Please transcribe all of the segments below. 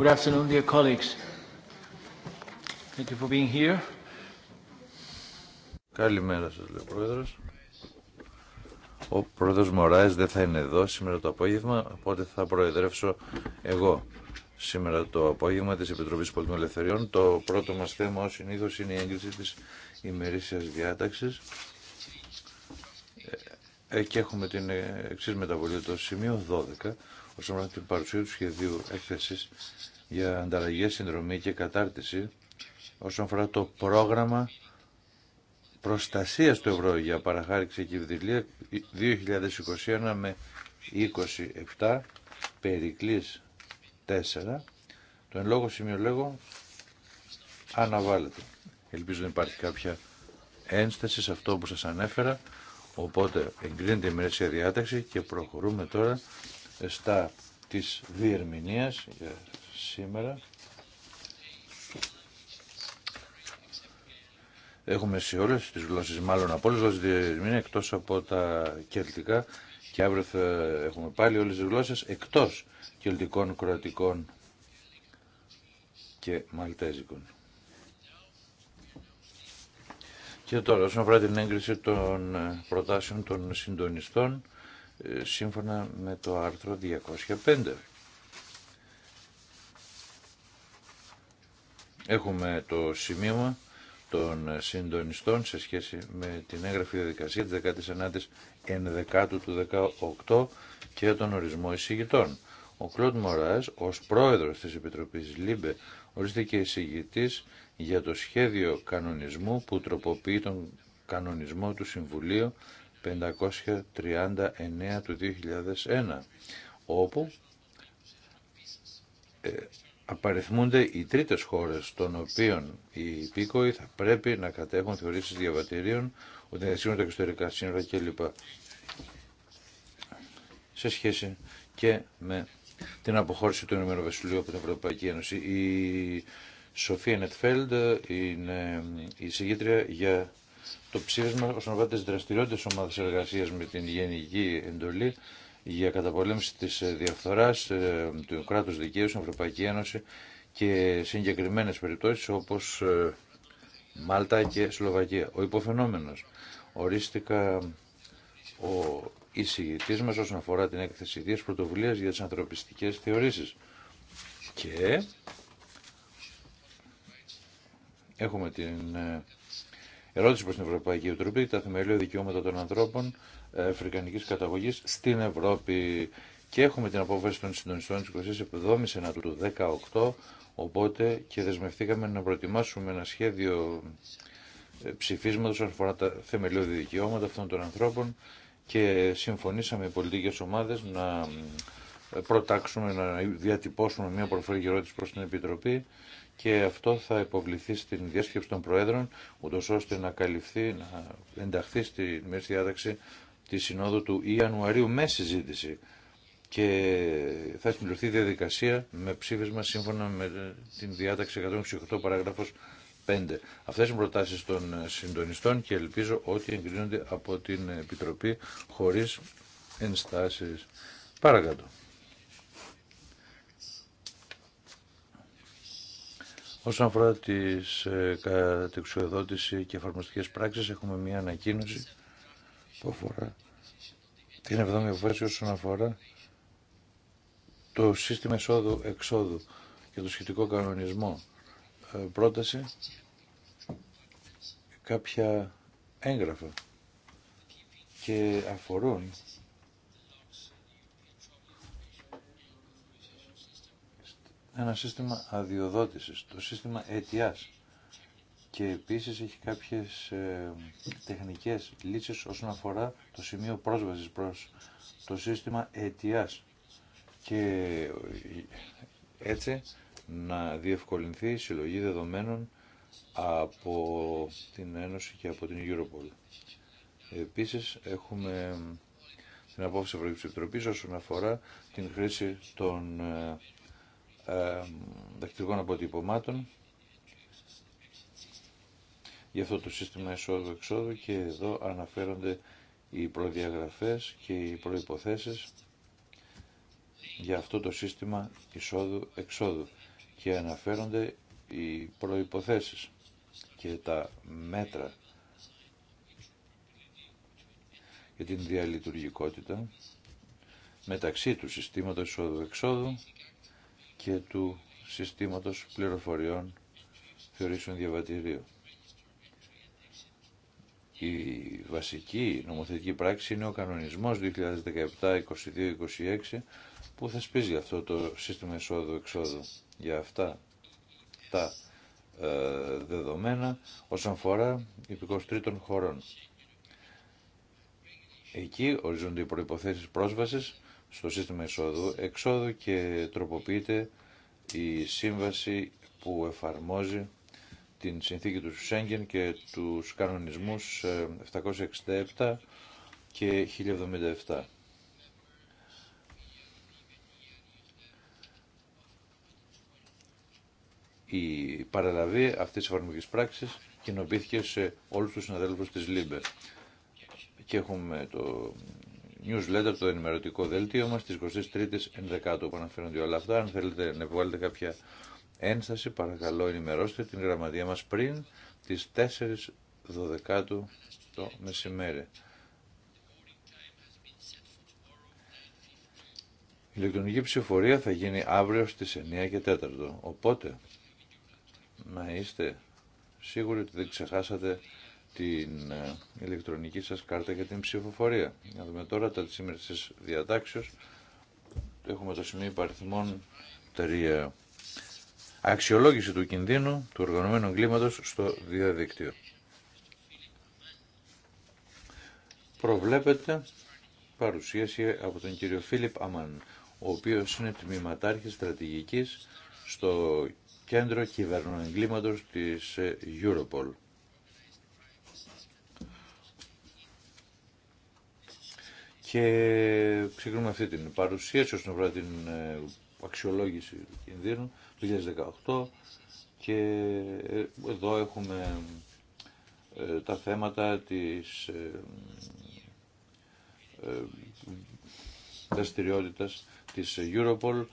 Good afternoon, colleagues. Thank you for being here. Καλημέρα σας, λέει ο Πρόεδρος. Ο Πρόεδρος Μωράης δεν θα είναι εδώ σήμερα το απόγευμα, οπότε θα προεδρεύσω εγώ σήμερα το απόγευμα της Επιτροπής Πολιτικών Ελευθεριών. Το πρώτο μας θέμα, ως συνήθως, είναι η έγκριση της ημερήσιας διάταξης. Ε, ε, και έχουμε την εξή μεταβολή, το σημείο 12 όσον αφορά την παρουσία του σχεδίου έκθεση για ανταλλαγή, συνδρομή και κατάρτιση όσον αφορά το πρόγραμμα προστασία του ευρώ για παραχάριξη και ευδηλία 2021 με 27 περίκλη 4 το εν λόγω σημείο λέγω αναβάλλεται. Ελπίζω να υπάρχει κάποια ένσταση σε αυτό που σας ανέφερα οπότε εγκρίνεται η μερίσια διάταξη και προχωρούμε τώρα Εστά της διερμηνίας σήμερα. Έχουμε σε όλες τις γλώσσες, μάλλον από όλες τις διερμηνία, εκτός από τα κελτικά και αύριο θα έχουμε πάλι όλες τις γλώσσες εκτός κελτικών, κροατικών και μαλτέζικων. Και τώρα, όσον αφορά την έγκριση των προτάσεων των συντονιστών, ε, σύμφωνα με το άρθρο 205. Έχουμε το σημείωμα των συντονιστών σε σχέση με την έγγραφη διαδικασία της 19ης ενδεκάτου του 18 και τον ορισμό εισηγητών. Ο Κλοντ Μοράς, ως πρόεδρος της Επιτροπής ΛΥΜΠΕ, ορίστηκε εισηγητής για το σχέδιο κανονισμού που τροποποιεί τον κανονισμό του Συμβουλίου 539 του 2001, όπου ε, απαριθμούνται οι τρίτες χώρες των οποίων οι υπήκοοι θα πρέπει να κατέχουν θεωρήσεις διαβατηρίων, ότι είναι σύνορα τα εξωτερικά σύνορα κλπ. Σε σχέση και με την αποχώρηση του Ηνωμένου Βασιλείου από την Ευρωπαϊκή Ένωση. Η Σοφία Νετφέλντ είναι η συγγήτρια για το ψήφισμα όσον αφορά τι δραστηριότητε ομάδα εργασία με την γενική εντολή για καταπολέμηση τη ε, διαφθορά ε, του κράτου δικαίου στην Ευρωπαϊκή Ένωση και συγκεκριμένε περιπτώσει όπω ε, Μάλτα και Σλοβακία. Ο υποφαινόμενο ορίστηκα ο εισηγητή μα όσον αφορά την έκθεση τη πρωτοβουλία για τι ανθρωπιστικέ θεωρήσει. Και έχουμε την ερώτηση προ την Ευρωπαϊκή Επιτροπή τα θεμελιώδη δικαιώματα των ανθρώπων ε, Αφρικανική καταγωγή στην Ευρώπη. Και έχουμε την απόφαση των συντονιστών τη 27 Ενάτου του 18, οπότε και δεσμευτήκαμε να προετοιμάσουμε ένα σχέδιο ε, όσον αφορά τα θεμελιώδη δικαιώματα αυτών των ανθρώπων και συμφωνήσαμε οι πολιτικέ ομάδε να ε, προτάξουμε, να διατυπώσουμε μια προφορική ερώτηση προ την Επιτροπή και αυτό θα υποβληθεί στην διάσκεψη των Προέδρων, ούτω ώστε να καλυφθεί, να ενταχθεί στη μέση διάταξη τη Συνόδου του Ιανουαρίου με συζήτηση. Και θα συμπληρωθεί διαδικασία με ψήφισμα σύμφωνα με την διάταξη 168 παράγραφος 5. Αυτές οι προτάσεις των συντονιστών και ελπίζω ότι εγκρίνονται από την Επιτροπή χωρίς ενστάσεις. Παρακαλώ. Όσον αφορά τις ε, και εφαρμοστικέ πράξεις, έχουμε μία ανακοίνωση που αφορά την 7η αποφάση όσον αφορά το συστημα εισοδου εσόδου-εξόδου και το σχετικό κανονισμό. Ε, πρόταση κάποια έγγραφα και αφορούν ένα σύστημα αδειοδότησης, το σύστημα αιτιάς και επίσης έχει κάποιες ε, τεχνικές λύσεις όσον αφορά το σημείο πρόσβασης προς το σύστημα αιτιάς και ε, έτσι να διευκολυνθεί η συλλογή δεδομένων από την Ένωση και από την Europol. Επίσης έχουμε την απόφαση Ευρωπαϊκής Επιτροπής όσον αφορά την χρήση των ε, ε, δακτυλικών αποτυπωμάτων για αυτό το σύστημα εισόδου-εξόδου και εδώ αναφέρονται οι προδιαγραφές και οι προϋποθέσεις για αυτό το σύστημα εισόδου-εξόδου και αναφέρονται οι προϋποθέσεις και τα μέτρα για την διαλειτουργικότητα μεταξύ του συστήματος εισόδου-εξόδου και του συστήματος πληροφοριών θεωρήσεων διαβατηρίου. Η βασική νομοθετική πράξη είναι ο κανονισμός 2017-22-26 που θα σπίζει αυτό το σύστημα εισόδου-εξόδου για αυτά τα ε, δεδομένα όσον αφορά υπηκός τρίτων χωρών. Εκεί οριζόνται οι προϋποθέσεις πρόσβασης στο σύστημα εισόδου-εξόδου και τροποποιείται η σύμβαση που εφαρμόζει την συνθήκη του Σέγγεν και τους κανονισμούς 767 ε, και 1077. Η παραλαβή αυτής της εφαρμογής πράξης κοινοποιήθηκε σε όλους τους συναδέλφους της ΛΥΜΠΕ και έχουμε το newsletter, το ενημερωτικό δελτίο μας, στις 23 η ενδεκάτου που αναφέρονται όλα αυτά. Αν θέλετε να βγάλετε κάποια ένσταση, παρακαλώ ενημερώστε την γραμματεία μας πριν τι 4 το μεσημέρι. Η ηλεκτρονική ψηφορία θα γίνει αύριο στις 9 και 4. Οπότε, να είστε σίγουροι ότι δεν ξεχάσατε την ε, ηλεκτρονική σας κάρτα για την ψηφοφορία. Να δούμε τώρα τα σήμερα της διατάξεως. Έχουμε το σημείο υπαριθμών 3. Αξιολόγηση του κινδύνου του οργανωμένου εγκλήματος στο διαδίκτυο. Προβλέπεται παρουσίαση από τον κύριο Φίλιπ Αμάν, ο οποίος είναι τμήματάρχης στρατηγικής στο κέντρο κυβερνοεγκλήματος της ε, Europol. και ξεκινούμε αυτή την παρουσίαση όσον αφορά την ε, αξιολόγηση του κινδύνου του 2018 και ε, εδώ έχουμε ε, τα θέματα της δραστηριότητα της Europol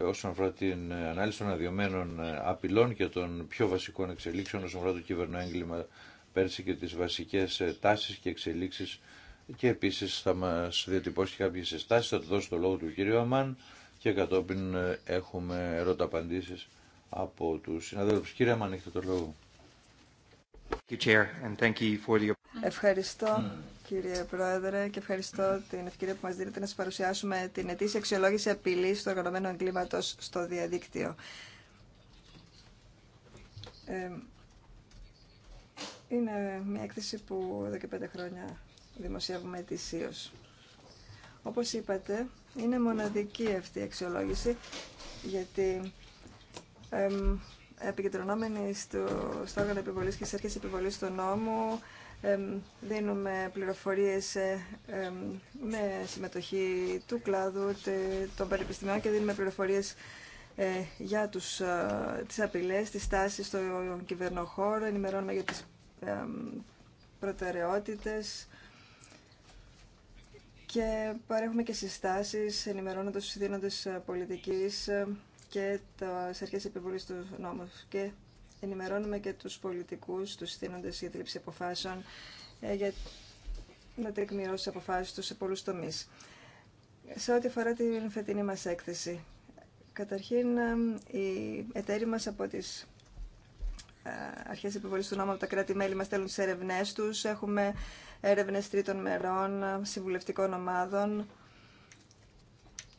όσον αφορά την ανάλυση των αδειωμένων απειλών και των πιο βασικών εξελίξεων όσον αφορά το κυβερνό έγκλημα πέρσι και τις βασικές τάσεις και εξελίξεις και επίσης θα μας διατυπώσει κάποιες συστάσεις, θα του δώσω το λόγο του κύριου Αμάν και κατόπιν ε, έχουμε ερώτα απαντήσει από τους συναδέλφους. Κύριε Αμάν, έχετε το λόγο. Ευχαριστώ κύριε Πρόεδρε και ευχαριστώ την ευκαιρία που μας δίνετε να σας παρουσιάσουμε την ετήσια αξιολόγηση απειλής του οργανωμένου εγκλήματος στο διαδίκτυο. Ε, είναι μια έκθεση που εδώ και πέντε χρόνια δημοσιεύουμε ετησίω. Όπως είπατε, είναι μοναδική αυτή η αξιολόγηση, γιατί επικεντρωνόμενοι στο, στο όργανο επιβολής και στι αρχέ επιβολή του νόμου, δίνουμε πληροφορίες ε, με συμμετοχή του κλάδου, των πανεπιστημίων και δίνουμε πληροφορίες ε, για τους, ε, τις απειλές, τις τάσεις στον κυβερνοχώρο, ενημερώνουμε για τις προτεραιότητες και παρέχουμε και συστάσεις ενημερώνοντας τους δίνοντες πολιτικής και τα αρχές επιβολής του νόμου και ενημερώνουμε και τους πολιτικούς, τους δίνοντες για τη λήψη αποφάσεων ε, για να τεκμηρώσει τις αποφάσεις τους σε πολλούς τομείς. Σε ό,τι αφορά την φετινή μας έκθεση, καταρχήν ε, οι εταίροι μας από τις ε, αρχές επιβολής του νόμου από τα κράτη-μέλη μας στέλνουν τις ερευνές τους. Έχουμε έρευνες τρίτων μερών, συμβουλευτικών ομάδων.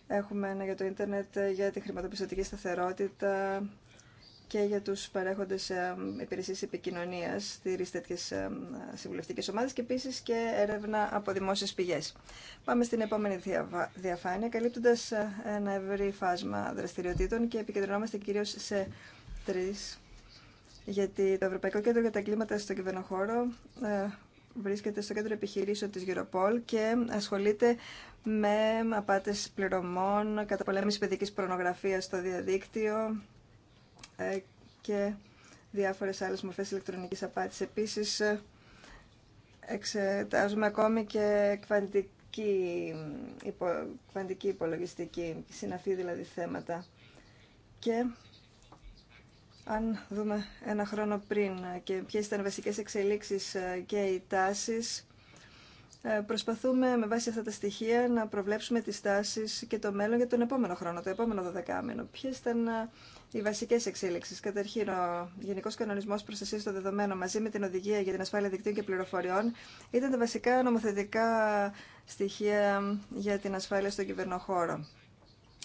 Έχουμε ένα για το ίντερνετ, για τη χρηματοπιστωτική σταθερότητα και για τους παρέχοντες ε, υπηρεσίες επικοινωνίας, στηρίζει τέτοιες ε, συμβουλευτικές ομάδες και επίσης και έρευνα από δημόσιες πηγές. Πάμε στην επόμενη διαφάνεια, καλύπτοντας ε, ένα ευρύ φάσμα δραστηριοτήτων και επικεντρωνόμαστε κυρίως σε τρεις γιατί το Ευρωπαϊκό Κέντρο για τα Κλίματα στον κυβερνοχώρο βρίσκεται στο κέντρο επιχειρήσεων της Europol και ασχολείται με απάτες πληρωμών, καταπολέμηση παιδικής προνογραφίας στο διαδίκτυο ε, και διάφορες άλλες μορφές ηλεκτρονικής απάτης. Επίσης, ε, εξετάζουμε ακόμη και κβαντική, υπολογιστική, συναφή δηλαδή θέματα. Και αν δούμε ένα χρόνο πριν και ποιες ήταν βασικές εξελίξεις ε, και οι τάσεις, ε, προσπαθούμε με βάση αυτά τα στοιχεία να προβλέψουμε τις τάσεις και το μέλλον για τον επόμενο χρόνο, το επόμενο δωδεκάμενο. Ποιες ήταν ε, οι βασικές εξέλιξεις. Καταρχήν, ο Γενικός Κανονισμός Προστασίας των Δεδομένων μαζί με την Οδηγία για την Ασφάλεια Δικτύων και Πληροφοριών ήταν τα βασικά νομοθετικά στοιχεία για την ασφάλεια στον χώρο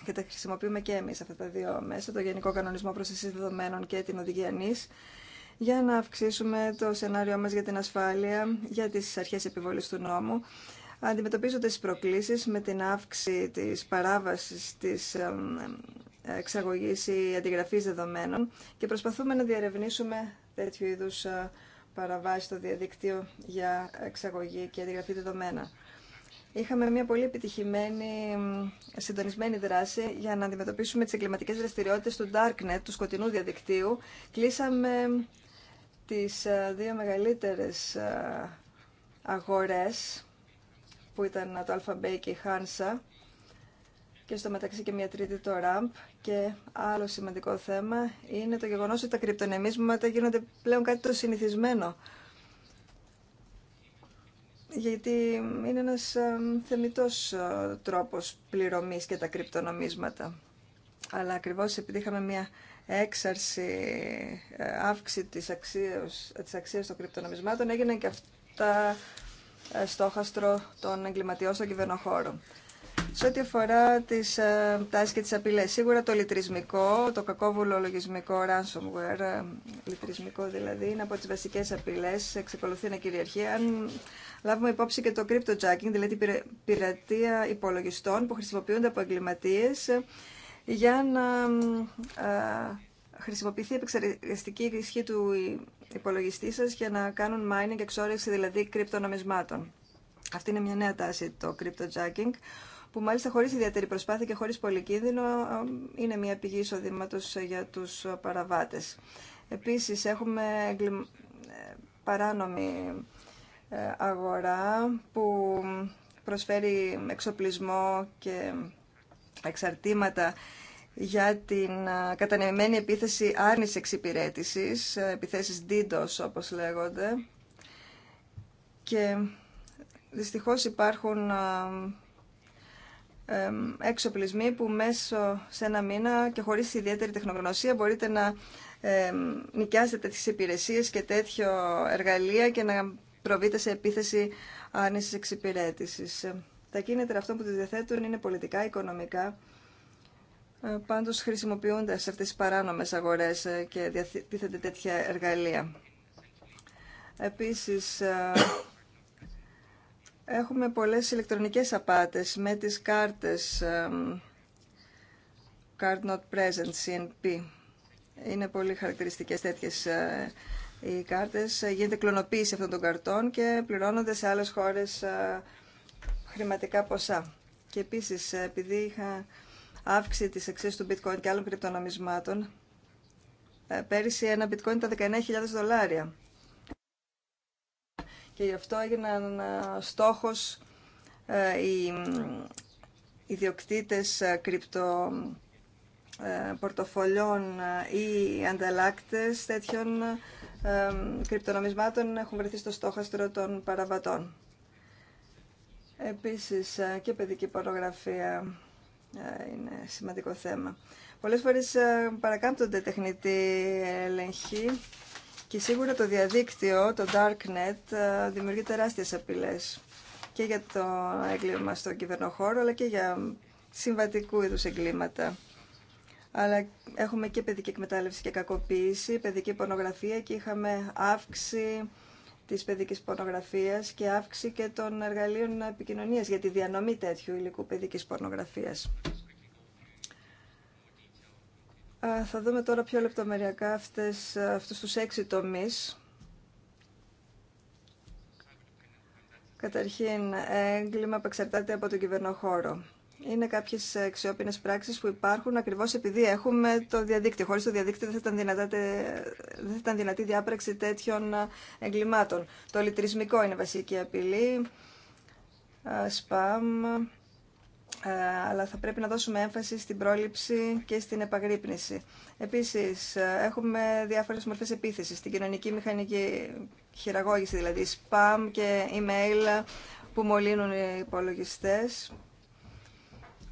και τα χρησιμοποιούμε και εμείς αυτά τα δύο μέσα, το Γενικό Κανονισμό Προστασίας Δεδομένων και την Οδηγία για να αυξήσουμε το σενάριό μας για την ασφάλεια, για τις αρχές επιβολής του νόμου, αντιμετωπίζοντας τις προκλήσεις με την αύξηση της παράβασης της εξαγωγής ή αντιγραφής δεδομένων και προσπαθούμε να διαρευνήσουμε τέτοιου είδους ε, παραβάσει στο διαδίκτυο για εξαγωγή και αντιγραφή δεδομένα είχαμε μια πολύ επιτυχημένη συντονισμένη δράση για να αντιμετωπίσουμε τις εγκληματικές δραστηριότητες του Darknet, του σκοτεινού διαδικτύου. Κλείσαμε τις ε, δύο μεγαλύτερες ε, αγορές που ήταν το Alphabay και η Χάνσα και στο μεταξύ και μια τρίτη το Ramp και άλλο σημαντικό θέμα είναι το γεγονός ότι τα κρυπτονεμίσματα γίνονται πλέον κάτι το συνηθισμένο γιατί είναι ένας θεμητός ε, τρόπος πληρωμής και τα κρυπτονομίσματα. Αλλά ακριβώς επειδή είχαμε μια έξαρση, ε, αύξηση της αξίας, της αξίας των κρυπτονομισμάτων, έγιναν και αυτά ε, στόχαστρο των εγκληματιών στον κυβερνοχώρο. Σε ό,τι αφορά τις ε, τάσεις και τις απειλές, σίγουρα το λιτρισμικό, το κακόβουλο λογισμικό ransomware, ε, λιτρισμικό δηλαδή, είναι από τις βασικές απειλές, εξακολουθεί να κυριαρχεί. Αν λάβουμε υπόψη και το crypto jacking, δηλαδή πειρατεία υπολογιστών που χρησιμοποιούνται από εγκληματίε ε, για να χρησιμοποιηθεί η επεξεργαστική ισχύ του υπολογιστή σας για να κάνουν mining, εξόρευση δηλαδή κρυπτονομισμάτων. Αυτή είναι μια νέα τάση, το cryptojacking, που μάλιστα χωρίς ιδιαίτερη προσπάθεια και χωρίς πολύ κίνδυνο είναι μια πηγή εισοδήματος ε, για τους ε, παραβάτες. Επίσης έχουμε ε, παράνομη αγορά που προσφέρει εξοπλισμό και εξαρτήματα για την κατανεμημένη επίθεση άρνης εξυπηρέτησης, επιθέσεις DDoS όπως λέγονται. Και δυστυχώς υπάρχουν εξοπλισμοί που μέσω σε ένα μήνα και χωρίς ιδιαίτερη τεχνογνωσία μπορείτε να νοικιάσετε τέτοιες υπηρεσίες και τέτοιο εργαλεία και να προβείτε σε επίθεση άνεσης εξυπηρέτησης. Τα κίνητρα αυτών που τη διαθέτουν είναι πολιτικά, οικονομικά, ε, πάντως χρησιμοποιούνται σε αυτές τις παράνομες αγορές ε, και διατίθενται τέτοια εργαλεία. Επίσης, ε, Έχουμε πολλές ηλεκτρονικές απάτες με τις κάρτες Card Not Present, CNP. Είναι πολύ χαρακτηριστικές τέτοιες ε, οι κάρτες. Γίνεται κλωνοποίηση αυτών των καρτών και πληρώνονται σε άλλες χώρες ε, χρηματικά ποσά. Και επίσης, ε, επειδή είχα αύξηση της αξίας του bitcoin και άλλων κρυπτονομισμάτων, πέρυσι ένα bitcoin ήταν 19.000 δολάρια και γι' αυτό έγιναν ε, στόχος ε, οι ιδιοκτήτες ε, κρυπτοπορτοφολιών πορτοφολιών ή ανταλλάκτες τέτοιων κρυπτονομισμάτων έχουν βρεθεί στο στόχαστρο των παραβατών. Επίσης και παιδική πορνογραφία είναι σημαντικό θέμα. Πολλές φορές παρακάμπτονται τεχνητοί έλεγχοι και σίγουρα το διαδίκτυο, το darknet, ε, δημιουργεί τεράστιες απειλές και για το έγκλημα στον κυβερνοχώρο, αλλά και για συμβατικού είδους εγκλήματα. Αλλά έχουμε και παιδική εκμετάλλευση και κακοποίηση, παιδική πορνογραφία και είχαμε αύξηση της παιδικής πορνογραφίας και αύξηση και των εργαλείων επικοινωνίας για τη διανομή τέτοιου υλικού παιδικής πορνογραφίας θα δούμε τώρα πιο λεπτομεριακά αυτές, αυτούς τους έξι τομείς. Καταρχήν, έγκλημα που εξαρτάται από τον κυβερνοχώρο. Είναι κάποιες αξιόπινε πράξεις που υπάρχουν ακριβώ επειδή έχουμε το διαδίκτυο. Χωρί το διαδίκτυο δεν θα ήταν, δυνατάτε, δεν θα ήταν δυνατή διάπραξη τέτοιων εγκλημάτων. Το λιτρισμικό είναι βασική απειλή, σπαμ, ε, αλλά θα πρέπει να δώσουμε έμφαση στην πρόληψη και στην επαγρύπνηση. Επίσης, ε, έχουμε διάφορες μορφές επίθεσης, την κοινωνική μηχανική χειραγώγηση, δηλαδή spam και email που μολύνουν οι υπολογιστές.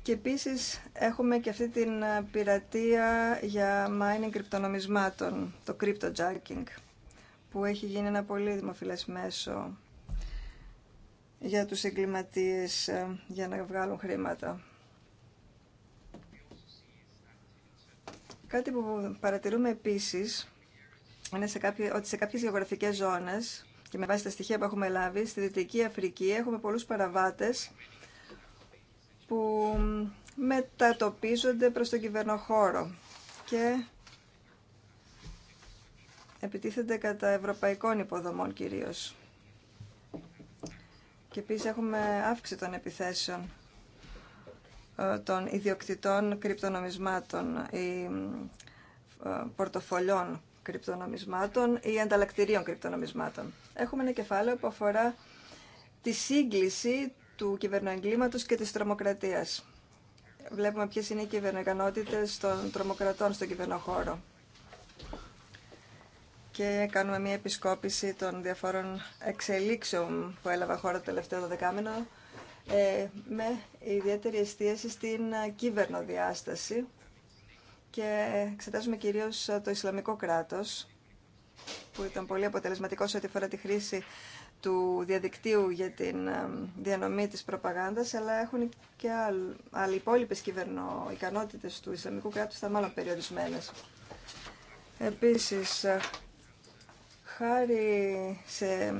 Και επίσης έχουμε και αυτή την ε, πειρατεία για mining κρυπτονομισμάτων, το cryptojacking, που έχει γίνει ένα πολύ δημοφιλές μέσο για τους εγκληματίες ε, για να βγάλουν χρήματα. Κάτι που παρατηρούμε επίσης είναι σε κάποιες, ότι σε κάποιες γεωγραφικές ζώνες και με βάση τα στοιχεία που έχουμε λάβει, στη Δυτική Αφρική έχουμε πολλούς παραβάτες που μετατοπίζονται προς τον κυβερνοχώρο και επιτίθενται κατά ευρωπαϊκών υποδομών κυρίως. Και επίσης έχουμε αύξηση των επιθέσεων ε, των ιδιοκτητών κρυπτονομισμάτων ή ε, πορτοφολιών κρυπτονομισμάτων ή ανταλλακτηρίων κρυπτονομισμάτων. Έχουμε ένα κεφάλαιο που αφορά τη σύγκληση του κυβερνοεγκλήματος και της τρομοκρατίας. Βλέπουμε ποιες είναι οι κυβερνοεγκανότητες των τρομοκρατών στον κυβερνοχώρο και κάνουμε μια επισκόπηση των διαφόρων εξελίξεων που έλαβα χώρα το τελευταίο ε, με ιδιαίτερη εστίαση στην ε, κύβερνο διάσταση και εξετάζουμε κυρίως ε, το Ισλαμικό κράτος που ήταν πολύ αποτελεσματικό σε ό,τι φορά τη χρήση του διαδικτύου για την ε, διανομή της προπαγάνδας, αλλά έχουν και άλλοι υπόλοιπες κυβερνοικανότητες του Ισλαμικού κράτους, θα μάλλον περιορισμένες. Επίσης, χάρη σε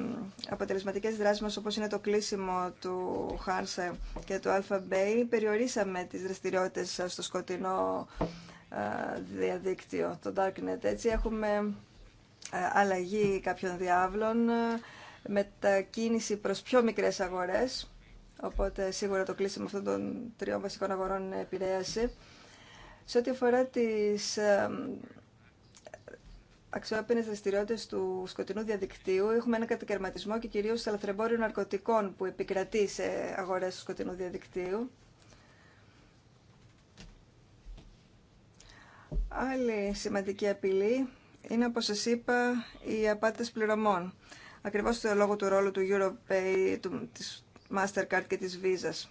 αποτελεσματικές δράσεις μας όπως είναι το κλείσιμο του Χάρσε και του Αλφαμπέι περιορίσαμε τις δραστηριότητες στο σκοτεινό διαδίκτυο, το Darknet. Έτσι έχουμε αλλαγή κάποιων διάβλων, μετακίνηση προς πιο μικρές αγορές, οπότε σίγουρα το κλείσιμο αυτών των τριών βασικών αγορών επηρέασε. Σε ό,τι αφορά τις αξιόπινες δραστηριότητε του σκοτεινού διαδικτύου έχουμε ένα κατακαιρματισμό και κυρίως λαθρεμπόριο ναρκωτικών που επικρατεί σε αγορές του σκοτεινού διαδικτύου. Άλλη σημαντική απειλή είναι, όπως σας είπα, οι απάτες πληρωμών. Ακριβώς το λόγο του ρόλου του Europay, του, της Mastercard και της Visa.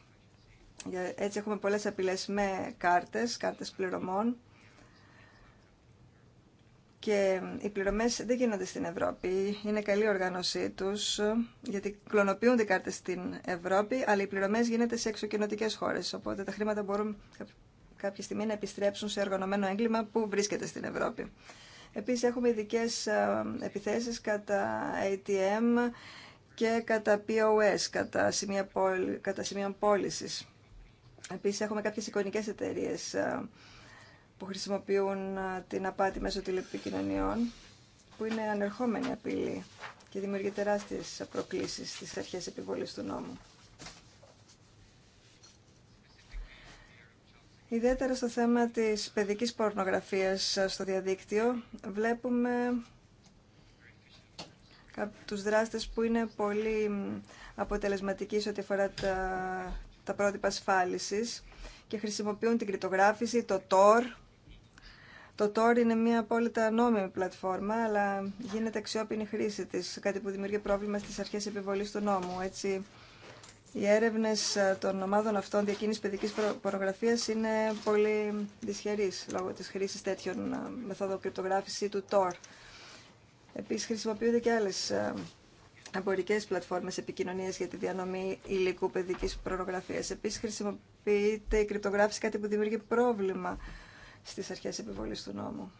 Έτσι έχουμε πολλές απειλές με κάρτε κάρτες πληρωμών και οι πληρωμέ δεν γίνονται στην Ευρώπη. Είναι καλή οργάνωσή του, γιατί κλωνοποιούνται οι κάρτες στην Ευρώπη, αλλά οι πληρωμές γίνονται σε εξωκοινωτικές χώρες, οπότε τα χρήματα μπορούν κάποια στιγμή να επιστρέψουν σε οργανωμένο έγκλημα που βρίσκεται στην Ευρώπη. Επίσης έχουμε ειδικέ ε, επιθέσει κατά ATM και κατά POS, κατά σημεία, πόλη, κατά Επίσης έχουμε κάποιε εικονικέ εταιρείε. Ε, που χρησιμοποιούν την απάτη μέσω τηλεπικοινωνιών, που είναι ανερχόμενη απειλή και δημιουργεί τεράστιες προκλήσεις στις αρχές επιβολής του νόμου. Ιδιαίτερα στο θέμα της παιδικής πορνογραφίας στο διαδίκτυο βλέπουμε τους δράστες που είναι πολύ αποτελεσματικοί σε ό,τι αφορά τα, τα πρότυπα και χρησιμοποιούν την κρυπτογράφηση, το TOR, το Tor είναι μια απόλυτα νόμιμη πλατφόρμα, αλλά γίνεται αξιόπινη χρήση της, κάτι που δημιουργεί πρόβλημα στις αρχές επιβολής του νόμου. Έτσι, οι έρευνες ε, των ομάδων αυτών διακίνηση παιδικής πορογραφία είναι πολύ δυσχερείς λόγω τη χρήση τέτοιων ε, μεθόδων κρυπτογράφηση του TOR. Επίσης χρησιμοποιούνται και άλλες ε, εμπορικέ πλατφόρμες επικοινωνίας για τη διανομή υλικού παιδικής προγραφίας. Επίση, χρησιμοποιείται η κρυπτογράφηση κάτι που δημιουργεί πρόβλημα στις αρχές επιβολής του νόμου.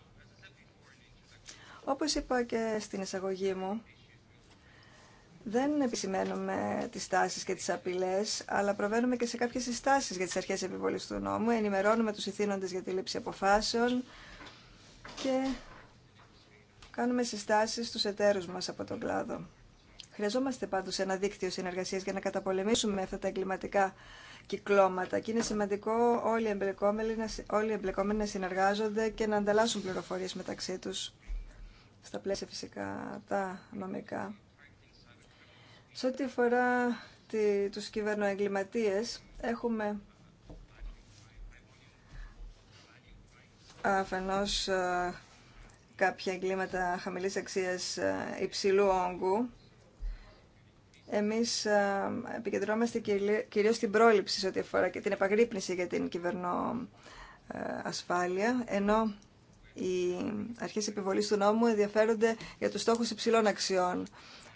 Όπως είπα και στην εισαγωγή μου, δεν επισημαίνουμε τις τάσεις και τις απειλές, αλλά προβαίνουμε και σε κάποιες συστάσεις για τις αρχές επιβολής του νόμου, ενημερώνουμε τους ηθήνοντες για τη λήψη αποφάσεων και κάνουμε συστάσεις στους εταίρους μας από τον κλάδο. Χρειαζόμαστε πάντως ένα δίκτυο συνεργασίας για να καταπολεμήσουμε αυτά τα εγκληματικά κυκλώματα και είναι σημαντικό όλοι οι εμπλεκόμενοι να, όλοι οι εμπλεκόμενοι να συνεργάζονται και να ανταλλάσσουν πληροφορίες μεταξύ τους στα πλαίσια φυσικά τα νομικά. Σε ό,τι αφορά τη, τους κυβερνοεγκληματίες έχουμε αφενός ε, κάποια εγκλήματα χαμηλής αξίας ε, υψηλού όγκου εμείς ε, επικεντρώμαστε κυρίως στην πρόληψη σε ό,τι αφορά και την επαγρύπνηση για την κυβερνό ε, ασφάλεια, ενώ οι αρχές επιβολής του νόμου ενδιαφέρονται για τους στόχους υψηλών αξιών,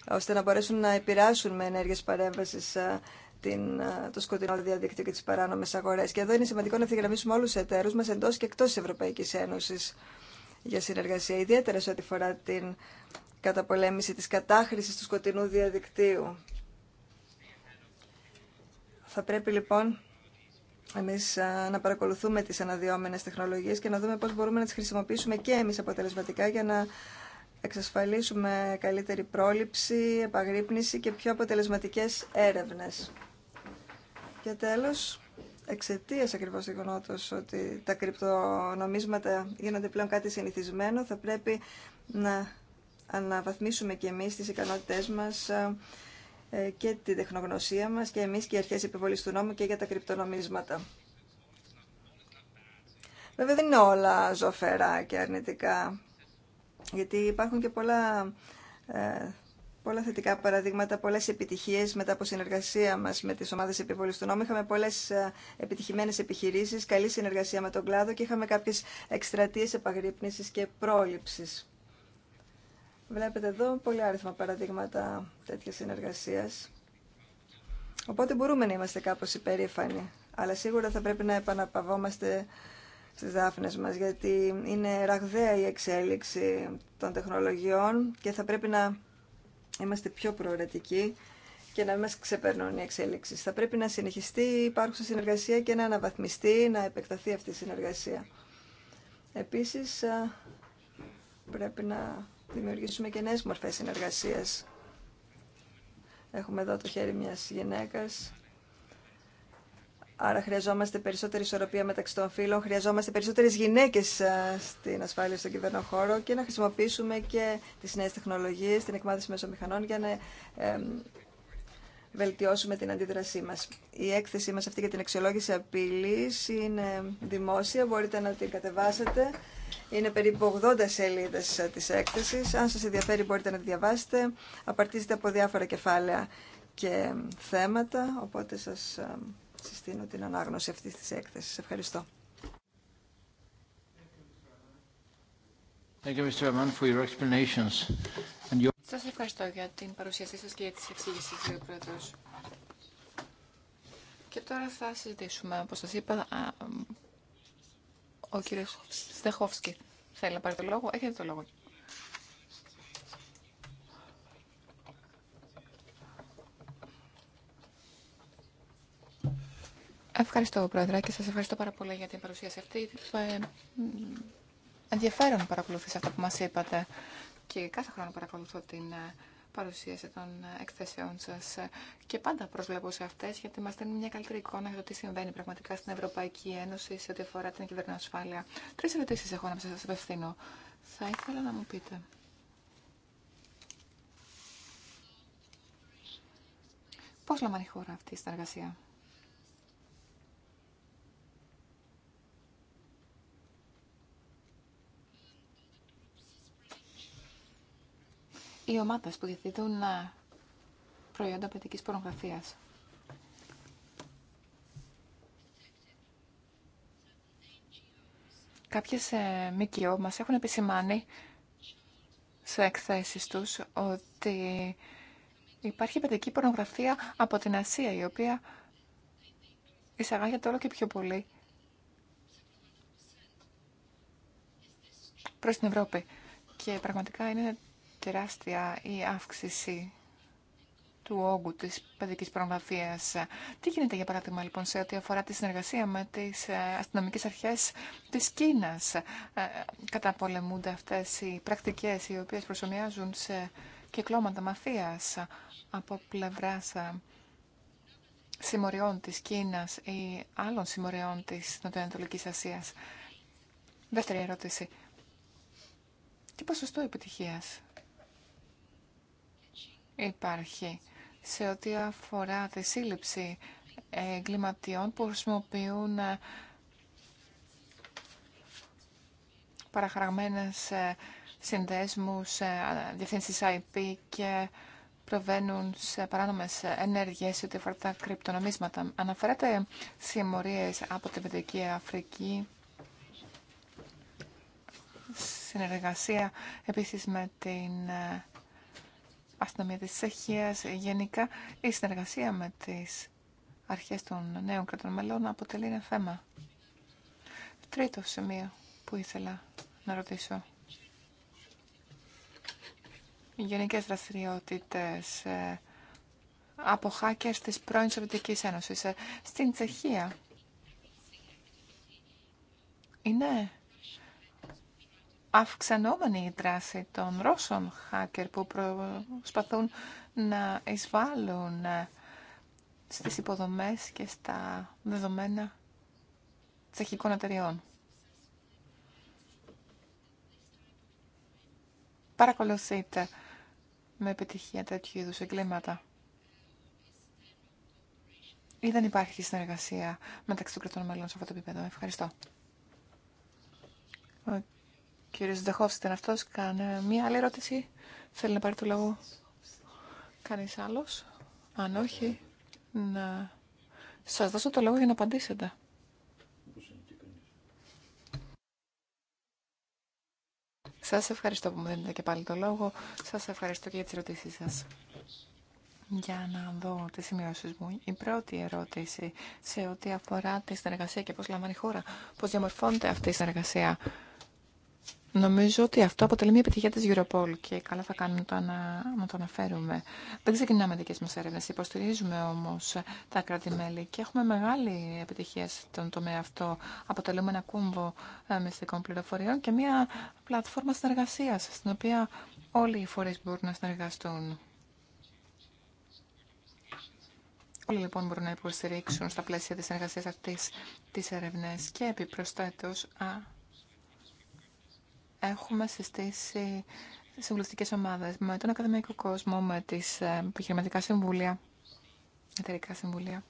ώστε να μπορέσουν να επηράσουν με ενέργειες παρέμβασης ε, την, το σκοτεινό διαδίκτυο και τις παράνομες αγορές. Και εδώ είναι σημαντικό να ευθυγραμμίσουμε όλους τους εταίρους μας εντός και εκτός της Ευρωπαϊκής Ένωσης για συνεργασία, ιδιαίτερα σε ό,τι αφορά την καταπολέμηση της κατάχρησης του σκοτεινού διαδικτύου. Θα πρέπει λοιπόν εμείς να παρακολουθούμε τις αναδυόμενες τεχνολογίες και να δούμε πώς μπορούμε να τις χρησιμοποιήσουμε και εμείς αποτελεσματικά για να εξασφαλίσουμε καλύτερη πρόληψη, επαγρύπνηση και πιο αποτελεσματικές έρευνες. Και τέλος, εξαιτίας ακριβώς γεγονότος ότι τα κρυπτονομίσματα γίνονται πλέον κάτι συνηθισμένο, θα πρέπει να αναβαθμίσουμε και εμείς τις ικανότητές μας ε, ε, και τη τεχνογνωσία μας και εμείς και οι αρχές επιβολής του νόμου και για τα κρυπτονομίσματα. Βέβαια δεν είναι όλα ζωφερά και αρνητικά, γιατί υπάρχουν και πολλά, ε, πολλά θετικά παραδείγματα, πολλές επιτυχίες μετά από συνεργασία μας με τις ομάδες επιβολής του νόμου. Είχαμε πολλές επιτυχημένες επιχειρήσεις, καλή συνεργασία με τον κλάδο και είχαμε κάποιες εκστρατείες επαγρύπνησης και πρόληψης. Βλέπετε εδώ πολύ άριθμα παραδείγματα τέτοια συνεργασία. Οπότε μπορούμε να είμαστε κάπως υπερήφανοι, αλλά σίγουρα θα πρέπει να επαναπαυόμαστε στις δάφνες μας, γιατί είναι ραγδαία η εξέλιξη των τεχνολογιών και θα πρέπει να είμαστε πιο προαιρετικοί και να μας ξεπερνούν οι εξέλιξεις. Θα πρέπει να συνεχιστεί η υπάρχουσα συνεργασία και να αναβαθμιστεί, να επεκταθεί αυτή η συνεργασία. Επίσης, πρέπει να δημιουργήσουμε και νέες μορφές συνεργασίας. Έχουμε εδώ το χέρι μιας γυναίκας. Άρα χρειαζόμαστε περισσότερη ισορροπία μεταξύ των φύλων, χρειαζόμαστε περισσότερες γυναίκες στην ασφάλεια στον χώρο. και να χρησιμοποιήσουμε και τις νέες τεχνολογίες, την εκμάθηση μεσομηχανών για να βελτιώσουμε την αντίδρασή μας. Η έκθεσή μας αυτή για την αξιολόγηση απειλής είναι δημόσια, μπορείτε να την κατεβάσετε είναι περίπου 80 σελίδες ε, της έκθεσης. Αν σας ενδιαφέρει μπορείτε να τη διαβάσετε. Απαρτίζεται από διάφορα κεφάλαια και θέματα, οπότε σας ε, συστήνω την ανάγνωση αυτής της έκθεσης. Ευχαριστώ. Σα ευχαριστώ για την παρουσίασή σα και για τι εξηγήσει, κύριε Πρόεδρο. Και τώρα θα συζητήσουμε, όπω σα είπα, ο κύριος Στεχόφσκι θέλει να πάρει το λόγο. Έχετε το λόγο. Ευχαριστώ, Πρόεδρε, και σας ευχαριστώ πάρα πολύ για την παρουσίαση αυτή. Ε, ενδιαφέρον παρακολουθείς αυτό που μας είπατε και κάθε χρόνο παρακολουθώ την ε, Παρουσίασε των ε, εκθέσεών σα. και πάντα προσβλέπω σε αυτές γιατί μας δίνουν μια καλύτερη εικόνα για το τι συμβαίνει πραγματικά στην Ευρωπαϊκή Ένωση σε ό,τι αφορά την ασφάλεια. Τρει ερωτήσει έχω να σα απευθύνω. Θα ήθελα να μου πείτε. Πώς λαμβάνει η χώρα αυτή η συνεργασία. οι ομάδες που διαθέτουν ε, προϊόντα παιδικής πορνογραφίας. Κάποιες ε, ΜΚΟ μας έχουν επισημάνει σε εκθέσεις τους ότι υπάρχει παιδική πορνογραφία από την Ασία, η οποία εισαγάγεται όλο και πιο πολύ προς την Ευρώπη. Και πραγματικά είναι τεράστια η αύξηση του όγκου της παιδικής προγραφίας. Τι γίνεται, για παράδειγμα, λοιπόν, σε ό,τι αφορά τη συνεργασία με τις ε, αστυνομικές αρχές της Κίνας. Ε, καταπολεμούνται αυτές οι πρακτικές οι οποίες προσωμιάζουν σε κυκλώματα μαφίας από πλευράς ε, συμμοριών της Κίνας ή άλλων συμμοριών της Νοτιοανατολικής Ασίας. Δεύτερη ερώτηση. Τι ποσοστό επιτυχίας υπάρχει σε ό,τι αφορά τη σύλληψη εγκληματιών που χρησιμοποιούν ε, παραχαραγμένες ε, συνδέσμους, ε, διευθύνσεις IP και προβαίνουν σε παράνομες ενέργειες ό,τι αφορά τα κρυπτονομίσματα. Αναφέρατε συμμορίες από την Βεντική Αφρική, συνεργασία επίσης με την αστυνομία της Τσεχίας, γενικά η συνεργασία με τις αρχές των νέων κρατών μελών αποτελεί ένα θέμα. Τρίτο σημείο που ήθελα να ρωτήσω. Οι γενικές δραστηριότητες ε, από hackers της πρώην Σοβιτικής Ένωσης ε, στην Τσεχία. Είναι αυξανόμενη η δράση των Ρώσων hacker που προσπαθούν να εισβάλλουν ε, στις υποδομές και στα δεδομένα τσεχικών εταιριών. Παρακολουθείτε με επιτυχία τέτοιου είδους εγκλήματα. Ή δεν υπάρχει συνεργασία μεταξύ των κρατών μελών σε αυτό το επίπεδο. Ευχαριστώ. Κύριε Δεχόφς ήταν αυτός. Κάνε μία άλλη ερώτηση. Θέλει να πάρει το λόγο. Κανεί άλλο. Αν όχι, να σα δώσω το λόγο για να απαντήσετε. Σα ευχαριστώ που μου δίνετε και πάλι το λόγο. Σα ευχαριστώ και για τι ερωτήσει σα. Για να δω τι σημειώσει μου. Η πρώτη ερώτηση σε ό,τι αφορά τη συνεργασία και πώ λαμβάνει η χώρα, πώ διαμορφώνεται αυτή η συνεργασία Νομίζω ότι αυτό αποτελεί μια επιτυχία τη Europol και καλά θα κάνουμε το να, να το αναφέρουμε. Δεν ξεκινάμε δικέ μα έρευνε. υποστηρίζουμε όμω τα κράτη-μέλη και έχουμε μεγάλη επιτυχία στον τομέα αυτό. Αποτελούμε ένα κούμβο ε, μυστικών πληροφοριών και μια πλατφόρμα συνεργασία στην οποία όλοι οι φορείς μπορούν να συνεργαστούν. Όλοι λοιπόν μπορούν να υποστηρίξουν στα πλαίσια της εργασίας αυτής τις έρευνες και επιπροσθέτως... Α, έχουμε συστήσει συμβουλευτικές ομάδες με τον ακαδημαϊκό κόσμο, με τις ε, επιχειρηματικά συμβούλια, εταιρικά συμβούλια.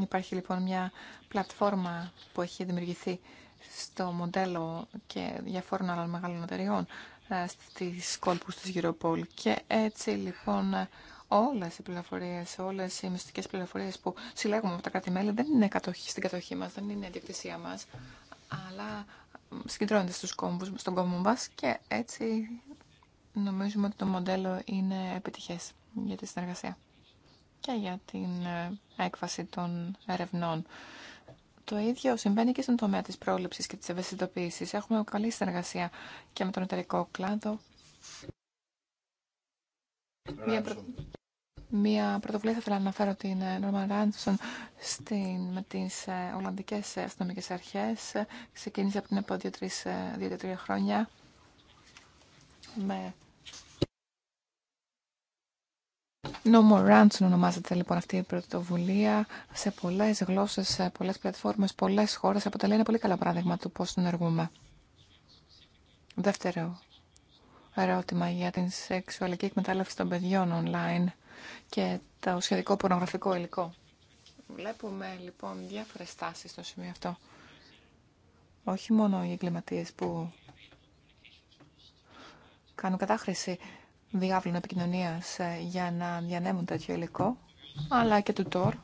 Υπάρχει λοιπόν μια πλατφόρμα που έχει δημιουργηθεί στο μοντέλο και διαφόρων άλλων μεγάλων εταιριών ε, στις κόλπους της Europol και έτσι λοιπόν όλες οι πληροφορίες, όλες οι μυστικές πληροφορίες που συλλέγουμε από τα κράτη-μέλη δεν είναι κατοχή, στην κατοχή μας, δεν είναι διεκτησία μας, αλλά συγκεντρώνεται στους κόμβους, στον κόμβο μας και έτσι νομίζουμε ότι το μοντέλο είναι επιτυχές για τη συνεργασία και για την ε, έκβαση των ερευνών. Το ίδιο συμβαίνει και στον τομέα της πρόληψης και της ευαισθητοποίησης. Έχουμε καλή συνεργασία και με τον εταιρικό κλάδο. Μία πρωτοβουλία θα ήθελα να αναφέρω την Νόρμα ε, Ράντσον με τι ε, Ολλανδικέ ε, Αστυνομικέ Αρχέ. Ξεκίνησε από την από 2-3 χρόνια με No More ονομάζεται λοιπόν αυτή η πρωτοβουλία σε πολλές γλώσσες, σε πολλές πλατφόρμες, πολλές χώρες. Αποτελεί ένα πολύ καλό παράδειγμα του πώς συνεργούμε. Δεύτερο ερώτημα για την σεξουαλική εκμετάλλευση των παιδιών online και το σχετικό πορνογραφικό υλικό. Βλέπουμε λοιπόν διάφορε τάσει στο σημείο αυτό. Όχι μόνο οι εγκληματίε που κάνουν κατάχρηση διάβλων επικοινωνία ε, για να διανέμουν τέτοιο υλικό, αλλά και του τόρ,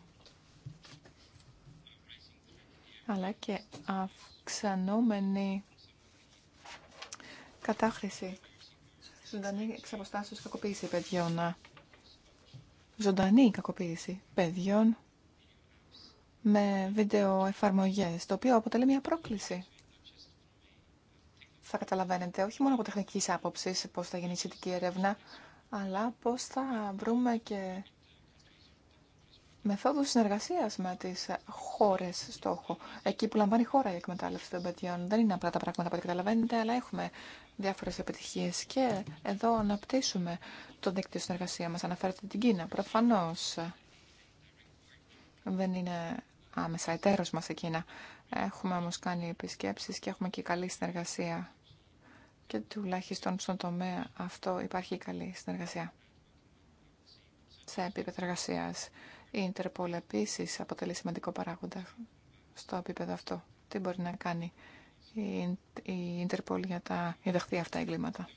αλλά και αυξανόμενη κατάχρηση. Ζωντανή εξαποστάσεως κακοποίηση παιδιών ε ζωντανή κακοποίηση παιδιών με βίντεο εφαρμογές, το οποίο αποτελεί μια πρόκληση. Θα καταλαβαίνετε όχι μόνο από τεχνικής άποψης πώς θα γίνει η σχετική έρευνα, αλλά πώς θα βρούμε και μεθόδου συνεργασία με τι χώρε στόχο. Εκεί που λαμβάνει η χώρα η εκμετάλλευση των παιδιών. Δεν είναι απλά τα πράγματα που καταλαβαίνετε, αλλά έχουμε διάφορε επιτυχίε και εδώ αναπτύσσουμε το δίκτυο συνεργασία μα. Αναφέρεται την Κίνα, Προφανώ. Δεν είναι άμεσα εταίρο μα η Κίνα. Έχουμε όμω κάνει επισκέψει και έχουμε και καλή συνεργασία. Και τουλάχιστον στον τομέα αυτό υπάρχει καλή συνεργασία σε επίπεδο εργασία. Η Ιντερπολ επίση αποτελεί σημαντικό παράγοντα στο επίπεδο αυτό. Τι μπορεί να κάνει η Ιντερπολ για τα διδαχθεί αυτά εγκλήματα.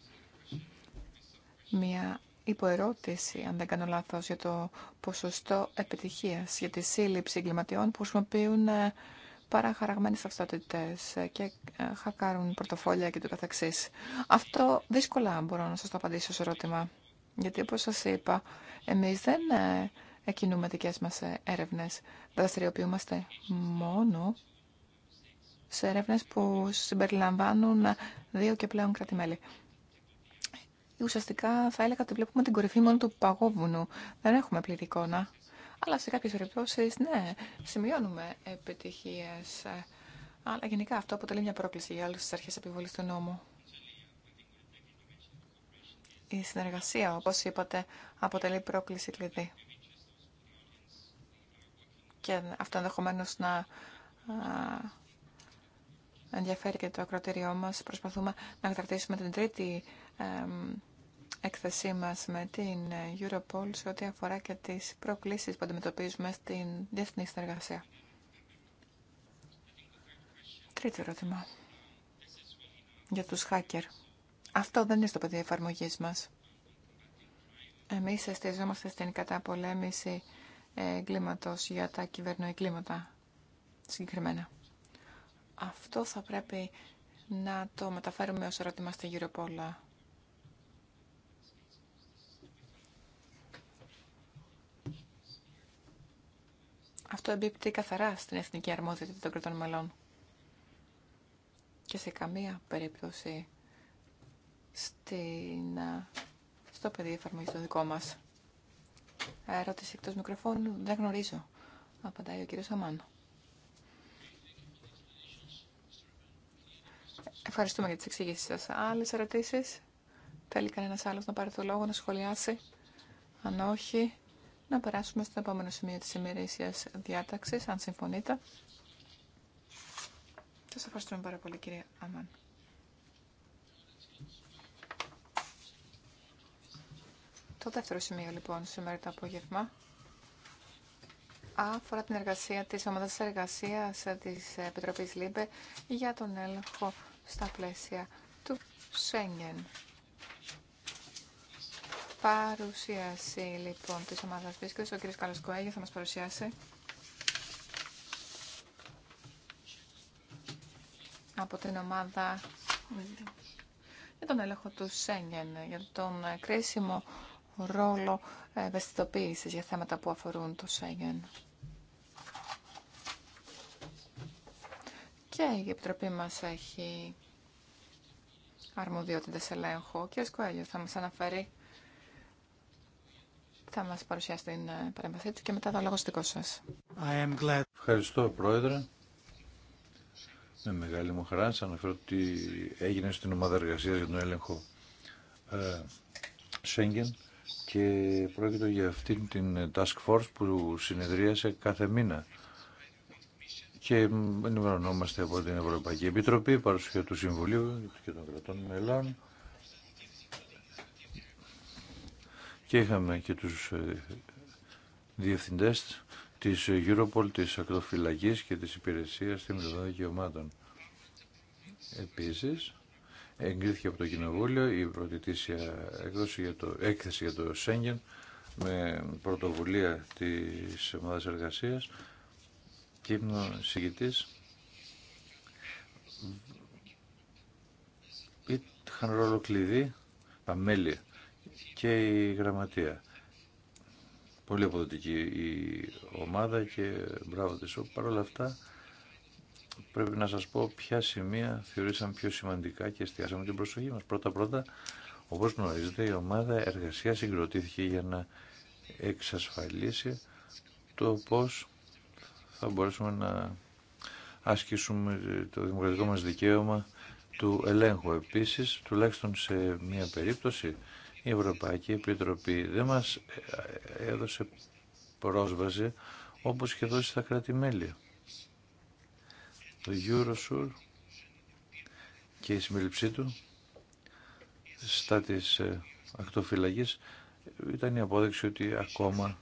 Μια υποερώτηση, αν δεν κάνω λάθο, για το ποσοστό επιτυχία για τη σύλληψη εγκληματιών που χρησιμοποιούν ε, παραχαραγμένε ταυτότητε ε, και ε, χακάρουν πορτοφόλια και το καθεξή. Αυτό δύσκολα μπορώ να σα το απαντήσω σε ερώτημα. Γιατί όπω σα είπα, εμεί δεν Εκκινούμε δικέ μας έρευνες. Δραστηριοποιούμαστε μόνο σε έρευνες που συμπεριλαμβάνουν δύο και πλέον Ουσιαστικά θα έλεγα ότι βλέπουμε την κορυφή μόνο του παγόβουνου. Δεν έχουμε πλήρη εικόνα. Αλλά σε κάποιες περιπτώσεις, ναι, σημειώνουμε επιτυχίες. Αλλά γενικά αυτό αποτελεί μια πρόκληση για όλε τι αρχές επιβολής του νόμου. Η συνεργασία, όπως είπατε, αποτελεί πρόκληση κλειδί και αυτό ενδεχομένω να ενδιαφέρει και το ακροτήριό μας. Προσπαθούμε να καταρτήσουμε την τρίτη έκθεσή μας με την Europol σε ό,τι αφορά και τις προκλήσεις που αντιμετωπίζουμε στην διεθνή συνεργασία. Τρίτο ερώτημα για τους hacker. Αυτό δεν είναι στο πεδίο εφαρμογής μας. Εμείς εστιαζόμαστε στην καταπολέμηση εγκλήματος, για τα κυβερνοεγκλήματα συγκεκριμένα. Αυτό θα πρέπει να το μεταφέρουμε ως ερώτημα στη πόλα. Αυτό εμπίπτει καθαρά στην εθνική αρμόδιότητα των κρατών μελών. Και σε καμία περίπτωση στο πεδίο εφαρμογή το δικό μας. Ερώτηση εκτός μικροφώνου. Δεν γνωρίζω. Απαντάει ο κύριος Αμάν. Ευχαριστούμε για τις εξήγησεις σας. Άλλες ερωτήσεις. Θέλει κανένα άλλος να πάρει το λόγο, να σχολιάσει. Αν όχι, να περάσουμε στο επόμενο σημείο της ημερήσιας διάταξης, αν συμφωνείτε. Σας ευχαριστούμε πάρα πολύ, κύριε Αμάν. Το δεύτερο σημείο λοιπόν σήμερα το απόγευμα αφορά την εργασία της ομάδας εργασίας της Επιτροπής ΛΥΜΠΕ για τον έλεγχο στα πλαίσια του Σέγγεν. Παρουσίαση λοιπόν της ομάδας Βίσκος, ο κ. Καλός θα μας παρουσιάσει. Από την ομάδα για τον έλεγχο του Σέγγεν, για τον κρίσιμο ρόλο ευαισθητοποίηση για θέματα που αφορούν το Σέγγεν. Και η Επιτροπή μας έχει αρμοδιότητες ελέγχου. Ο κ. Σκοέλιο θα μας αναφέρει, θα μας παρουσιάσει την ε, παρέμβασή του και μετά το λόγο δικό σας. I am glad. Ευχαριστώ, Πρόεδρε. Με μεγάλη μου χαρά σας αναφέρω ότι έγινε στην ομάδα εργασία για τον έλεγχο ε, Σέγγεν και πρόκειται για αυτήν την task force που συνεδρίασε κάθε μήνα και ενημερωνόμαστε από την Ευρωπαϊκή Επιτροπή, παρουσία του Συμβουλίου και των κρατών μελών και είχαμε και τους ε, διευθυντές της Europol, της Ακτοφυλακής και της Υπηρεσίας των Δικαιωμάτων. Επίσης, εγκρίθηκε από το Κοινοβούλιο η πρωτητήσια έκδοση για το, έκθεση για το Σέγγεν με πρωτοβουλία της ομάδας εργασίας και ήμουν συγκητής. Είχαν ρόλο κλειδί τα μέλη και η γραμματεία. Πολύ αποδοτική η ομάδα και μπράβο της. Παρ' όλα αυτά πρέπει να σας πω ποια σημεία θεωρήσαμε πιο σημαντικά και εστιάσαμε την προσοχή μας. Πρώτα-πρώτα, όπως γνωρίζετε, η ομάδα εργασία συγκροτήθηκε για να εξασφαλίσει το πώς θα μπορέσουμε να ασκήσουμε το δημοκρατικό μας δικαίωμα του ελέγχου. Επίσης, τουλάχιστον σε μία περίπτωση, η Ευρωπαϊκή Επιτροπή δεν μας έδωσε πρόσβαση όπως και δώσει στα κράτη-μέλη το σου και η συμμελήψή του στα της ε, ακτοφυλακής ήταν η απόδειξη ότι ακόμα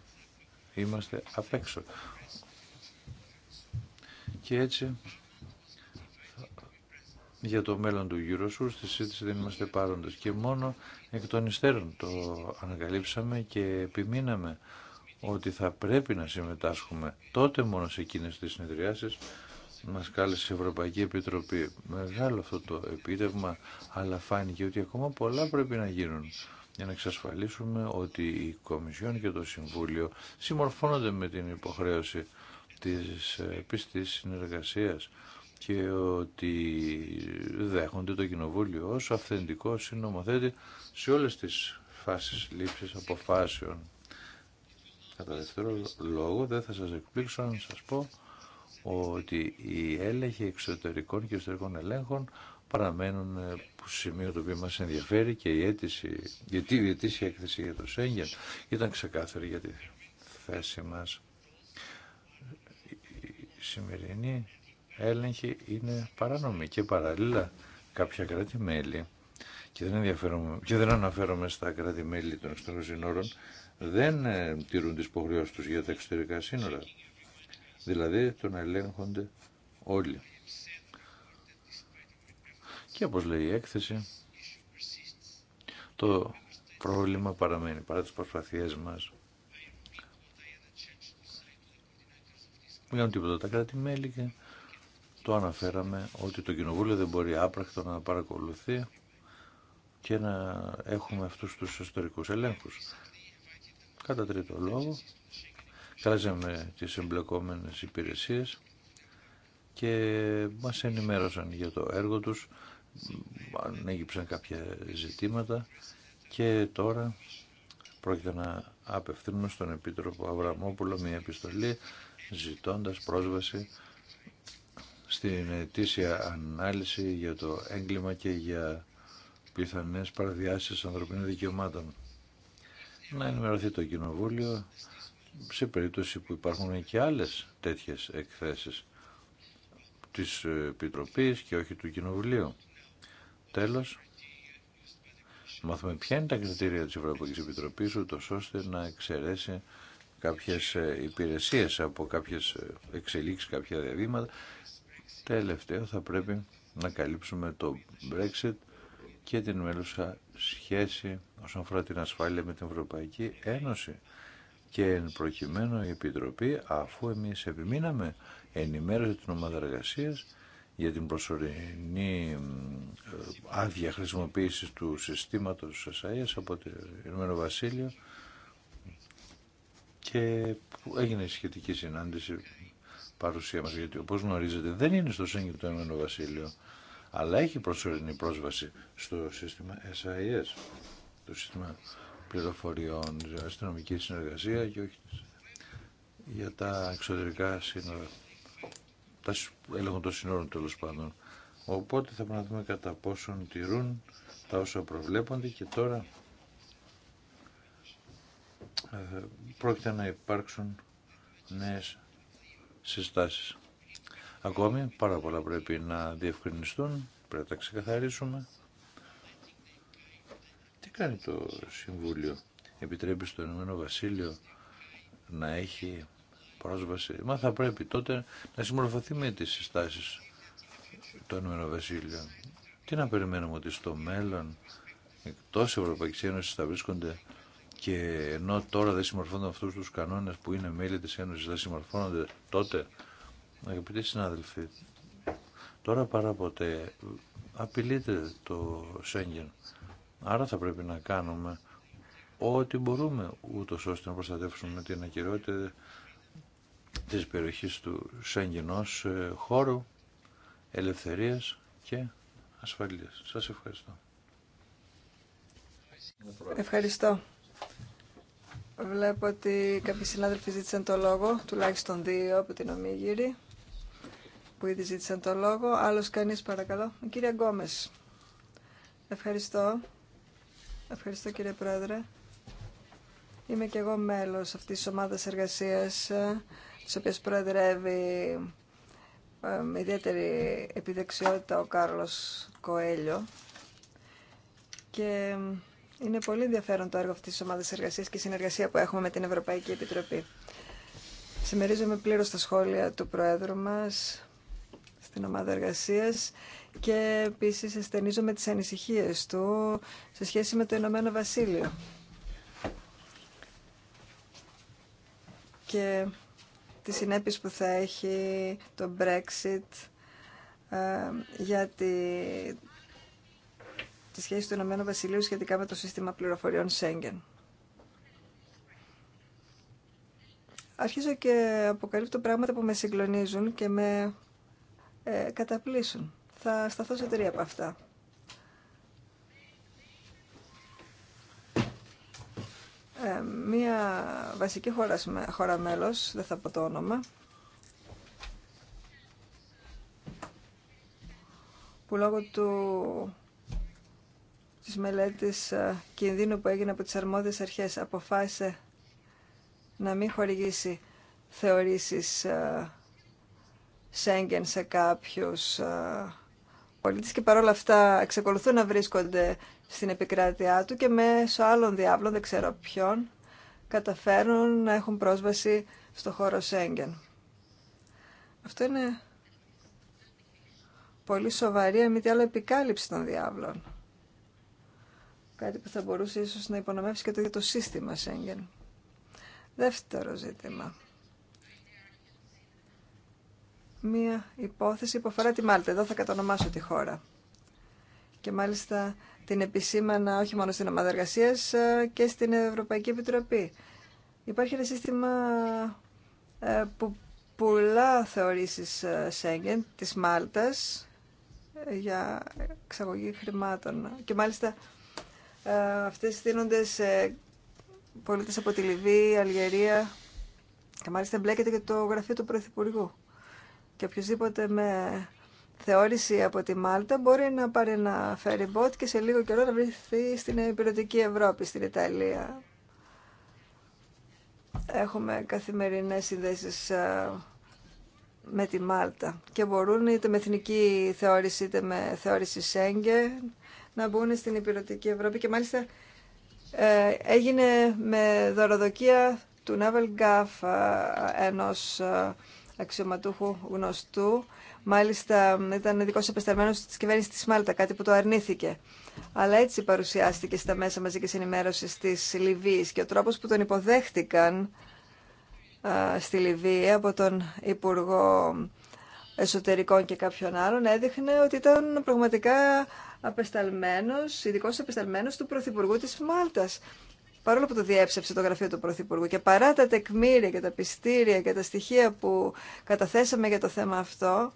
είμαστε απ' έξω. Και έτσι για το μέλλον του Eurosur στη σύντηση δεν είμαστε παρόντες και μόνο εκ των υστέρων το ανακαλύψαμε και επιμείναμε ότι θα πρέπει να συμμετάσχουμε τότε μόνο σε εκείνες τις συνεδριάσεις μας κάλεσε η Ευρωπαϊκή Επιτροπή. Μεγάλο αυτό το επίτευγμα, αλλά φάνηκε ότι ακόμα πολλά πρέπει να γίνουν για να εξασφαλίσουμε ότι η Κομισιόν και το Συμβούλιο συμμορφώνονται με την υποχρέωση της ε, πίστης συνεργασίας και ότι δέχονται το Κοινοβούλιο ως αυθεντικό συνομοθέτη σε όλες τις φάσεις λήψης αποφάσεων. Κατά δεύτερο λόγο δεν θα σας εκπλήξω αν σας πω ότι οι έλεγχοι εξωτερικών και εσωτερικών ελέγχων παραμένουν ε, που σημείο το οποίο μας ενδιαφέρει και η αίτηση, γιατί η αιτήση έκθεση για το Σέγγεν ήταν ξεκάθαρη για τη θέση μας. Η σημερινή έλεγχη είναι παράνομη και παράλληλα κάποια κράτη-μέλη και δεν, και δεν αναφέρομαι στα κράτη-μέλη των εξωτερικών σύνορων δεν ε, τηρούν τις υποχρεώσεις τους για τα εξωτερικά σύνορα δηλαδή το να ελέγχονται όλοι. Και όπως λέει η έκθεση, το πρόβλημα παραμένει παρά τις προσπαθίες μας. Μην κάνουν τίποτα τα κράτη-μέλη και το αναφέραμε ότι το κοινοβούλιο δεν μπορεί άπρακτο να παρακολουθεί και να έχουμε αυτούς τους ιστορικούς ελέγχους. Κατά τρίτο λόγο, Καλέσαμε τις εμπλεκόμενες υπηρεσίες και μας ενημέρωσαν για το έργο τους, ανέγυψαν κάποια ζητήματα και τώρα πρόκειται να απευθύνουμε στον Επίτροπο Αβραμόπουλο μια επιστολή ζητώντας πρόσβαση στην ετήσια ανάλυση για το έγκλημα και για πιθανές παραδιάσεις ανθρωπίνων δικαιωμάτων. Να ενημερωθεί το Κοινοβούλιο σε περίπτωση που υπάρχουν και άλλες τέτοιες εκθέσεις της Επιτροπής και όχι του Κοινοβουλίου. Τέλος, μάθουμε ποια είναι τα κριτήρια της Ευρωπαϊκής Επιτροπής ούτως ώστε να εξαιρέσει κάποιες υπηρεσίες από κάποιες εξελίξεις, κάποια διαβήματα. Τελευταίο θα πρέπει να καλύψουμε το Brexit και την μέλουσα σχέση όσον αφορά την ασφάλεια με την Ευρωπαϊκή Ένωση και εν προκειμένου η Επιτροπή, αφού εμείς επιμείναμε, ενημέρωσε την ομάδα εργασία για την προσωρινή ε, άδεια χρησιμοποίηση του συστήματος ΣΑΙΑΣ από το Ηνωμένο Βασίλειο και έγινε σχετική συνάντηση παρουσία μας, γιατί όπως γνωρίζετε δεν είναι στο ΣΕΝΚΙ το Ηνωμένο Βασίλειο, αλλά έχει προσωρινή πρόσβαση στο σύστημα SIS, το σύστημα πληροφοριών, αστυνομική συνεργασία και όχι για τα εξωτερικά σύνορα, τα έλεγχο των σύνορων τέλο πάντων. Οπότε θα πρέπει να δούμε κατά πόσον τηρούν τα όσα προβλέπονται και τώρα ε, πρόκειται να υπάρξουν νέες συστάσεις. Ακόμη πάρα πολλά πρέπει να διευκρινιστούν, πρέπει να τα ξεκαθαρίσουμε κάνει το Συμβούλιο. Επιτρέπει στο Ηνωμένο Βασίλειο να έχει πρόσβαση. Μα θα πρέπει τότε να συμμορφωθεί με τις συστάσεις του Ηνωμένο Βασίλειο. Τι να περιμένουμε ότι στο μέλλον εκτός Ευρωπαϊκής Ένωσης θα βρίσκονται και ενώ τώρα δεν συμμορφώνονται αυτούς τους κανόνες που είναι μέλη της Ένωσης, δεν συμμορφώνονται τότε. Αγαπητοί συνάδελφοι, τώρα παρά ποτέ απειλείται το Σέγγεν. Άρα θα πρέπει να κάνουμε ό,τι μπορούμε ούτω ώστε να προστατεύσουμε την ακυρότητα της περιοχής του Σέγγεν ε, χώρου ελευθερίας και ασφαλείας. Σας ευχαριστώ. Ευχαριστώ. Βλέπω ότι κάποιοι συνάδελφοι ζήτησαν το λόγο, τουλάχιστον δύο από την Ομίγυρη, που ήδη ζήτησαν το λόγο. Άλλος κανείς παρακαλώ. Κύριε Γκόμες, ευχαριστώ. Ευχαριστώ κύριε Πρόεδρε. Είμαι και εγώ μέλος αυτής της ομάδας εργασίας, της οποίας προεδρεύει με ιδιαίτερη επιδεξιότητα ο Κάρλος Κοέλιο. Και είναι πολύ ενδιαφέρον το έργο αυτής της ομάδας εργασίας και η συνεργασία που έχουμε με την Ευρωπαϊκή Επιτροπή. Συμμερίζομαι πλήρως τα σχόλια του Προέδρου μας ομάδα εργασίας και επίση ασθενίζομαι τι ανησυχίε του σε σχέση με το Ηνωμένο Βασίλειο. Και τις συνέπειες που θα έχει το Brexit ε, για τη, τη σχέση του Ηνωμένου Βασιλείου σχετικά με το σύστημα πληροφοριών Σέγγεν. Αρχίζω και αποκαλύπτω πράγματα που με συγκλονίζουν και με ε, καταπλήσουν. Θα σταθώ σε τρία από αυτά. Ε, μία βασική χώρα, χώρα μέλος, δεν θα πω το όνομα, που λόγω του, της μελέτης ε, κινδύνου που έγινε από τις αρμόδιες αρχές αποφάσισε να μην χορηγήσει θεωρήσεις Σέγγεν σε κάποιους ε, πολίτες και παρόλα αυτά εξακολουθούν να βρίσκονται στην επικράτειά του και μέσω άλλων διάβλων, δεν ξέρω ποιον, καταφέρνουν να έχουν πρόσβαση στο χώρο Σέγγεν. Αυτό είναι πολύ σοβαρή, με τι άλλο, επικάλυψη των διάβλων. Κάτι που θα μπορούσε ίσως να υπονομεύσει και το ίδιο το σύστημα Σέγγεν. Δεύτερο ζήτημα μία υπόθεση που αφορά τη Μάλτα. Εδώ θα κατονομάσω τη χώρα. Και μάλιστα την επισήμανα όχι μόνο στην ομάδα εργασία ε, και στην Ευρωπαϊκή Επιτροπή. Υπάρχει ένα σύστημα ε, που πουλά θεωρήσεις ε, Σέγγεν της Μάλτας για εξαγωγή χρημάτων. Και μάλιστα αυτές στείνονται σε πολίτες από τη Λιβύη, Αλγερία και μάλιστα μπλέκεται και το γραφείο του Πρωθυπουργού και οποιοδήποτε με θεώρηση από τη Μάλτα μπορεί να πάρει ένα ferry boat και σε λίγο καιρό να βρεθεί στην υπηρετική Ευρώπη, στην Ιταλία. Έχουμε καθημερινές συνδέσεις ε, με τη Μάλτα και μπορούν είτε με εθνική θεώρηση είτε με θεώρηση Σέγγε να μπουν στην υπηρετική Ευρώπη και ε, έγινε με δωροδοκία του Νάβελ Γκάφ ενός ε, αξιωματούχου γνωστού. Μάλιστα ήταν ειδικό απεσταλμένος τη κυβέρνηση τη Μάλτα, κάτι που το αρνήθηκε. Αλλά έτσι παρουσιάστηκε στα μέσα μαζικής ενημέρωση τη Λιβύη και ο τρόπο που τον υποδέχτηκαν α, στη Λιβύη από τον Υπουργό Εσωτερικών και κάποιον άλλον έδειχνε ότι ήταν πραγματικά απεσταλμένος, ειδικός απεσταλμένος του Πρωθυπουργού της Μάλτας παρόλο που το διέψευσε το γραφείο του Πρωθυπουργού και παρά τα τεκμήρια και τα πιστήρια και τα στοιχεία που καταθέσαμε για το θέμα αυτό,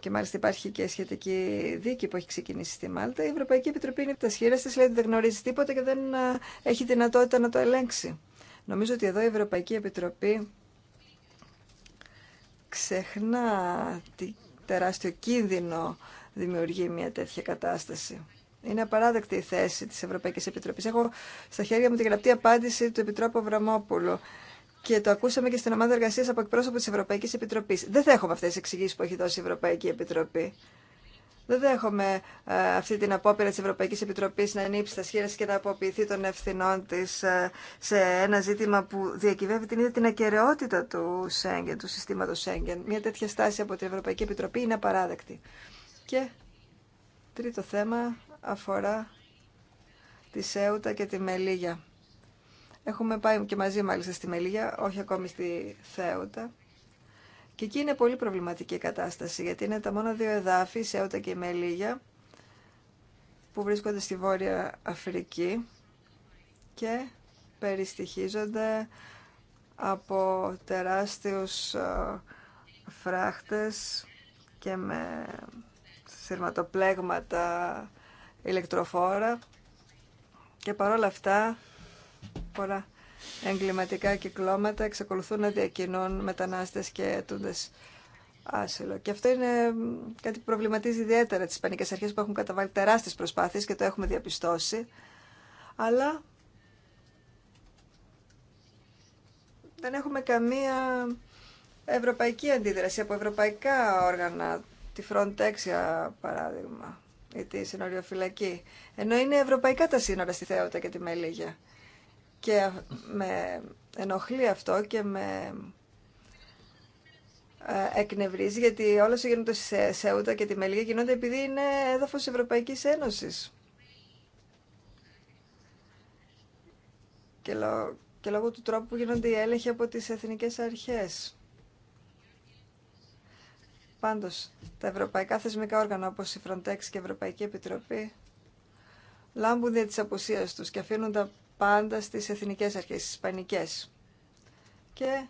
και μάλιστα υπάρχει και σχετική δίκη που έχει ξεκινήσει στη Μάλτα, η Ευρωπαϊκή Επιτροπή είναι τα σχήρα τη, λέει ότι δεν γνωρίζει τίποτα και δεν ε, έχει δυνατότητα να το ελέγξει. Νομίζω ότι εδώ η Ευρωπαϊκή Επιτροπή ξεχνά τι τεράστιο κίνδυνο δημιουργεί μια τέτοια κατάσταση. Είναι απαράδεκτη η θέση της Ευρωπαϊκής Επιτροπής. Έχω στα χέρια μου τη γραπτή απάντηση του Επιτρόπου Αβραμόπουλου. και το ακούσαμε και στην ομάδα εργασία από εκπρόσωπο τη Ευρωπαϊκή Επιτροπή. Δεν δέχομαι αυτέ τι εξηγήσει που έχει δώσει η Ευρωπαϊκή Επιτροπή. Δεν δέχομαι ε, αυτή την απόπειρα τη Ευρωπαϊκή Επιτροπή να ανοίξει τα σχέδια και να αποποιηθεί των ευθυνών τη ε, σε ένα ζήτημα που διακυβεύει την ίδια την ακαιρεότητα του Σέγγεν, του συστήματο Σέγγεν. Μια τέτοια στάση από την Ευρωπαϊκή Επιτροπή είναι απαράδεκτη. Και τρίτο θέμα, αφορά τη Σέουτα και τη Μελίγια. Έχουμε πάει και μαζί μάλιστα στη Μελίγια, όχι ακόμη στη Θέουτα. Και εκεί είναι πολύ προβληματική η κατάσταση, γιατί είναι τα μόνο δύο εδάφη, η Σέουτα και η Μελίγια, που βρίσκονται στη Βόρεια Αφρική και περιστοιχίζονται από τεράστιους φράχτες και με σειρματοπλέγματα ηλεκτροφόρα και παρόλα αυτά πολλά εγκληματικά κυκλώματα εξακολουθούν να διακινούν μετανάστες και αιτούντες άσυλο. Και αυτό είναι κάτι που προβληματίζει ιδιαίτερα τις πανικές Αρχές που έχουν καταβάλει τεράστιες προσπάθειες και το έχουμε διαπιστώσει. Αλλά δεν έχουμε καμία ευρωπαϊκή αντίδραση από ευρωπαϊκά όργανα, τη Frontex για παράδειγμα ή ε, τη συνοριοφυλακή. Ενώ είναι ευρωπαϊκά τα σύνορα στη Θεότα και τη Μελίγια. Και με ενοχλεί αυτό και με ε, εκνευρίζει γιατί όλα όσα γίνονται στη Σεούτα και τη Μελίγια γίνονται επειδή είναι έδαφος Ευρωπαϊκής Ένωσης. Και, και λόγω του τρόπου που γίνονται οι έλεγχοι από τις εθνικές αρχές. Πάντω, τα ευρωπαϊκά θεσμικά όργανα όπως η Frontex και η Ευρωπαϊκή Επιτροπή λάμπουν δια της απουσίας τους και αφήνουν τα πάντα στις εθνικές αρχές, στι Και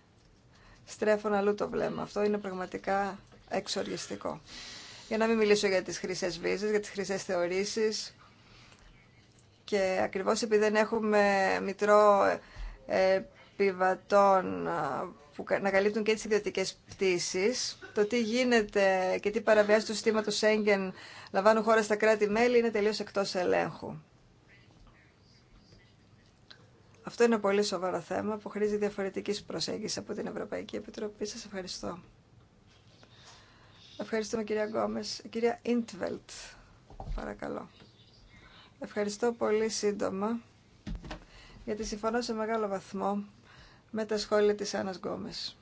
στρέφουν αλλού το βλέμμα. Αυτό είναι πραγματικά εξοργιστικό. Για να μην μιλήσω για τις χρυσέ βίζε, για τις χρυσέ θεωρήσει. Και ακριβώς επειδή δεν έχουμε μητρό ε, που να καλύπτουν και τις ιδιωτικές πτήσεις. Το τι γίνεται και τι παραβιάζει του Σέγγεν λαμβάνουν χώρα στα κράτη-μέλη είναι τελείως εκτός ελέγχου. Αυτό είναι πολύ σοβαρό θέμα που χρήζει διαφορετική προσέγγιση από την Ευρωπαϊκή Επιτροπή. Σας ευχαριστώ. Ευχαριστούμε κυρία Γκόμες. Κυρία Ιντβελτ, παρακαλώ. Ευχαριστώ πολύ σύντομα, γιατί συμφωνώ σε μεγάλο βαθμό με τα σχόλια της Άννας Γκόμες.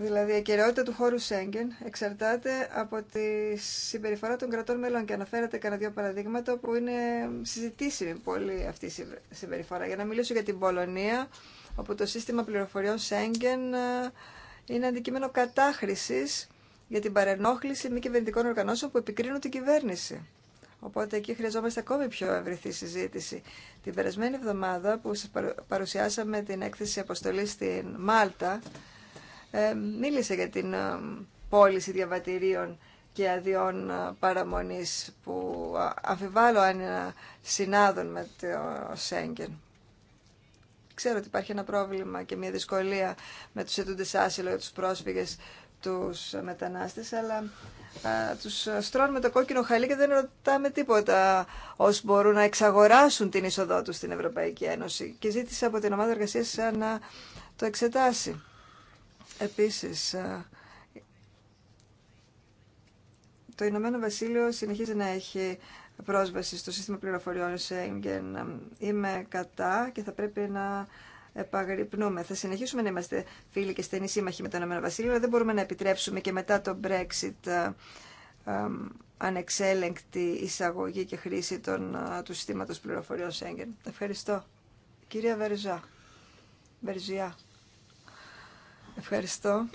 Δηλαδή, η ακεραιότητα του χώρου Σέγγεν εξαρτάται από τη συμπεριφορά των κρατών μελών. Και αναφέρατε κανένα δύο παραδείγματα που είναι συζητήσιμη πολύ αυτή η συμπεριφορά. Για να μιλήσω για την Πολωνία, όπου το σύστημα πληροφοριών Σέγγεν ε, είναι αντικείμενο κατάχρηση για την παρενόχληση μη κυβερνητικών οργανώσεων που επικρίνουν την κυβέρνηση. Οπότε εκεί χρειαζόμαστε ακόμη πιο ευρυθή συζήτηση. Την περασμένη εβδομάδα που σας παρουσιάσαμε την έκθεση αποστολή στην Μάλτα, ε, μίλησε για την ε, πώληση διαβατηρίων και αδειών ε, παραμονής που αμφιβάλλω αν συνάδων με το Σέγγεν. Ξέρω ότι υπάρχει ένα πρόβλημα και μια δυσκολία με τους ετούντες άσυλο για τους πρόσφυγες τους μετανάστες, αλλά τους στρώνουμε το κόκκινο χαλί και δεν ρωτάμε τίποτα ως μπορούν να εξαγοράσουν την είσοδό τους στην Ευρωπαϊκή Ένωση. Και ζήτησα από την ομάδα εργασίας να το εξετάσει. Επίσης, το Ηνωμένο Βασίλειο συνεχίζει να έχει πρόσβαση στο σύστημα πληροφοριών Σέγγεν. Είμαι κατά και θα πρέπει να επαγρυπνούμε. Θα συνεχίσουμε να είμαστε φίλοι και στενοί σύμμαχοι με το Ηνωμένο Βασίλειο, αλλά δεν μπορούμε να επιτρέψουμε και μετά το Brexit ε, ε, ανεξέλεγκτη εισαγωγή και χρήση των, ε, του συστήματος πληροφοριών Σέγγεν. Ευχαριστώ. Κυρία Βερζά. Βερζιά. Ευχαριστώ.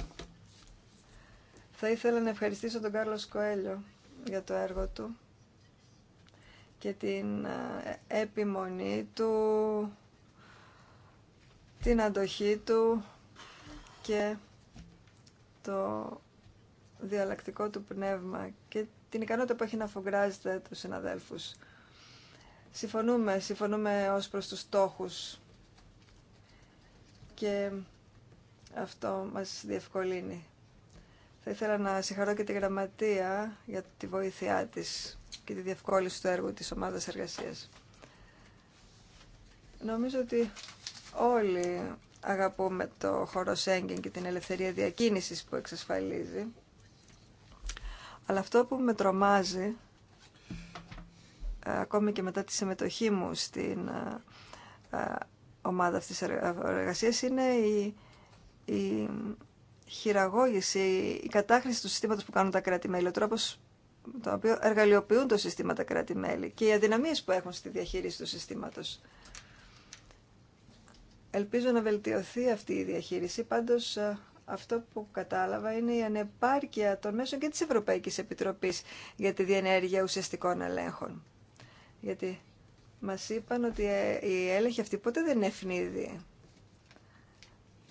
Θα ήθελα να ευχαριστήσω τον Κάρλος Κοέλιο για το έργο του και την επιμονή του την αντοχή του και το διαλλακτικό του πνεύμα και την ικανότητα που έχει να φογκράζεται τους συναδέλφους. Συμφωνούμε, συμφωνούμε ως προς τους στόχους και αυτό μας διευκολύνει. Θα ήθελα να συγχαρώ και τη Γραμματεία για τη βοήθειά της και τη διευκόλυνση του έργου της ομάδας εργασίας. Νομίζω ότι Όλοι αγαπούμε το χώρο Σέγγεν και την ελευθερία διακίνησης που εξασφαλίζει. Αλλά αυτό που με τρομάζει, ε, ακόμη και μετά τη συμμετοχή μου στην ε, ε, ομάδα αυτής της εργασίας, είναι η, η χειραγώγηση, η κατάχρηση του συστήματος που κάνουν τα κράτη-μέλη, ο τρόπος το οποίο εργαλειοποιούν το σύστημα τα κράτη-μέλη και οι αδυναμίες που έχουν στη διαχείριση του συστήματος. Ελπίζω να βελτιωθεί αυτή η διαχείριση. Πάντως ε, αυτό που κατάλαβα είναι η ανεπάρκεια των μέσων και της Ευρωπαϊκής Επιτροπής για τη διενέργεια ουσιαστικών ελέγχων. Γιατί μας είπαν ότι ε, η έλεγχη αυτή ποτέ δεν είναι ευνίδη.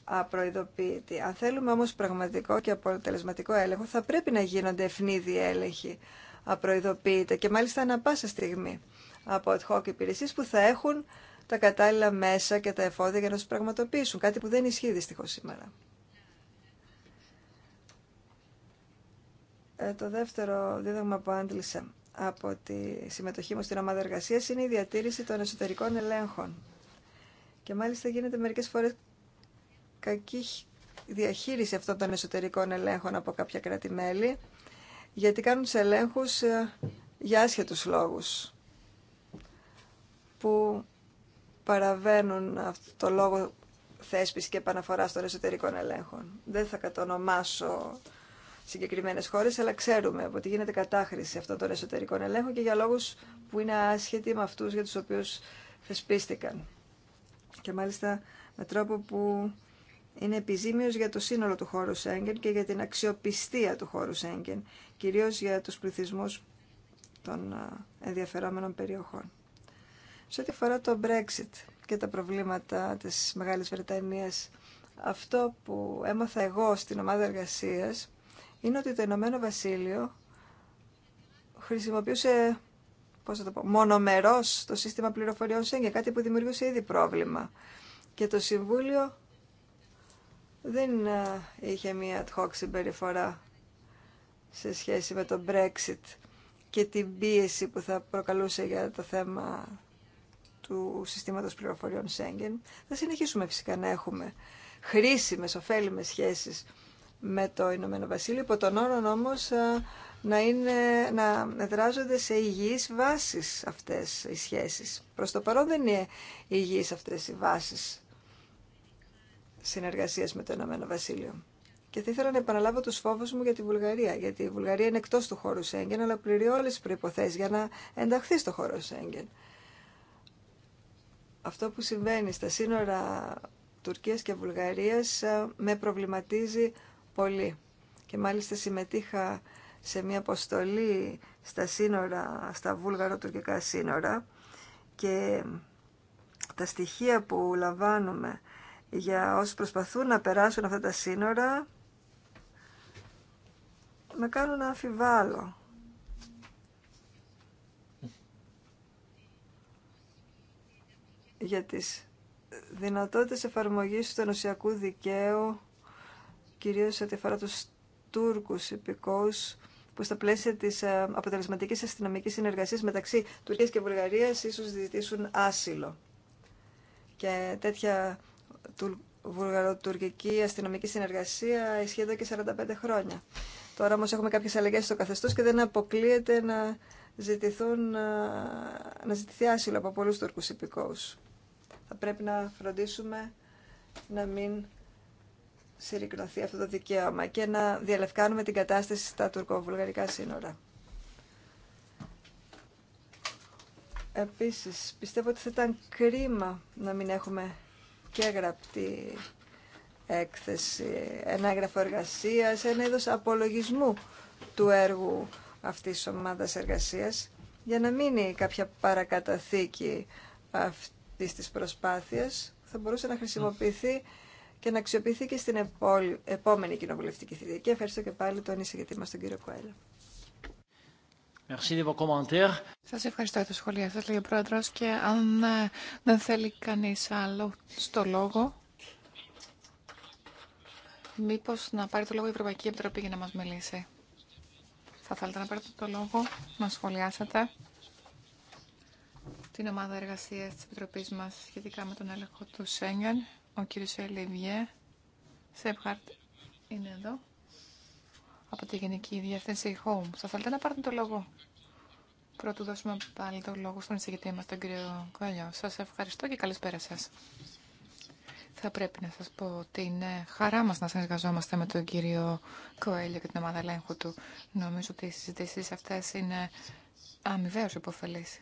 απροειδοποίητη. Αν θέλουμε όμως πραγματικό και αποτελεσματικό έλεγχο, θα πρέπει να γίνονται ευνίδη έλεγχοι απροειδοποίητα και μάλιστα ανα πάσα στιγμή από ad hoc υπηρεσίες που θα έχουν τα κατάλληλα μέσα και τα εφόδια για να του πραγματοποιήσουν. Κάτι που δεν ισχύει δυστυχώ σήμερα. Ε, το δεύτερο δίδαγμα που άντλησα από τη συμμετοχή μου στην ομάδα εργασία είναι η διατήρηση των εσωτερικών ελέγχων. Και μάλιστα γίνεται μερικές φορές κακή διαχείριση αυτών των εσωτερικών ελέγχων από κάποια κράτη-μέλη, γιατί κάνουν του ελέγχους ε, για άσχετου λόγου. που παραβαίνουν αυτό το λόγο θέσπιση και επαναφορά των εσωτερικών ελέγχων. Δεν θα κατονομάσω συγκεκριμένες χώρες, αλλά ξέρουμε ότι γίνεται κατάχρηση αυτών των εσωτερικών ελέγχων και για λόγους που είναι άσχετοι με αυτούς για τους οποίους θεσπίστηκαν. Και μάλιστα με τρόπο που είναι επιζήμιος για το σύνολο του χώρου Σέγγεν και για την αξιοπιστία του χώρου Σέγγεν, κυρίως για τους πληθυσμούς των ε, ενδιαφερόμενων περιοχών. Σε ό,τι αφορά το Brexit και τα προβλήματα της Μεγάλης Βρετανίας, αυτό που έμαθα εγώ στην ομάδα εργασίας είναι ότι το Ηνωμένο Βασίλειο χρησιμοποιούσε πώς θα το πω, μονομερός το σύστημα πληροφοριών σε κάτι που δημιουργούσε ήδη πρόβλημα. Και το Συμβούλιο δεν ε, είχε μία ad hoc συμπεριφορά σε σχέση με το Brexit και την πίεση που θα προκαλούσε για το θέμα του συστήματος πληροφοριών Σέγγεν, θα συνεχίσουμε φυσικά να έχουμε χρήσιμες, ωφέλιμες σχέσεις με το Ηνωμένο Βασίλειο, υπό τον όρο όμως ε, να, είναι, να δράζονται σε υγιείς βάσεις αυτές οι σχέσεις. Προς το παρόν δεν είναι υγιείς αυτές οι βάσεις συνεργασίας με το Ηνωμένο Βασίλειο. Και θα ήθελα να επαναλάβω του φόβου μου για τη Βουλγαρία. Γιατί η Βουλγαρία είναι εκτό του χώρου Σέγγεν, αλλά πληρεί όλε τι προποθέσει για να ενταχθεί στο χώρο Σέγγεν αυτό που συμβαίνει στα σύνορα Τουρκίας και Βουλγαρίας ε, με προβληματίζει πολύ. Και μάλιστα συμμετείχα σε μια αποστολή στα σύνορα, στα βούλγαρο-τουρκικά σύνορα και ε, τα στοιχεία που λαμβάνουμε για όσους προσπαθούν να περάσουν αυτά τα σύνορα με κάνουν να αμφιβάλλω για τις δυνατότητες εφαρμογής του ενωσιακού δικαίου, κυρίως ό,τι αφορά τους Τούρκους υπηκόους, που στα πλαίσια της ε, αποτελεσματικής αστυνομικής συνεργασίας μεταξύ Τουρκίας και Βουλγαρίας ίσως ζητήσουν άσυλο. Και τέτοια βουλγαροτουρκική αστυνομική συνεργασία ισχύει εδώ και 45 χρόνια. Τώρα όμως έχουμε κάποιες αλλαγές στο καθεστώς και δεν αποκλείεται να, ζητηθούν, ε, να ζητηθεί άσυλο από πολλούς Τούρκους υπηκόους θα πρέπει να φροντίσουμε να μην συρρυκνωθεί αυτό το δικαίωμα και να διαλευκάνουμε την κατάσταση στα τουρκοβουλγαρικά σύνορα. Επίσης, πιστεύω ότι θα ήταν κρίμα να μην έχουμε και γραπτή έκθεση, ένα έγγραφο εργασίας, ένα είδος απολογισμού του έργου αυτής της ομάδας εργασίας, για να μείνει κάποια παρακαταθήκη αυτή αυτής της προσπάθειας θα μπορούσε να χρησιμοποιηθεί και να αξιοποιηθεί και στην επόμενη κοινοβουλευτική θητεία. Και ευχαριστώ και πάλι τον εισηγητή μας, τον κύριο Κουέλα. Σα ευχαριστώ για τα σχόλια σα, λέει ο Πρόεδρο. Και αν ε, δεν θέλει κανεί άλλο στο λόγο, μήπω να πάρει το λόγο η Ευρωπαϊκή Επιτροπή για να μα μιλήσει. Θα θέλετε να πάρετε το λόγο, να σχολιάσετε την ομάδα εργασία τη Επιτροπή μα σχετικά με τον έλεγχο του Σέγγεν. Ο κ. Ελιβιέ Σεπχαρτ είναι εδώ από τη Γενική Διεύθυνση Home. Θα θέλετε να πάρετε το λόγο. πρώτο δώσουμε πάλι το λόγο στον εισηγητή μα τον κύριο Κόλιο. Σας ευχαριστώ και καλησπέρα σας. Θα πρέπει να σας πω ότι είναι χαρά μας να συνεργαζόμαστε με τον κύριο Κοέλιο και την ομάδα ελέγχου του. Νομίζω ότι οι συζητήσεις αυτές είναι αμοιβαίως υποφελείς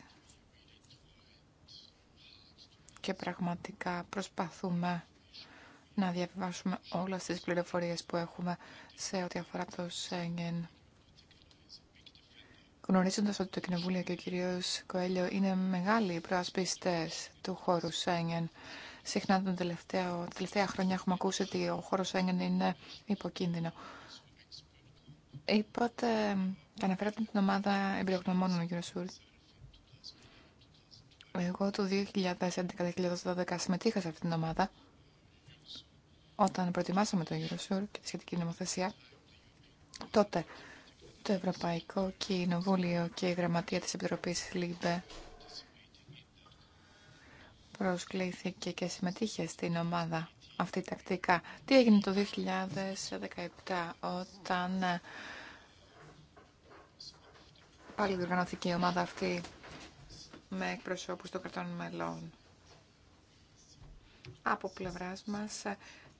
και πραγματικά προσπαθούμε να διαβιβάσουμε όλες τις πληροφορίες που έχουμε σε ό,τι αφορά το Σέγγεν. Γνωρίζοντας ότι το Κοινοβούλιο και ο κύριος Κοέλιο είναι μεγάλοι προασπιστές του χώρου Σέγγεν, συχνά τον τελευταίο, τα τελευταία χρόνια έχουμε ακούσει ότι ο χώρος Σέγγεν είναι υποκίνδυνο. Είπατε, αναφέρατε την ομάδα εμπειρογνωμόνων, κύριο Σούρτ, εγώ το 2011-2012 συμμετείχα σε αυτήν την ομάδα όταν προετοιμάσαμε το Eurosur και τη σχετική νομοθεσία. Τότε το Ευρωπαϊκό Κοινοβούλιο και η Γραμματεία της Επιτροπής ΛΥΜΠΕ προσκλήθηκε και συμμετείχε στην ομάδα αυτή τακτικά. Τι έγινε το 2017 όταν πάλι διοργανώθηκε η ομάδα αυτή με εκπροσώπους των κρατών μελών. Από πλευράς μας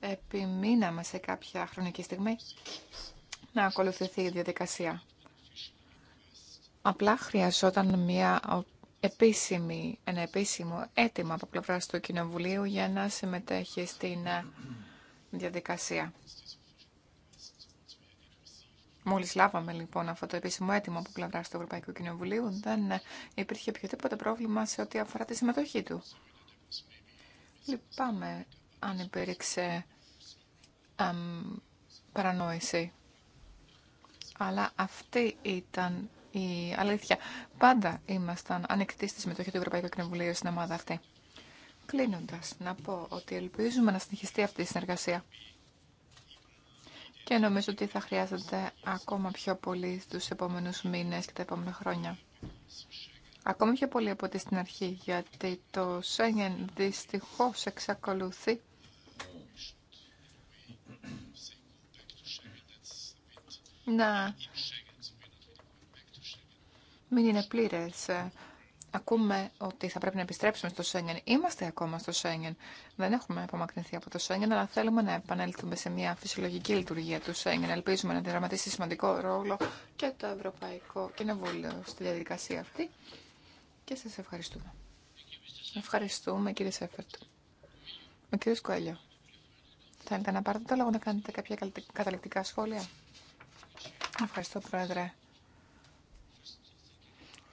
επιμείναμε σε κάποια χρονική στιγμή να ακολουθηθεί η διαδικασία. Απλά χρειαζόταν μια επίσημη, ένα επίσημο αίτημα από πλευρά του Κοινοβουλίου για να συμμετέχει στην ε, διαδικασία. Μόλι λάβαμε λοιπόν αυτό το επίσημο αίτημα από πλευρά του Ευρωπαϊκού Κοινοβουλίου, δεν υπήρχε οποιοδήποτε πρόβλημα σε ό,τι αφορά τη συμμετοχή του. Λυπάμαι αν υπήρξε παρανόηση. Αλλά αυτή ήταν η αλήθεια. Πάντα ήμασταν ανοιχτοί στη συμμετοχή του Ευρωπαϊκού Κοινοβουλίου στην ομάδα αυτή. Κλείνοντα, να πω ότι ελπίζουμε να συνεχιστεί αυτή η συνεργασία και νομίζω ότι θα χρειάζεται ακόμα πιο πολύ στους επόμενους μήνες και τα επόμενα χρόνια. Ακόμα πιο πολύ από ό,τι στην αρχή, γιατί το Σέγγεν δυστυχώς εξακολουθεί να μην είναι πλήρες ακούμε ότι θα πρέπει να επιστρέψουμε στο Σέγγεν. Είμαστε ακόμα στο Σέγγεν. Δεν έχουμε απομακρυνθεί από το Σέγγεν, αλλά θέλουμε να επανέλθουμε σε μια φυσιολογική λειτουργία του Σέγγεν. Ελπίζουμε να διαδραματίσει σημαντικό ρόλο και το Ευρωπαϊκό Κοινοβούλιο στη διαδικασία αυτή. Και σα ευχαριστούμε. Ευχαριστούμε, κύριε Σέφερτ. Ο κύριο Κοέλιο. Θέλετε να πάρετε το λόγο να κάνετε κάποια καταληκτικά σχόλια. Ευχαριστώ, Πρόεδρε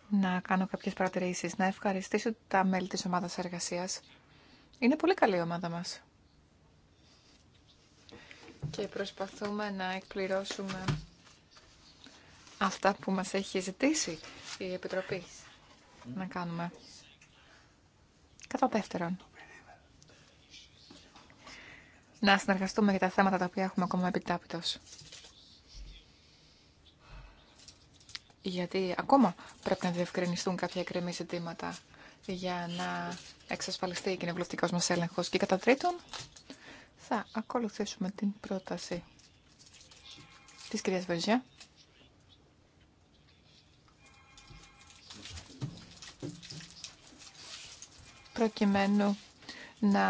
να κάνω κάποιες παρατηρήσεις, να ευχαριστήσω τα μέλη της ομάδας εργασίας. Είναι πολύ καλή η ομάδα μας. Και προσπαθούμε να εκπληρώσουμε αυτά που μας έχει ζητήσει η Επιτροπή να κάνουμε. Κατά δεύτερον, να συνεργαστούμε για τα θέματα τα οποία έχουμε ακόμα επιτάπητος. γιατί ακόμα πρέπει να διευκρινιστούν κάποια εκκρεμή ζητήματα για να εξασφαλιστεί ο κοινοβουλευτικό μα έλεγχο. Και κατά τρίτον, θα ακολουθήσουμε την πρόταση τη κυρία Βερζιά. προκειμένου να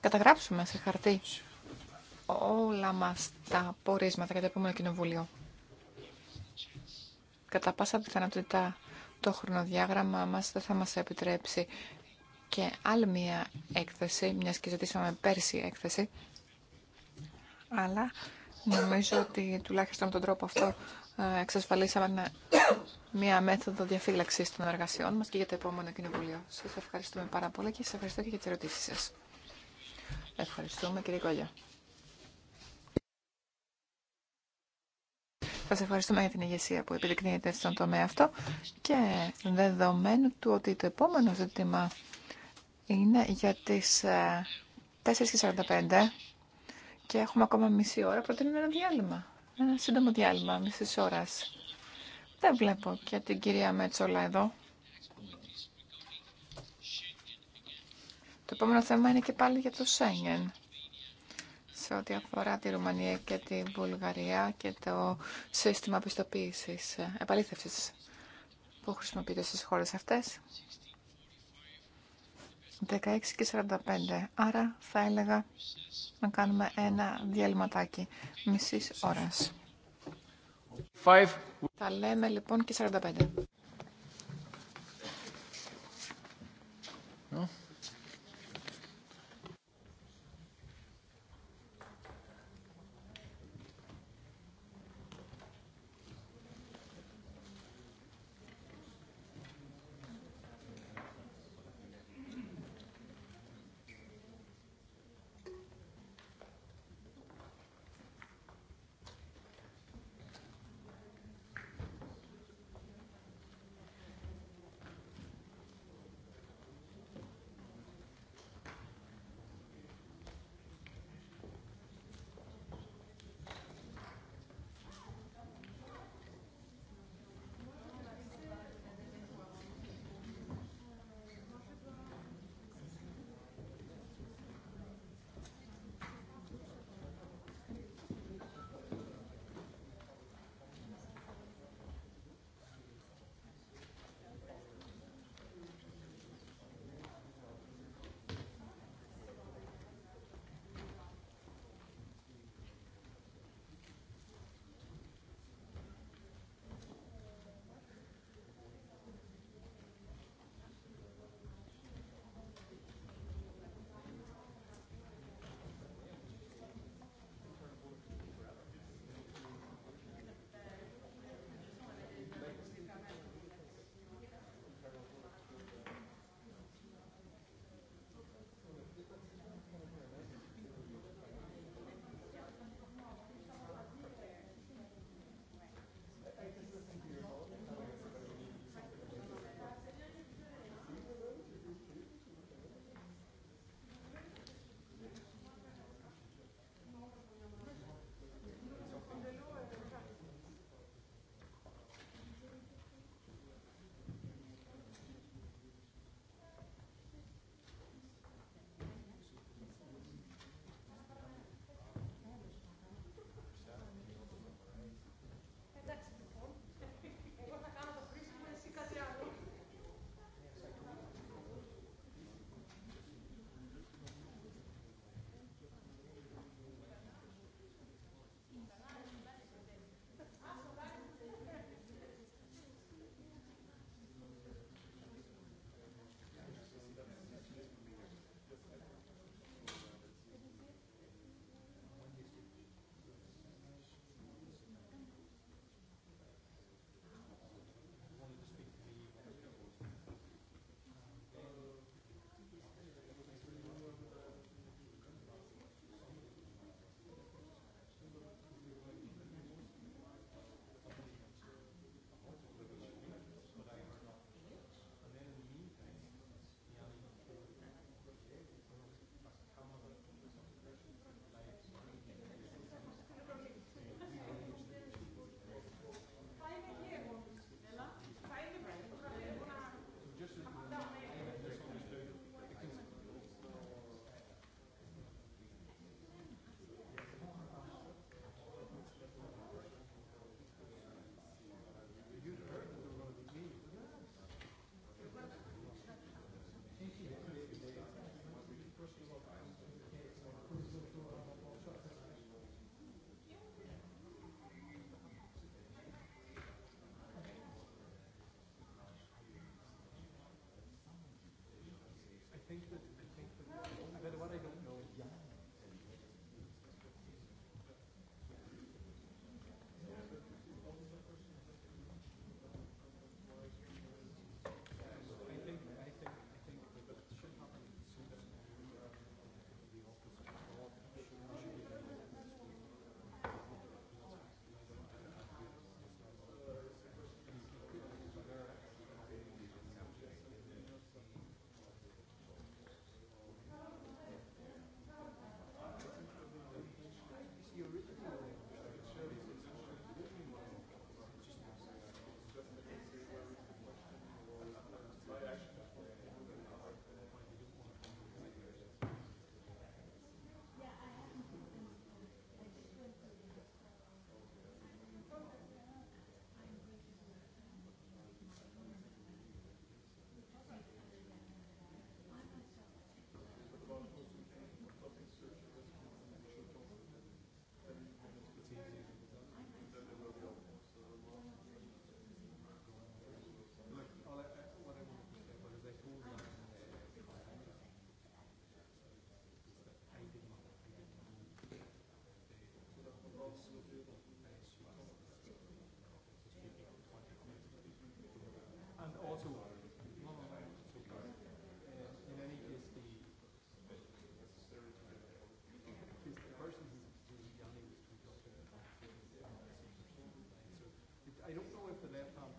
καταγράψουμε σε χαρτί όλα μας τα πορίσματα για το επόμενο κοινοβούλιο κατά πάσα πιθανότητα το χρονοδιάγραμμα μας δεν θα μας επιτρέψει και άλλη μία έκθεση, μια και ζητήσαμε πέρσι έκθεση, αλλά νομίζω ότι τουλάχιστον τον τρόπο αυτό ε, εξασφαλίσαμε μία μέθοδο διαφύλαξης των εργασιών μας και για το επόμενο κοινοβουλίο. Σας ευχαριστούμε πάρα πολύ και σας ευχαριστώ και για τις ερωτήσεις σας. Ευχαριστούμε κύριε Κόλια. Σα ευχαριστούμε για την ηγεσία που επιδεικνύεται στον τομέα αυτό και δεδομένου του ότι το επόμενο ζήτημα είναι για τις 4.45 ε, και έχουμε ακόμα μισή ώρα, προτείνουμε ένα διάλειμμα, ένα σύντομο διάλειμμα μισή ώρας. Δεν βλέπω και την κυρία Μέτσολα εδώ. Το επόμενο θέμα είναι και πάλι για το Σέγγεν σε ό,τι αφορά τη Ρουμανία και τη Βουλγαρία και το σύστημα πιστοποίησης, ε, επαλήθευσης που χρησιμοποιείται στις χώρες αυτές. 16 και 45. Άρα θα έλεγα να κάνουμε ένα διαλυματάκι μισής ώρας. Θα Τα λέμε λοιπόν και 45. think that Υπότιτλοι the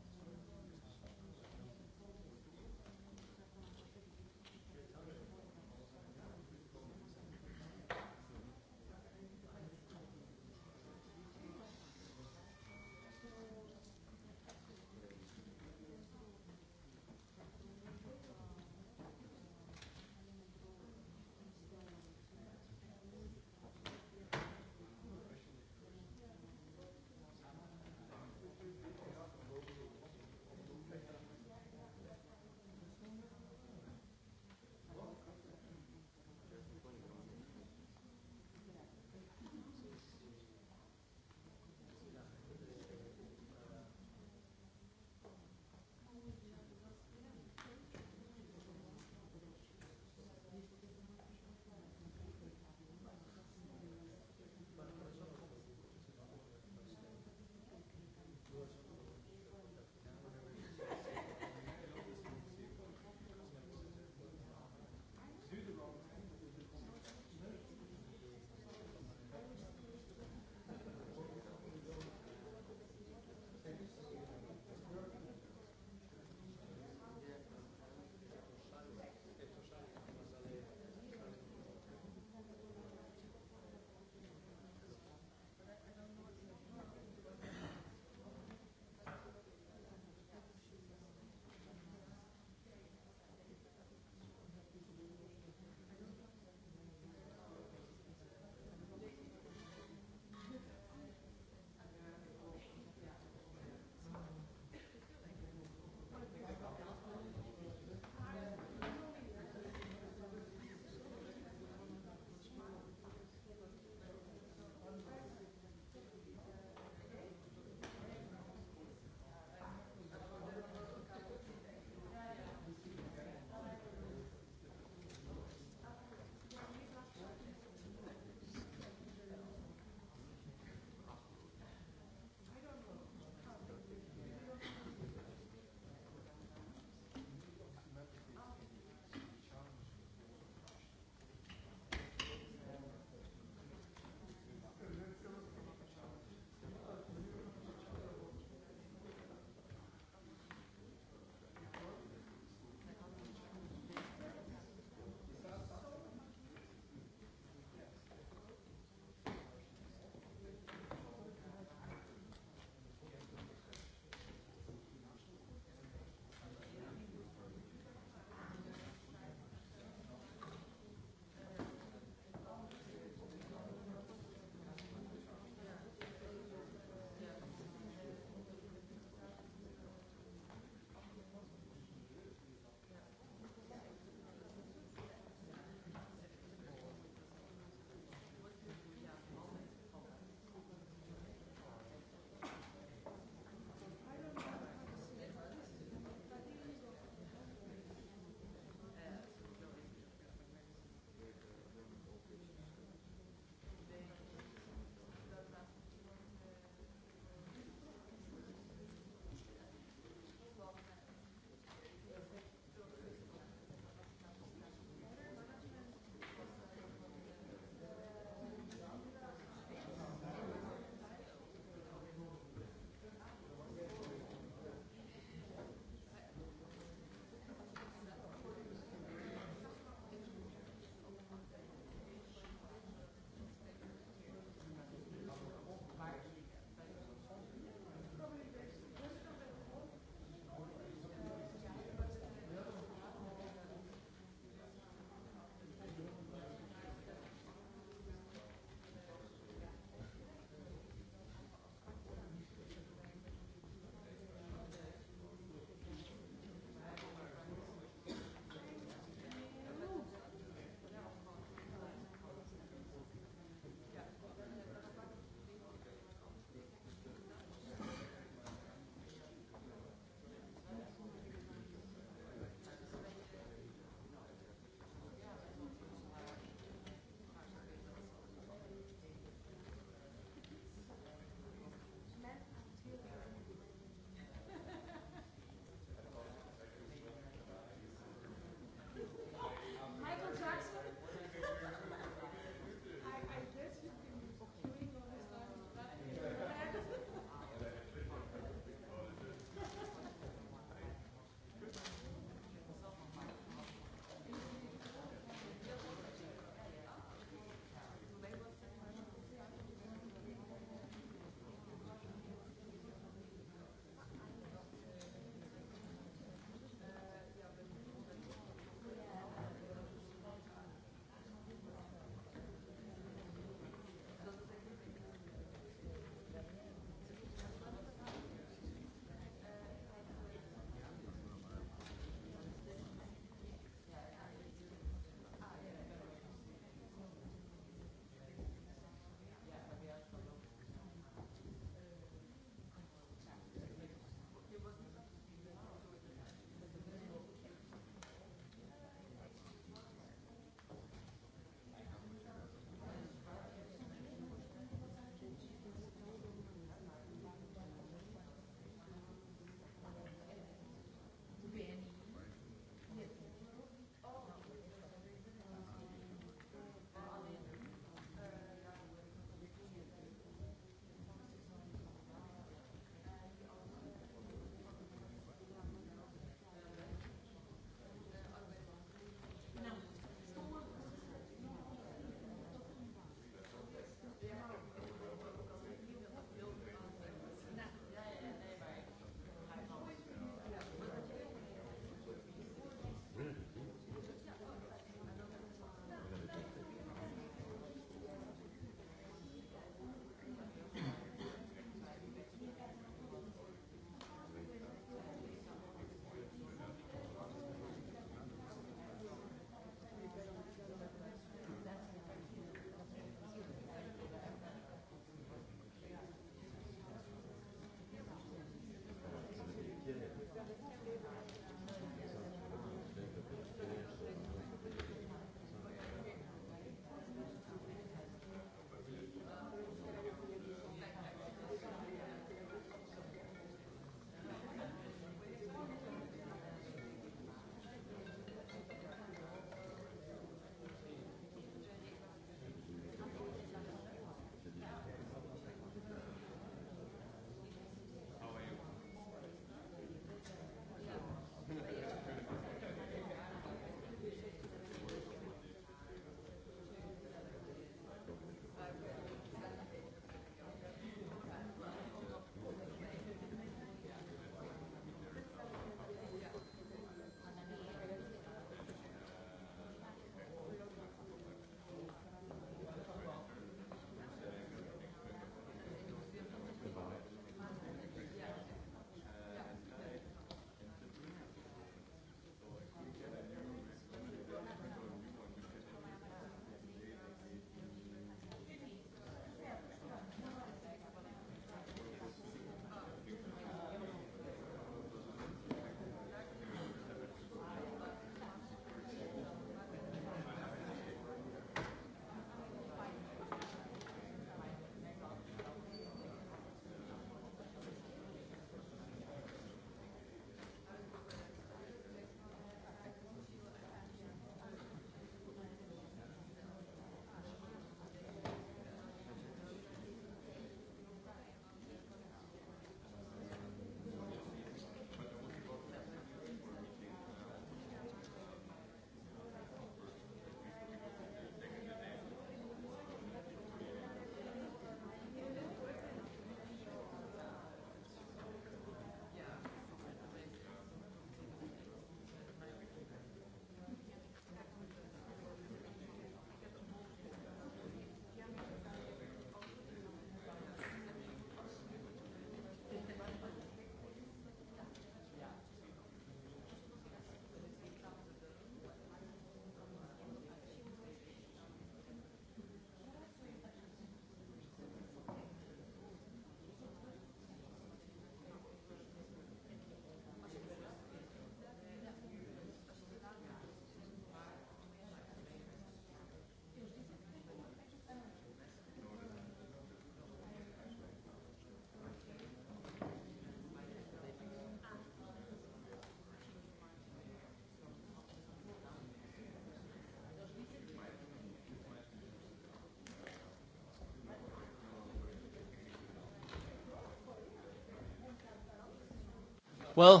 Well...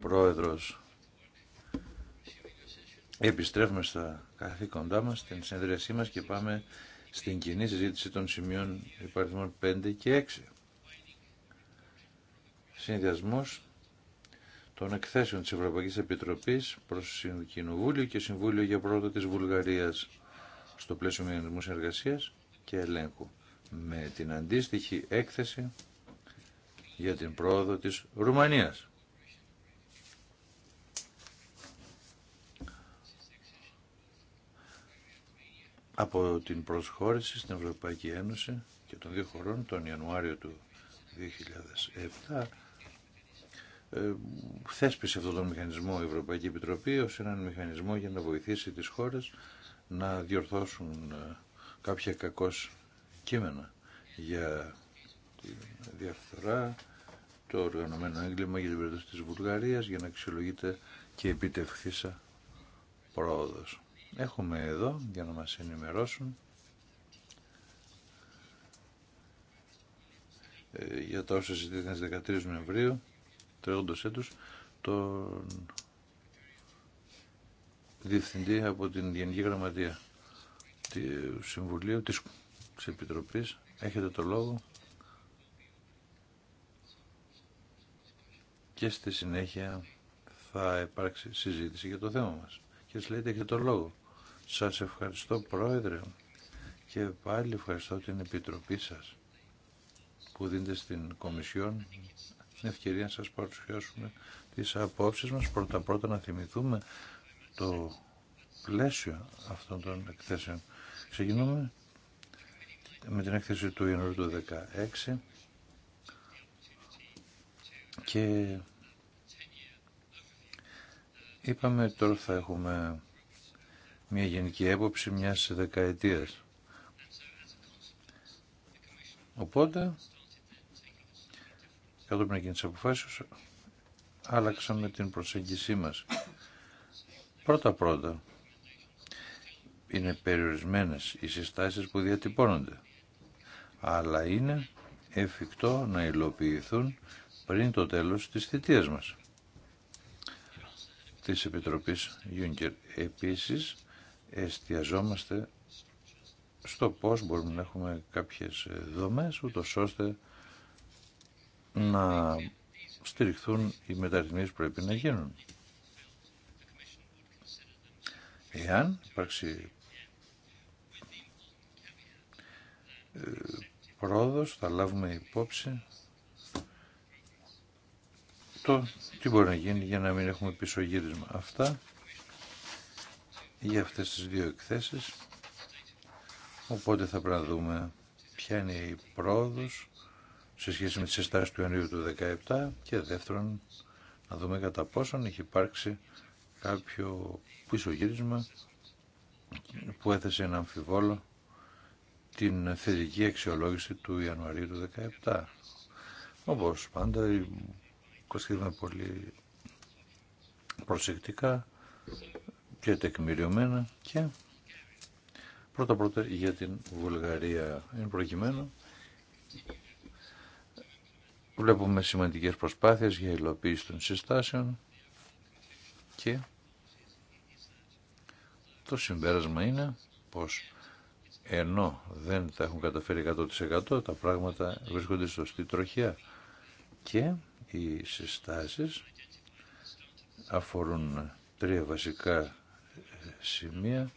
Πρόεδρος, επιστρέφουμε στα καθήκοντά μας, στην συνεδρίασή μας και πάμε στην κοινή συζήτηση των σημείων υπαριθμών 5 και 6. Συνδυασμός των εκθέσεων της Ευρωπαϊκής Επιτροπής προς Κοινοβούλιο και Συμβούλιο για Πρόοδο της Βουλγαρίας στο πλαίσιο μηχανισμού συνεργασίας και ελέγχου με την αντίστοιχη έκθεση για την πρόοδο της Ρουμανίας. Από την προσχώρηση στην Ευρωπαϊκή Ένωση και των δύο χωρών τον Ιανουάριο του 2007 ε, θέσπισε αυτόν τον μηχανισμό η Ευρωπαϊκή Επιτροπή ως έναν μηχανισμό για να βοηθήσει τις χώρες να διορθώσουν ε, κάποια κακώς κείμενα για τη διαφθορά, το οργανωμένο έγκλημα για την περίπτωση της Βουλγαρίας για να αξιολογείται και επιτευχθήσα πρόοδος. Έχουμε εδώ για να μας ενημερώσουν ε, για τα όσα συζητήθηκαν στις 13 Νοεμβρίου τρέχοντος έτους τον διευθυντή από την Γενική Γραμματεία του Συμβουλίου της Επιτροπής. Έχετε το λόγο. και στη συνέχεια θα υπάρξει συζήτηση για το θέμα μας. Και σας λέτε και το λόγο. Σας ευχαριστώ Πρόεδρε και πάλι ευχαριστώ την Επιτροπή σας που δίνετε στην Κομισιόν την ευκαιρία να σας παρουσιάσουμε τις απόψεις μας. Πρώτα πρώτα να θυμηθούμε το πλαίσιο αυτών των εκθέσεων. Ξεκινούμε με την έκθεση του Ιανουαρίου του 2016 και Είπαμε ότι τώρα θα έχουμε μια γενική έποψη μιας δεκαετίας. Οπότε, κατόπιν τη αποφάσεις, άλλαξαμε την προσέγγισή μας. Πρώτα-πρώτα, είναι περιορισμένες οι συστάσεις που διατυπώνονται, αλλά είναι εφικτό να υλοποιηθούν πριν το τέλος της θητείας μας της Επιτροπής Επίσης, εστιαζόμαστε στο πώς μπορούμε να έχουμε κάποιες δομές, ούτως ώστε να στηριχθούν οι μεταρρυθμίσεις που πρέπει να γίνουν. Εάν υπάρξει ε, πρόοδος, θα λάβουμε υπόψη τι μπορεί να γίνει για να μην έχουμε πίσω γύρισμα. Αυτά για αυτές τις δύο εκθέσεις. Οπότε θα πρέπει να δούμε ποια είναι η πρόοδος σε σχέση με τις εστάσεις του Ιανουαρίου του 2017 και δεύτερον να δούμε κατά πόσον έχει υπάρξει κάποιο πίσω γύρισμα που έθεσε ένα αμφιβόλο την θετική αξιολόγηση του Ιανουαρίου του 2017. Όπως πάντα Κοστίζουμε πολύ προσεκτικά και τεκμηριωμένα και πρώτα πρώτα για την Βουλγαρία εν προκειμένου βλέπουμε σημαντικές προσπάθειες για υλοποίηση των συστάσεων και το συμπέρασμα είναι πως ενώ δεν τα έχουν καταφέρει 100% τα πράγματα βρίσκονται σωστή τροχιά και οι συστάσεις αφορούν τρία βασικά σημεία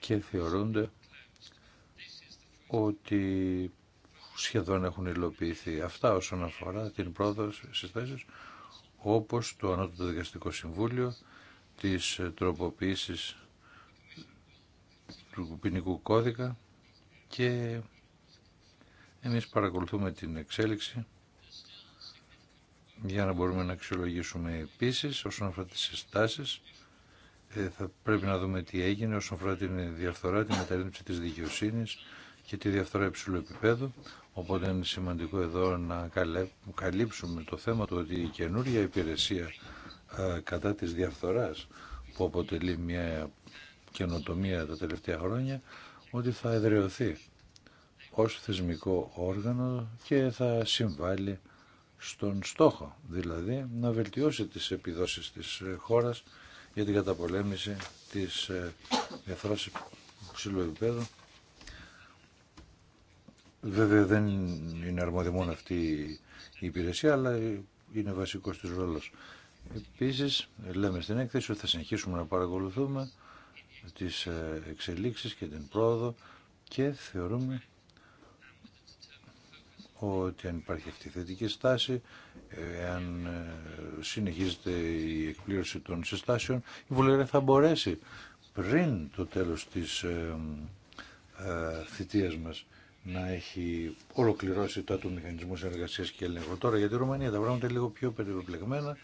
και θεωρούνται ότι σχεδόν έχουν υλοποιηθεί. Αυτά όσον αφορά την πρόοδο συστάσεις όπως το Ανώτοτο Δικαστικό Συμβούλιο, τις τροποποίησεις του ποινικού κώδικα και εμείς παρακολουθούμε την εξέλιξη για να μπορούμε να αξιολογήσουμε επίσης όσον αφορά τις συστάσεις ε, θα πρέπει να δούμε τι έγινε όσον αφορά την διαφθορά, τη μεταρρύθμιση της δικαιοσύνης και τη διαφθορά υψηλού επίπεδου. Οπότε είναι σημαντικό εδώ να καλύψουμε το θέμα του ότι η καινούργια υπηρεσία ε, κατά της διαφθοράς που αποτελεί μια καινοτομία τα τελευταία χρόνια ότι θα εδραιωθεί ως θεσμικό όργανο και θα συμβάλλει στον στόχο, δηλαδή να βελτιώσει τις επιδόσεις της ε, χώρας για την καταπολέμηση της εθρώσης ψηλού επίπεδου. Βέβαια δεν είναι μόνο αυτή η υπηρεσία, αλλά είναι βασικός της ρόλος. Επίσης, λέμε στην έκθεση ότι θα συνεχίσουμε να παρακολουθούμε τις ε, εξελίξεις και την πρόοδο και θεωρούμε ότι αν υπάρχει αυτή η θετική στάση, εάν ε, συνεχίζεται η εκπλήρωση των συστάσεων, η Βουλγαρία θα μπορέσει πριν το τέλος της ε, ε, θητείας μας να έχει ολοκληρώσει τα του μηχανισμού συνεργασίας και έλεγχου. Τώρα για τη Ρουμανία τα πράγματα είναι λίγο πιο περιπλεγμένα,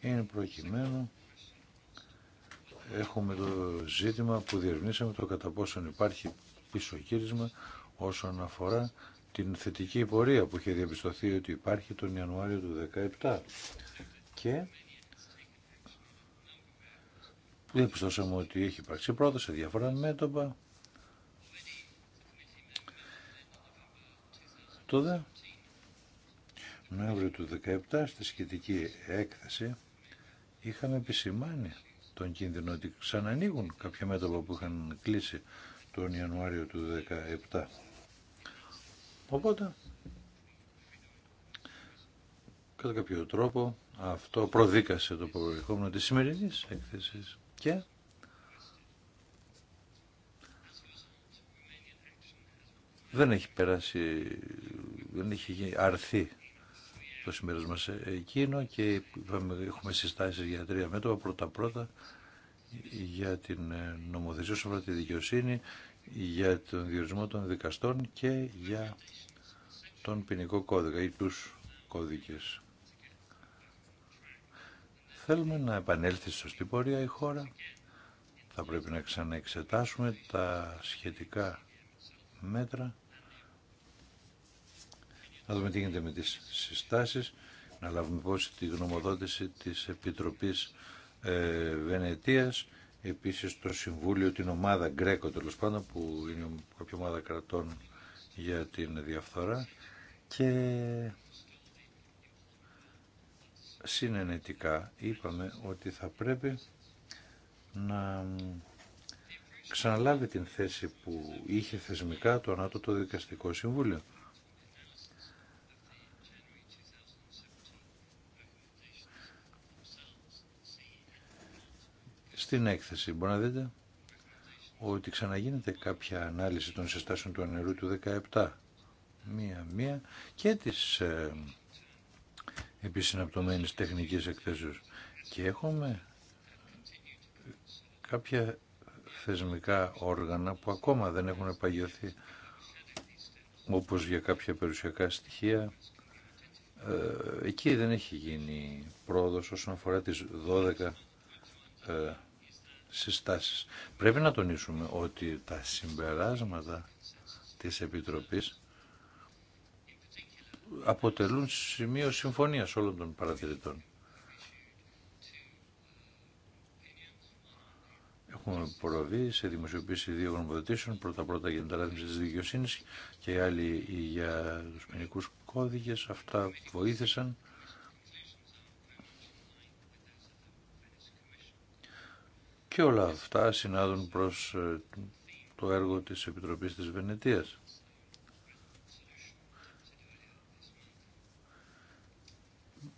είναι προκειμένου. Έχουμε το ζήτημα που διευνήσαμε το κατά πόσον υπάρχει πίσω κύρισμα όσον αφορά την θετική πορεία που είχε διαπιστωθεί ότι υπάρχει τον Ιανουάριο του 2017 και διαπιστώσαμε ότι έχει υπάρξει πρόοδο σε διάφορα μέτωπα. Το δε Νοέμβριο του 2017 στη σχετική έκθεση είχαμε επισημάνει τον κίνδυνο ότι ξανανοίγουν κάποια μέτωπα που είχαν κλείσει τον Ιανουάριο του 2017. Οπότε, κατά κάποιο τρόπο, αυτό προδίκασε το προηγούμενο της σημερινής έκθεσης και δεν έχει περάσει, δεν έχει αρθεί το σημερινό μας εκείνο και έχουμε συστάσεις για τρία μέτωπα πρώτα-πρώτα για την νομοθεσία όσον τη δικαιοσύνη για τον διορισμό των δικαστών και για τον ποινικό κώδικα ή τους κώδικες. Θέλουμε να επανέλθει στη σωστή πορεία η χώρα. Θα πρέπει να ξαναεξετάσουμε τα σχετικά μέτρα. Να δούμε τι γίνεται με τις συστάσεις. Να λάβουμε υπόψη τη γνωμοδότηση της Επιτροπής ε, Βενετίας Επίση το Συμβούλιο, την ομάδα Γκρέκο τέλο πάντων που είναι κάποια ομάδα κρατών για την διαφθορά και συνενετικά είπαμε ότι θα πρέπει να ξαναλάβει την θέση που είχε θεσμικά το Ανάτοτο Δικαστικό Συμβούλιο. στην έκθεση. Μπορεί να δείτε ότι ξαναγίνεται κάποια ανάλυση των συστάσεων του νερού του 17. Μία-μία και της ε, επισυναπτωμένης τεχνικής εκθέσεως. Και έχουμε κάποια θεσμικά όργανα που ακόμα δεν έχουν παγιωθεί όπως για κάποια περιουσιακά στοιχεία. Ε, εκεί δεν έχει γίνει πρόοδος όσον αφορά τις 12 συστάσεις. Πρέπει να τονίσουμε ότι τα συμπεράσματα της Επιτροπής αποτελούν σημείο συμφωνίας όλων των παρατηρητών. Έχουμε προβεί σε δημοσιοποίηση δύο γνωμοδοτήσεων, πρώτα-πρώτα για την ταράθμιση της δικαιοσύνης και οι άλλοι για τους ποινικού κώδικες. Αυτά βοήθησαν Και όλα αυτά συνάδουν προς ε, το έργο της Επιτροπής της Βενετίας.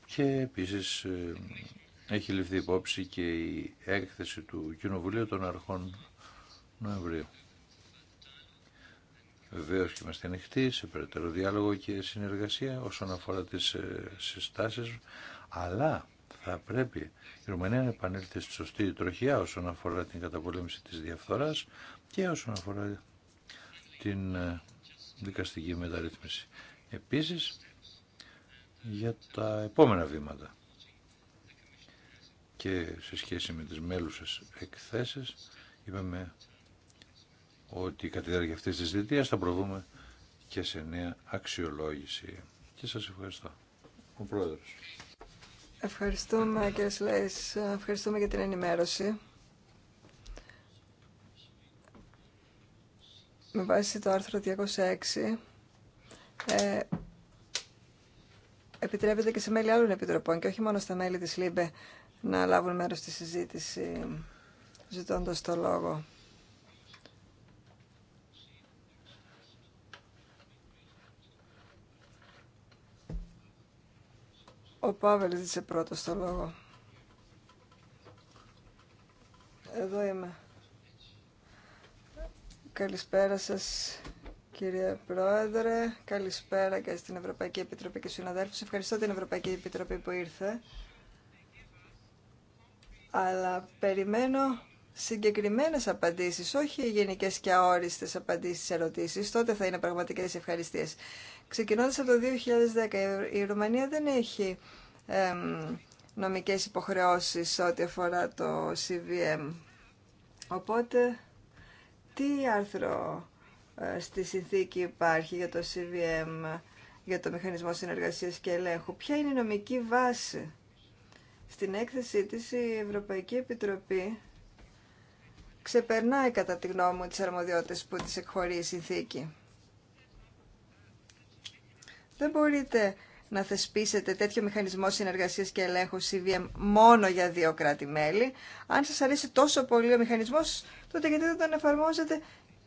Και επίσης ε, έχει ληφθεί υπόψη και η έκθεση του Κοινοβουλίου των Αρχών Νοεμβρίου. Βεβαίω και είμαστε ανοιχτοί σε περαιτέρω διάλογο και συνεργασία όσον αφορά τις ε, συστάσεις, αλλά θα πρέπει η Ρουμανία να επανέλθει στη σωστή τροχιά όσον αφορά την καταπολέμηση της διαφθοράς και όσον αφορά την ε, δικαστική μεταρρύθμιση. Επίσης, για τα επόμενα βήματα και σε σχέση με τις μέλουσες εκθέσεις είπαμε ότι κατά τη διάρκεια αυτής της διετίας θα προβούμε και σε νέα αξιολόγηση. Και σας ευχαριστώ. Ο Πρόεδρος. Ευχαριστούμε κύριε Σλέης, ευχαριστούμε για την ενημέρωση. Με βάση το άρθρο 206 ε, επιτρέπεται και σε μέλη άλλων επιτροπών και όχι μόνο στα μέλη της ΛΥΜΠΕ να λάβουν μέρος στη συζήτηση ζητώντας το λόγο. Ο Πάβελ ζήτησε πρώτο το λόγο. Εδώ είμαι. Καλησπέρα σας κύριε Πρόεδρε. Καλησπέρα και στην Ευρωπαϊκή Επιτροπή και στους συναδέλφους. Ευχαριστώ την Ευρωπαϊκή Επιτροπή που ήρθε. Αλλά περιμένω συγκεκριμένες απαντήσεις, όχι γενικές και αόριστες απαντήσεις σε ερωτήσεις, τότε θα είναι πραγματικές ευχαριστίες. Ξεκινώντας από το 2010, η Ρουμανία δεν έχει εμ, νομικές υποχρεώσεις ό,τι αφορά το CVM. Οπότε, τι άρθρο ε, στη συνθήκη υπάρχει για το CVM, για το Μηχανισμό Συνεργασίας και Ελέγχου. Ποια είναι η νομική βάση. Στην έκθεσή της η Ευρωπαϊκή Επιτροπή ξεπερνάει κατά τη γνώμη μου τις αρμοδιότητες που της εκχωρεί η συνθήκη. Δεν μπορείτε να θεσπίσετε τέτοιο μηχανισμό συνεργασίας και ελέγχου CVM μόνο για δύο κράτη-μέλη. Αν σας αρέσει τόσο πολύ ο μηχανισμός, τότε γιατί δεν τον εφαρμόζετε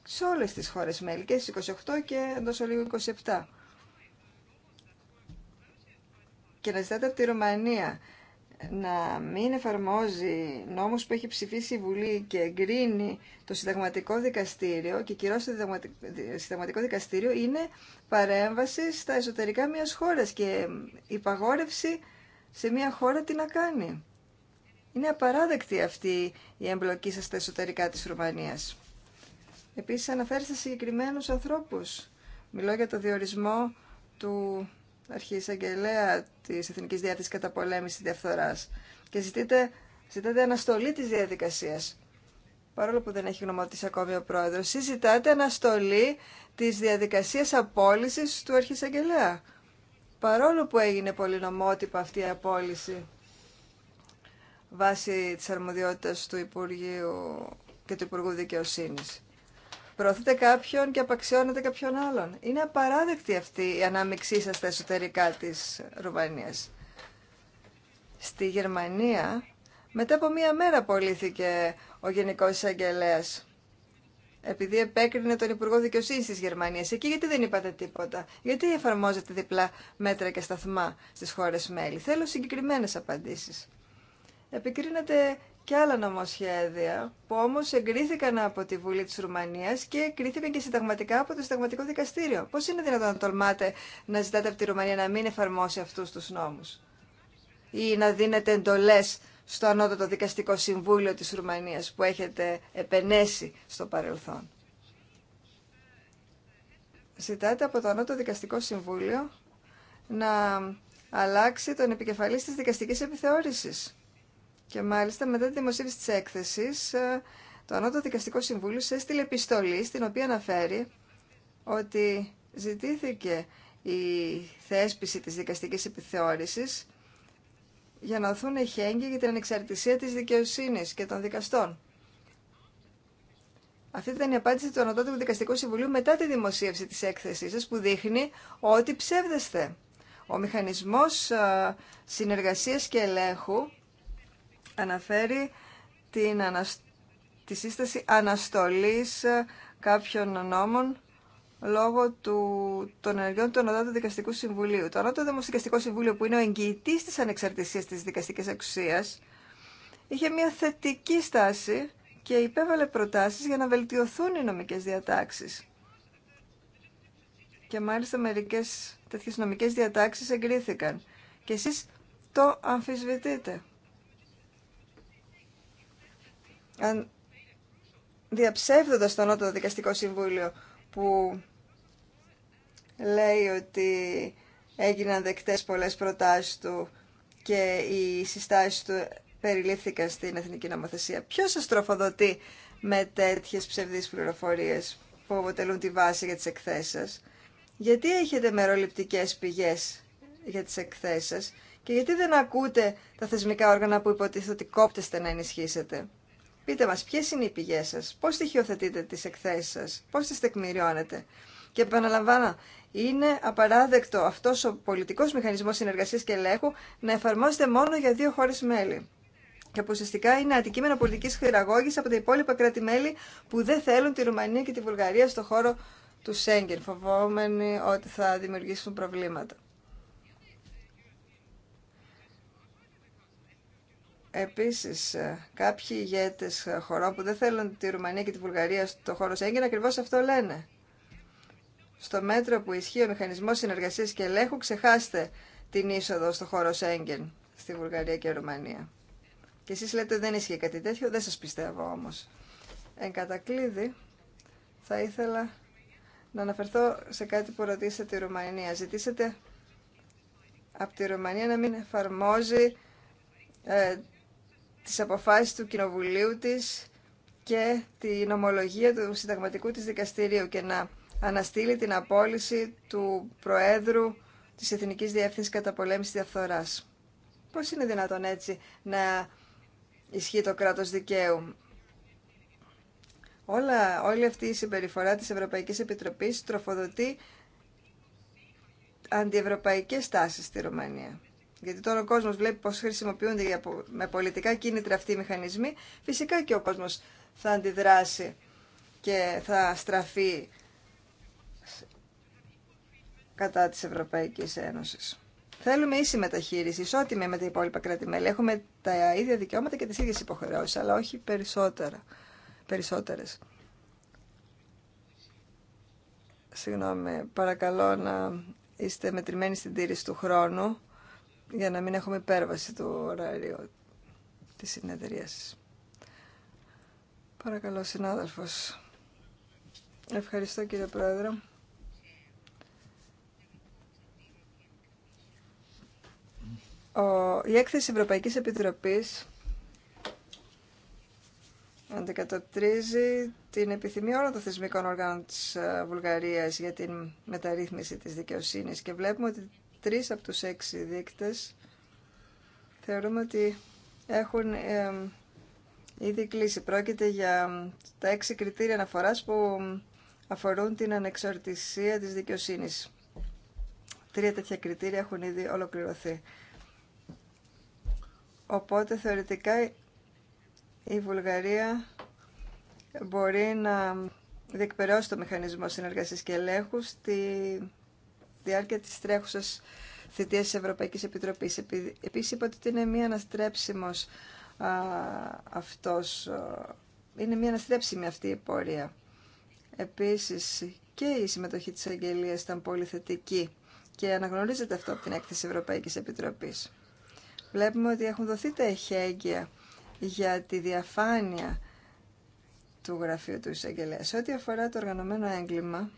σε όλες τις χωρες μελη και στι 28 και εντό ολίγου 27. Και να ζητάτε από τη Ρουμανία να μην εφαρμόζει νόμους που έχει ψηφίσει η Βουλή και εγκρίνει το συνταγματικό δικαστήριο και κυρώσει το συνταγματικό δικαστήριο είναι παρέμβαση στα εσωτερικά μιας χώρας και υπαγόρευση σε μια χώρα τι να κάνει. Είναι απαράδεκτη αυτή η εμπλοκή σας στα εσωτερικά της Ρουμανίας. Επίσης αναφέρεστε συγκεκριμένους ανθρώπους. Μιλώ για το διορισμό του αρχισαγγελέα τη Εθνική Διάθεση κατά πολέμηση διαφθορά. και ζητείτε, ζητάτε αναστολή της διαδικασίας. Παρόλο που δεν έχει γνωμοτήσει ακόμη ο πρόεδρος, ζητάτε αναστολή της διαδικασίας απόλυσης του αρχισαγγελέα. Παρόλο που έγινε πολύ νομότυπα αυτή η απόλυση βάσει της αρμοδιότητας του Υπουργείου και του Υπουργού Δικαιοσύνης προωθείτε κάποιον και απαξιώνετε κάποιον άλλον. Είναι απαράδεκτη αυτή η ανάμειξή σας στα εσωτερικά της Ρουμανίας. Στη Γερμανία, μετά από μία μέρα απολύθηκε ο Γενικός εισαγγελέα. επειδή επέκρινε τον Υπουργό Δικαιοσύνη της Γερμανίας. Εκεί γιατί δεν είπατε τίποτα. Γιατί εφαρμόζετε διπλά μέτρα και σταθμά στι χώρε μέλη. Θέλω συγκεκριμένε απαντήσει. Επικρίνατε και άλλα νομοσχέδια που όμω εγκρίθηκαν από τη Βουλή τη Ρουμανία και εγκρίθηκαν και συνταγματικά από το Συνταγματικό Δικαστήριο. Πώ είναι δυνατόν να τολμάτε να ζητάτε από τη Ρουμανία να μην εφαρμόσει αυτού του νόμου ή να δίνετε εντολέ στο Ανώτατο Δικαστικό Συμβούλιο της Ρουμανίας που έχετε επενέσει στο παρελθόν. Ζητάτε από το Ανώτατο Δικαστικό Συμβούλιο να αλλάξει τον επικεφαλής της δικαστικής επιθεώρησης και μάλιστα μετά τη δημοσίευση της έκθεσης, ε, το Ανώτατο Δικαστικό Συμβούλιο έστειλε επιστολή στην οποία αναφέρει ότι ζητήθηκε η θέσπιση της δικαστικής επιθεώρησης για να δοθούν εχέγγυα για την ανεξαρτησία της δικαιοσύνης και των δικαστών. Αυτή ήταν η απάντηση του Ανωτάτου Δικαστικού Συμβουλίου μετά τη δημοσίευση της έκθεσής σας που δείχνει ότι ψεύδεστε. Ο μηχανισμός ε, συνεργασίας και ελέγχου αναφέρει την τη σύσταση αναστολής ε, κάποιων νόμων λόγω του, των ενεργειών του Ανώτατου Δικαστικού Συμβουλίου. Το Ανώτατο Δικαστικό Συμβούλιο, που είναι ο εγγυητής της ανεξαρτησίας της δικαστικής εξουσίας, είχε μια θετική στάση και υπέβαλε προτάσεις για να βελτιωθούν οι νομικές διατάξεις. Και μάλιστα μερικές τέτοιες νομικές διατάξεις εγκρίθηκαν. Και εσείς το αμφισβητείτε αν διαψεύδοντας τον Νότο Δικαστικό Συμβούλιο που λέει ότι έγιναν δεκτές πολλές προτάσεις του και οι συστάσεις του περιλήφθηκαν στην Εθνική Νομοθεσία. Ποιος σας τροφοδοτεί με τέτοιες ψευδείς πληροφορίες που αποτελούν τη βάση για τις εκθέσεις σας. Γιατί έχετε μεροληπτικές πηγές για τις εκθέσεις σας και γιατί δεν ακούτε τα θεσμικά όργανα που υποτίθεται ότι κόπτεστε να ενισχύσετε. Πείτε μας ποιες είναι οι πηγές σας, πώς στοιχειοθετείτε τις εκθέσεις σας, πώς τις τεκμηριώνετε. Και επαναλαμβάνω, είναι απαράδεκτο αυτός ο πολιτικός μηχανισμός συνεργασίας και ελέγχου να εφαρμόζεται μόνο για δύο χώρες μέλη. Και αποσυστικά είναι αντικείμενο πολιτική χειραγώγηση από τα υπόλοιπα κράτη-μέλη που δεν θέλουν τη Ρουμανία και τη Βουλγαρία στο χώρο του Σέγγεν, φοβόμενοι ότι θα δημιουργήσουν προβλήματα. Επίσης, ε, κάποιοι ηγέτες ε, χωρών που δεν θέλουν τη Ρουμανία και τη Βουλγαρία στο χώρο Σέγγεν ακριβώς αυτό λένε. Στο μέτρο που ισχύει ο μηχανισμός συνεργασίας και ελέγχου, ξεχάστε την είσοδο στο χώρο Σέγγεν στη Βουλγαρία και Ρουμανία. Και εσείς λέτε δεν ισχύει κάτι τέτοιο, δεν σας πιστεύω όμως. Εν κατακλείδη, θα ήθελα να αναφερθώ σε κάτι που ρωτήσατε τη Ρουμανία. Ζητήσατε από τη Ρουμανία να μην εφαρμόζει ε, τις αποφάσεις του Κοινοβουλίου της και την ομολογία του συνταγματικού της δικαστηρίου και να αναστείλει την απόλυση του Προέδρου της Εθνικής Διεύθυνσης Καταπολέμησης Διαφθοράς. Πώς είναι δυνατόν έτσι να ισχύει το κράτος δικαίου. Όλα, όλη αυτή η συμπεριφορά της Ευρωπαϊκής Επιτροπής τροφοδοτεί αντιευρωπαϊκές τάσεις στη Ρουμανία γιατί τώρα ο κόσμος βλέπει πως χρησιμοποιούνται με πολιτικά κίνητρα αυτοί οι μηχανισμοί, φυσικά και ο κόσμος θα αντιδράσει και θα στραφεί κατά της Ευρωπαϊκής Ένωσης. Θέλουμε ίση μεταχείριση, ισότιμη με τα υπόλοιπα κράτη-μέλη. Έχουμε τα ίδια δικαιώματα και τις ίδιες υποχρεώσεις, αλλά όχι περισσότερα, περισσότερες. Συγγνώμη, παρακαλώ να είστε μετρημένοι στην τήρηση του χρόνου για να μην έχουμε υπέρβαση του ωραρίου της συνεδρίασης. Παρακαλώ, συνάδελφος. Ευχαριστώ, κύριε Πρόεδρε. Ο, η έκθεση Ευρωπαϊκής Επιτροπής αντικατοπτρίζει την επιθυμία όλων των θεσμικών οργάνων της ε, Βουλγαρίας για την μεταρρύθμιση της δικαιοσύνης και βλέπουμε ότι τρεις από τους έξι δείκτες θεωρούμε ότι έχουν ήδη κλείσει. Πρόκειται για τα έξι κριτήρια αναφοράς που αφορούν την ανεξαρτησία της δικαιοσύνης. Τρία τέτοια κριτήρια έχουν ήδη ολοκληρωθεί. Οπότε θεωρητικά η Βουλγαρία μπορεί να διεκπαιρεώσει το μηχανισμό συνεργασίας και ελέγχου στη διάρκεια της τρέχουσας θητείας της Ευρωπαϊκής Επιτροπής. Επίσης είπα ότι είναι μία αναστρέψιμος αυτός, είναι μία αναστρέψιμη αυτή η πορεία. Επίσης και η συμμετοχή της Αγγελίας ήταν πολύ θετική και αναγνωρίζεται αυτό από την έκθεση Ευρωπαϊκής Επιτροπής. Βλέπουμε ότι έχουν δοθεί τα εχέγγυα για τη διαφάνεια του Γραφείου του Εισαγγελέα. Σε ό,τι αφορά το οργανωμένο έγκλημα,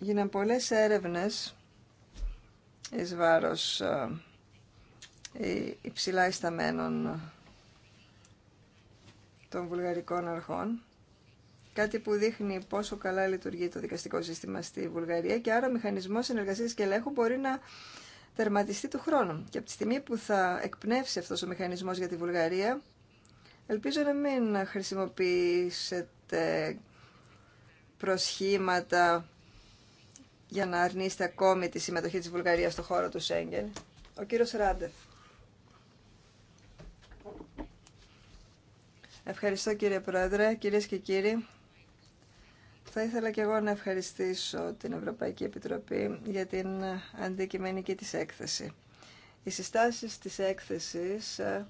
Έγιναν πολλές έρευνες εις βάρος ε, ε, υψηλά είσταμένων των βουλγαρικών αρχών κάτι που δείχνει πόσο καλά λειτουργεί το δικαστικό σύστημα στη Βουλγαρία και άρα ο μηχανισμός συνεργασίας και ελέγχου μπορεί να τερματιστεί του χρόνου. Και από τη στιγμή που θα εκπνεύσει αυτός ο μηχανισμός για τη Βουλγαρία, ελπίζω να μην χρησιμοποιήσετε προσχήματα για να αρνείστε ακόμη τη συμμετοχή της Βουλγαρίας στο χώρο του Σέγγεν. Ο κύριος Ράντεφ. Ευχαριστώ κύριε Πρόεδρε, κυρίες και κύριοι. Θα ήθελα και εγώ να ευχαριστήσω την Ευρωπαϊκή Επιτροπή για την αντικειμενική της έκθεση. Οι συστάσεις της έκθεσης ε,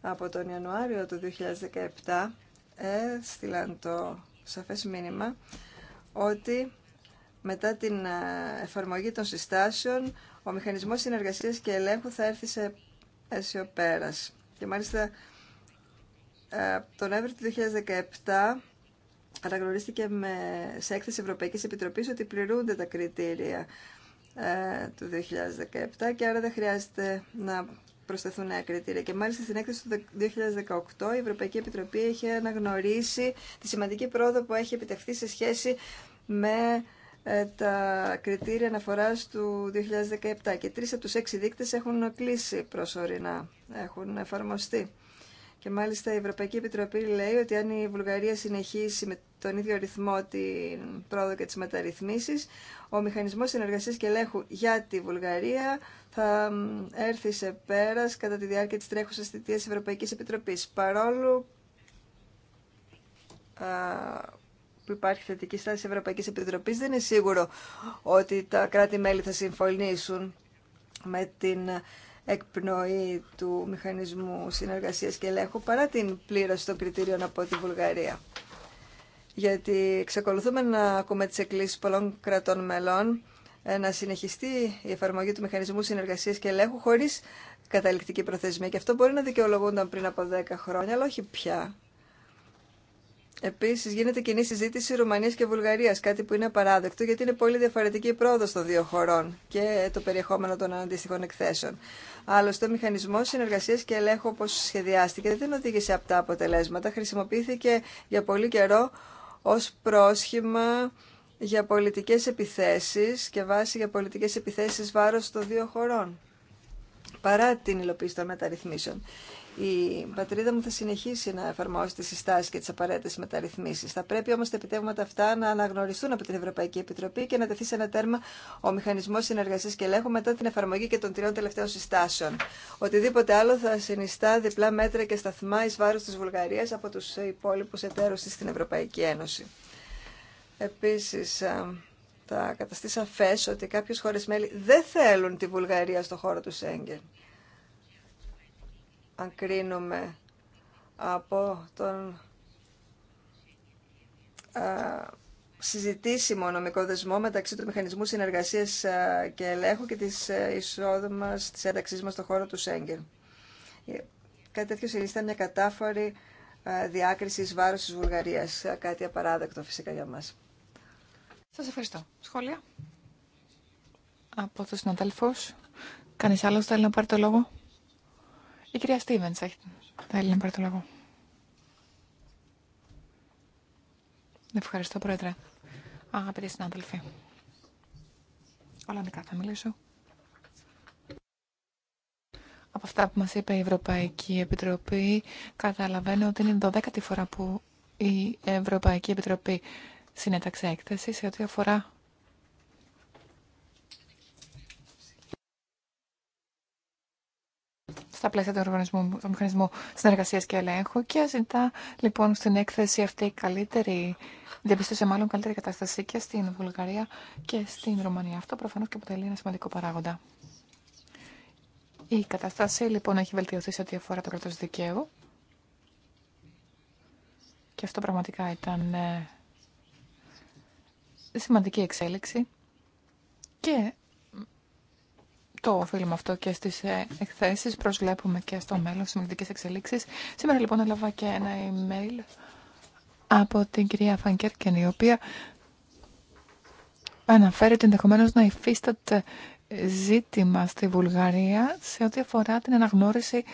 από τον Ιανουάριο του 2017 έστειλαν το σαφές μήνυμα ότι μετά την ε, εφαρμογή των συστάσεων ο μηχανισμός συνεργασίας και ελέγχου θα έρθει σε αίσιο πέρας. Και μάλιστα ε, τον Νοέμβριο του 2017 αναγνωρίστηκε με, σε έκθεση Ευρωπαϊκής Επιτροπής ότι πληρούνται τα κριτήρια ε, του 2017 και άρα δεν χρειάζεται να προσταθούν νέα κριτήρια. Και μάλιστα στην έκθεση του 2018 η Ευρωπαϊκή Επιτροπή έχει αναγνωρίσει τη σημαντική πρόοδο που έχει επιτευχθεί σε σχέση με ε, τα κριτήρια αναφοράς του 2017 και τρεις από τους έξι δείκτες έχουν κλείσει προσωρινά, έχουν εφαρμοστεί. Και μάλιστα η Ευρωπαϊκή Επιτροπή λέει ότι αν η Βουλγαρία συνεχίσει με τον ίδιο ρυθμό την πρόοδο και τι μεταρρυθμίσει, ο μηχανισμό συνεργασία και ελέγχου για τη Βουλγαρία θα έρθει σε πέρας κατά τη διάρκεια της τρέχουσας θητείας της Ευρωπαϊκής Επιτροπής. Παρόλο που υπάρχει θετική στάση της Ευρωπαϊκής Επιτροπής, δεν είναι σίγουρο ότι τα κράτη-μέλη θα συμφωνήσουν με την εκπνοή του μηχανισμού συνεργασίας και ελέγχου παρά την πλήρωση των κριτήριων από τη Βουλγαρία. Γιατί εξακολουθούμε να ακούμε τις εκκλήσεις πολλών κρατών μελών ε, να συνεχιστεί η εφαρμογή του μηχανισμού συνεργασία και ελέγχου χωρί καταληκτική προθεσμία. Και αυτό μπορεί να δικαιολογούνταν πριν από 10 χρόνια, αλλά όχι πια. Επίση, γίνεται κοινή συζήτηση Ρουμανία και Βουλγαρία, κάτι που είναι απαράδεκτο, γιατί είναι πολύ διαφορετική η πρόοδο των δύο χωρών και το περιεχόμενο των αντίστοιχων εκθέσεων. Άλλωστε, ο μηχανισμό συνεργασία και ελέγχου, όπω σχεδιάστηκε, δεν οδήγησε απτά αποτελέσματα. Χρησιμοποιήθηκε για πολύ καιρό ω πρόσχημα για πολιτικές επιθέσεις και βάση για πολιτικές επιθέσεις βάρος των δύο χωρών, παρά την υλοποίηση των μεταρρυθμίσεων. Η πατρίδα μου θα συνεχίσει να εφαρμόσει τι συστάσει και τι απαραίτητε μεταρρυθμίσει. Θα πρέπει όμω τα επιτεύγματα αυτά να αναγνωριστούν από την Ευρωπαϊκή Επιτροπή και να τεθεί σε ένα τέρμα ο μηχανισμό συνεργασία και ελέγχου μετά την εφαρμογή και των τριών τελευταίων συστάσεων. Οτιδήποτε άλλο θα συνιστά διπλά μέτρα και σταθμά ει βάρο τη Βουλγαρία από του υπόλοιπου εταίρου στην Ευρωπαϊκή Ένωση. Επίσης, θα καταστεί σαφές ότι κάποιες χώρες μέλη δεν θέλουν τη Βουλγαρία στο χώρο του Σέγγεν. Αν κρίνουμε από τον συζητήσιμο νομικό δεσμό μεταξύ του Μηχανισμού Συνεργασίας και Ελέγχου και της ε, εισόδου μας, της ένταξής μας στο χώρο του Σέγγεν. Ε, κάτι τέτοιο είναι μια κατάφορη διάκριση βάρους βάρος της Βουλγαρίας, κάτι απαράδεκτο φυσικά για μας. Σα ευχαριστώ. Σχόλια από του συναδέλφου. κανεί άλλο θέλει να πάρει το λόγο. Η κυρία Στίβεν θέλει να πάρει το λόγο. Ευχαριστώ, Πρόεδρε. Αγαπητοί συνάδελφοι. Ολλανδικά θα μιλήσω. Από αυτά που μας είπε η Ευρωπαϊκή Επιτροπή, καταλαβαίνω ότι είναι η 12η φορά που η Ευρωπαϊκή Επιτροπή συνέταξε έκθεση σε ό,τι αφορά στα πλαίσια του, οργανισμού, του Μηχανισμού Συνεργασία και Ελέγχου και ζητά λοιπόν στην έκθεση αυτή η καλύτερη, διαπιστώσε μάλλον καλύτερη κατάσταση και στην Βουλγαρία και στην Ρουμανία. Αυτό προφανώ και αποτελεί ένα σημαντικό παράγοντα. Η κατάσταση λοιπόν έχει βελτιωθεί σε ό,τι αφορά το κράτο δικαίου. Και αυτό πραγματικά ήταν ε, σημαντική εξέλιξη και το οφείλουμε αυτό και στις ε, εκθέσεις, προσβλέπουμε και στο μέλλον σημαντικές εξελίξεις. Σήμερα λοιπόν έλαβα και ένα email από την κυρία Φανκέρκεν, η οποία αναφέρει ότι ενδεχομένω να υφίσταται ζήτημα στη Βουλγαρία σε ό,τι αφορά την αναγνώριση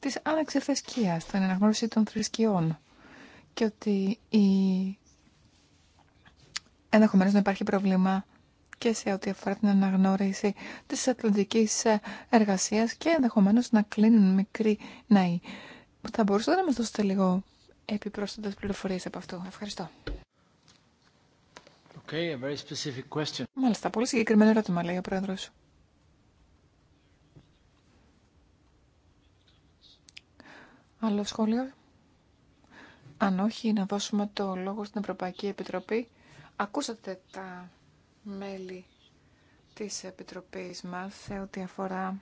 της άνεξη θρησκείας, την αναγνώριση των θρησκειών και ότι η ενδεχομένω να υπάρχει πρόβλημα και σε ό,τι αφορά την αναγνώριση τη ατλαντική ε, εργασία και ενδεχομένω να κλείνουν μικροί ναοί. Θα μπορούσατε να μα δώσετε λίγο επιπρόσθετε πληροφορίες από αυτό. Ευχαριστώ. Okay, a very specific question. Μάλιστα, πολύ συγκεκριμένο ερώτημα, λέει ο πρόεδρο. Άλλο σχόλιο. Αν όχι, να δώσουμε το λόγο στην Ευρωπαϊκή Επιτροπή Ακούσατε τα μέλη της Επιτροπής μας σε ό,τι αφορά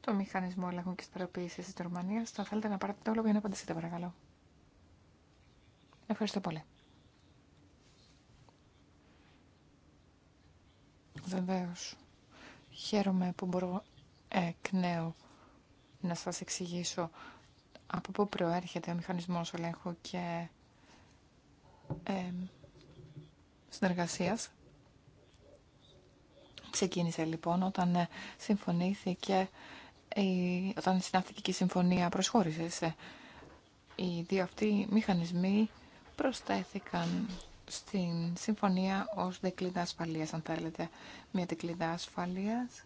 το μηχανισμό ελέγχου και σταροποίησης της Ρουμανίας. Θα θέλετε να πάρετε το λόγο για να απαντήσετε, παρακαλώ. Ευχαριστώ πολύ. Βεβαίω. Χαίρομαι που μπορώ εκ νέου να σας εξηγήσω από πού προέρχεται ο μηχανισμός ελέγχου και ε, συνεργασίας. Ξεκίνησε λοιπόν όταν ε, συμφωνήθηκε, όταν συνάφθηκε και συμφωνία προσχώρησε Οι δύο αυτοί μηχανισμοί προσθέθηκαν στην συμφωνία ως δεκλίδα ασφαλείας, αν θέλετε. Μια δεκλίδα ασφαλείας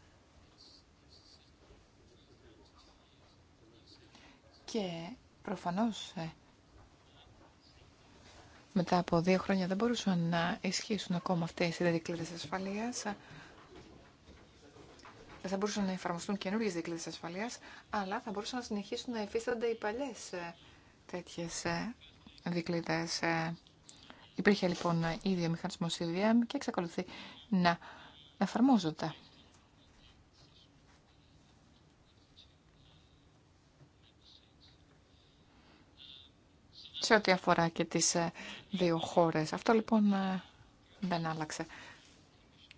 και προφανώς ε, μετά από δύο χρόνια δεν μπορούσαν να ισχύσουν ακόμα αυτές οι δικλείδες ασφαλείας. Δεν θα μπορούσαν να εφαρμοστούν καινούριε δικλείδες ασφαλείας, αλλά θα μπορούσαν να συνεχίσουν να υφίστανται οι παλιέ ε, τέτοιε ε, δικλείδες. Ε, υπήρχε λοιπόν ήδη ο CVM και εξακολουθεί να εφαρμόζονται σε ό,τι αφορά και τις ε, δύο χώρες. Αυτό λοιπόν ε, δεν άλλαξε.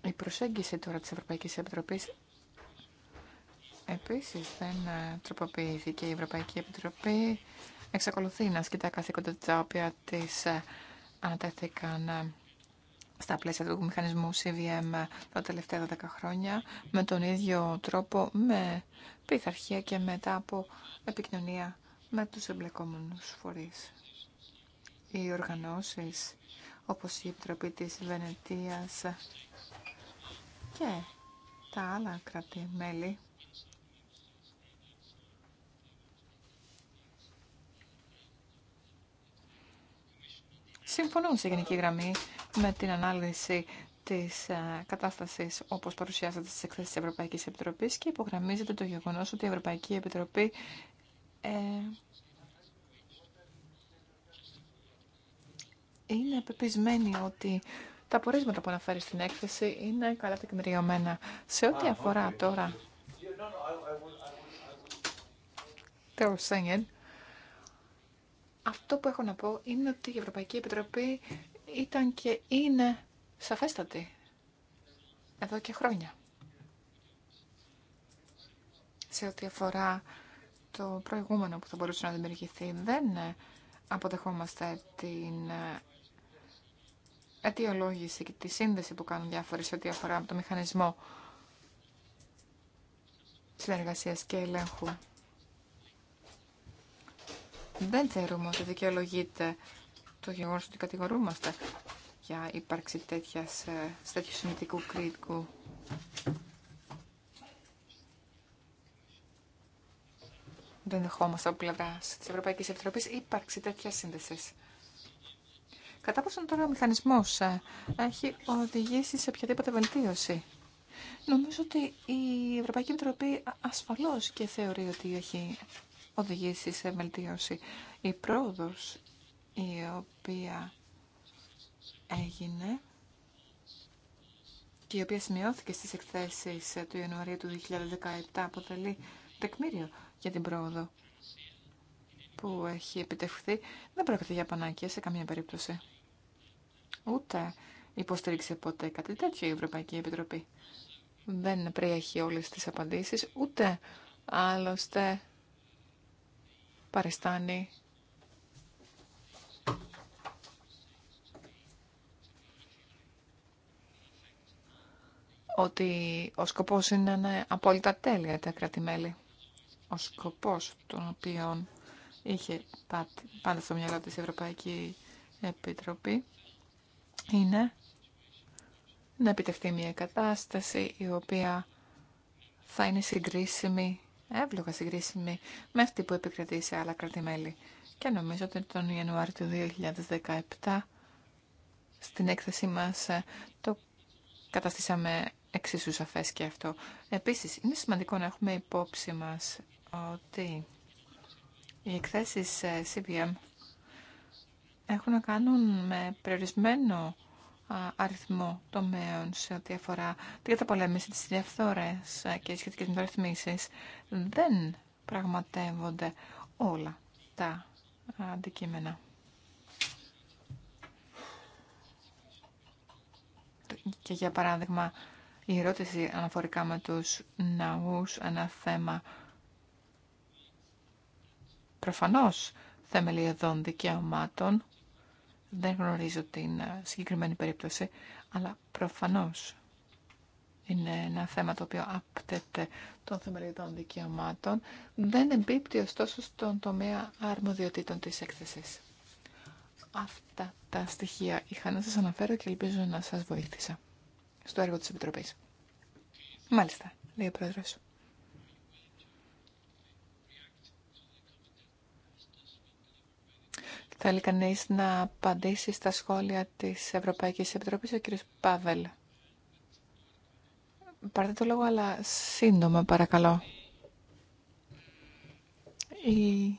Η προσέγγιση τώρα της Ευρωπαϊκής Επιτροπής επίσης δεν ε, τροποποιήθηκε. Η Ευρωπαϊκή Επιτροπή εξακολουθεί να σκητά τα καθήκοντα τα οποία της ανατέθηκαν στα πλαίσια του μηχανισμού CVM τα τελευταία 12 χρόνια με τον ίδιο τρόπο, με πειθαρχία και μετά από επικοινωνία με τους εμπλεκόμενους φορείς οι οργανώσεις όπως η Επιτροπή της Βενετίας και τα άλλα κράτη-μέλη συμφωνούν σε γενική γραμμή με την ανάλυση της ε, κατάστασης όπως παρουσιάζεται στις εκθέσεις της Ευρωπαϊκής Επιτροπής και υπογραμμίζεται το γεγονός ότι η Ευρωπαϊκή Επιτροπή ε, είναι πεπισμένη ότι τα πορίσματα που αναφέρει στην έκθεση είναι καλά τεκμηριωμένα. Σε ό,τι αφορά τώρα αυτό που έχω να πω είναι ότι η Ευρωπαϊκή Επιτροπή ήταν και είναι σαφέστατη εδώ και χρόνια. Σε ό,τι αφορά το προηγούμενο που θα μπορούσε να δημιουργηθεί, δεν αποδεχόμαστε την αιτιολόγηση και τη σύνδεση που κάνουν διάφορε ό,τι αφορά το μηχανισμό συνεργασία και ελέγχου. Δεν θεωρούμε ότι δικαιολογείται το γεγονό ότι κατηγορούμαστε για ύπαρξη τέτοιας, ε, τέτοιου συνηθικού κριτικού. Δεν δεχόμαστε από πλευρά τη Ευρωπαϊκή Επιτροπή ύπαρξη τέτοια σύνδεση. Κατά πόσον τώρα ο μηχανισμός ε, έχει οδηγήσει σε οποιαδήποτε βελτίωση. Νομίζω ότι η Ευρωπαϊκή Επιτροπή ασφαλώς και θεωρεί ότι έχει οδηγήσει σε βελτίωση. Η πρόοδος η οποία έγινε και η οποία σημειώθηκε στις εκθέσεις ε, του Ιανουαρίου του 2017 αποτελεί τεκμήριο για την πρόοδο που έχει επιτευχθεί δεν πρόκειται για πανάκια σε καμία περίπτωση. Ούτε υποστήριξε ποτέ κάτι τέτοιο η Ευρωπαϊκή Επιτροπή. Δεν πρέχει όλες τις απαντήσεις, ούτε άλλωστε παριστάνει ότι ο σκοπός είναι να είναι απόλυτα τέλεια τα κράτη-μέλη. Ο σκοπός των οποίων είχε πάντα στο μυαλό της Ευρωπαϊκή Επιτροπή είναι να επιτευχθεί μια κατάσταση η οποία θα είναι συγκρίσιμη, εύλογα συγκρίσιμη, με αυτή που επικρατεί σε άλλα κρατημέλη. Και νομίζω ότι τον Ιανουάριο του 2017 στην έκθεσή μας ε, το καταστήσαμε εξίσου σαφές και αυτό. Επίσης, είναι σημαντικό να έχουμε υπόψη μας ότι οι εκθέσεις ε, CBM έχουν να κάνουν με περιορισμένο αριθμό τομέων σε ό,τι αφορά την καταπολέμηση τη διαφθορές ε, και τις σχετικές μεταρρυθμίσεις. Δεν πραγματεύονται όλα τα αντικείμενα. Και για παράδειγμα, η ερώτηση αναφορικά με τους ναούς, ένα θέμα προφανώς θεμελιωδών δικαιωμάτων. Δεν γνωρίζω την ε, συγκεκριμένη περίπτωση, αλλά προφανώς είναι ένα θέμα το οποίο άπτεται των θεμελιωδών δικαιωμάτων. Δεν εμπίπτει ωστόσο στον τομέα αρμοδιοτήτων της έκθεσης. Αυτά τα στοιχεία είχα να σας αναφέρω και ελπίζω να σας βοήθησα στο έργο της Επιτροπής. Μάλιστα, λέει ο Θέλει κανεί να απαντήσει στα σχόλια της Ευρωπαϊκής Επιτροπής, ο κύριος Πάβελ. Πάρτε το λόγο, αλλά σύντομα παρακαλώ. Η...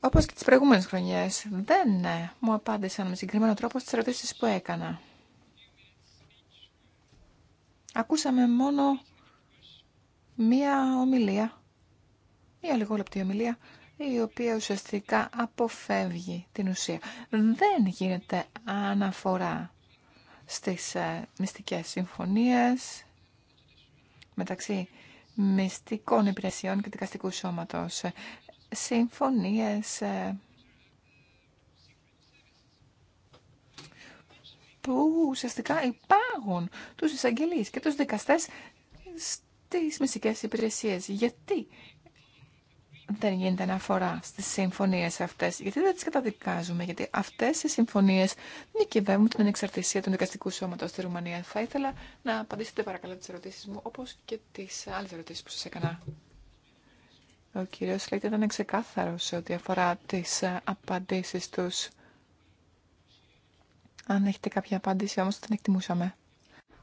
Όπως και τι προηγούμενε χρονιές, δεν ναι, μου απάντησαν με συγκεκριμένο τρόπο στι ερωτήσει που έκανα. Ακούσαμε μόνο μία ομιλία, μία λιγόλεπτη ομιλία, η οποία ουσιαστικά αποφεύγει την ουσία. Δεν γίνεται αναφορά στις ε, μυστικές συμφωνίες μεταξύ μυστικών υπηρεσιών και δικαστικού σώματος, ε, συμφωνίες ε, που ουσιαστικά υπάγουν τους εισαγγελείς και τους δικαστές στις μυστικές υπηρεσίες. Γιατί δεν γίνεται αναφορά στις συμφωνίες αυτές, γιατί δεν τις καταδικάζουμε, γιατί αυτές οι συμφωνίες νικηβεύουν την ανεξαρτησία του δικαστικού σώματος στη Ρουμανία. Θα ήθελα να απαντήσετε παρακαλώ τις ερωτήσεις μου, όπως και τις άλλες ερωτήσεις που σας έκανα. Ο κύριος Λέιτ ήταν ξεκάθαρο σε ό,τι αφορά τις ε, απαντήσεις τους. Αν έχετε κάποια απάντηση όμως την εκτιμούσαμε.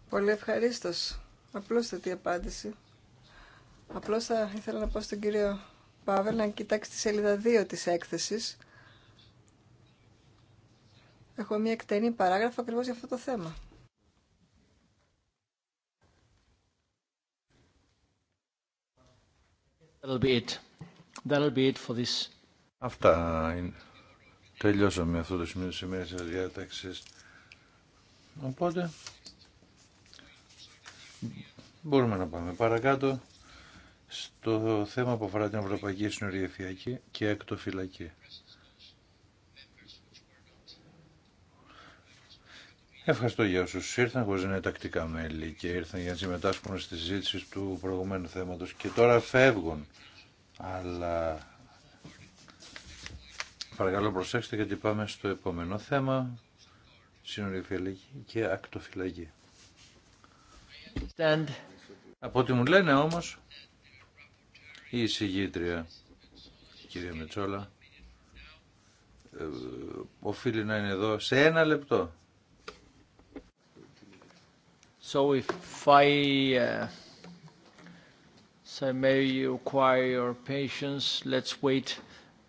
Πολύ ευχαρίστως. Απλώς τι απάντηση. Απλώ θα ήθελα να πω στον κύριο Παύλα, να κοιτάξει τη σελίδα 2 της έκθεσης. Έχω μια εκτενή παράγραφο ακριβώς για αυτό το θέμα. That'll be it. That'll be it for this. Αυτά είναι. Τελειώσαμε αυτό το σημείο της ημέρας της διάταξης. Οπότε μπορούμε να πάμε παρακάτω στο θέμα που αφορά την Ευρωπαϊκή Φυλακή και Ακτοφυλακή. Ευχαριστώ για όσου ήρθαν, χωρί να είναι τακτικά μέλη και ήρθαν για να συμμετάσχουν στη συζήτηση του προηγουμένου θέματο και τώρα φεύγουν. Αλλά παρακαλώ προσέξτε γιατί πάμε στο επόμενο θέμα, συνοριοφυλακή και ακτοφυλακή. Από ό,τι μου λένε όμως, η εισηγήτρια, κυρία Μετσόλα, ε, οφείλει να είναι εδώ σε ένα λεπτό. So if I, uh, may require your patience, let's wait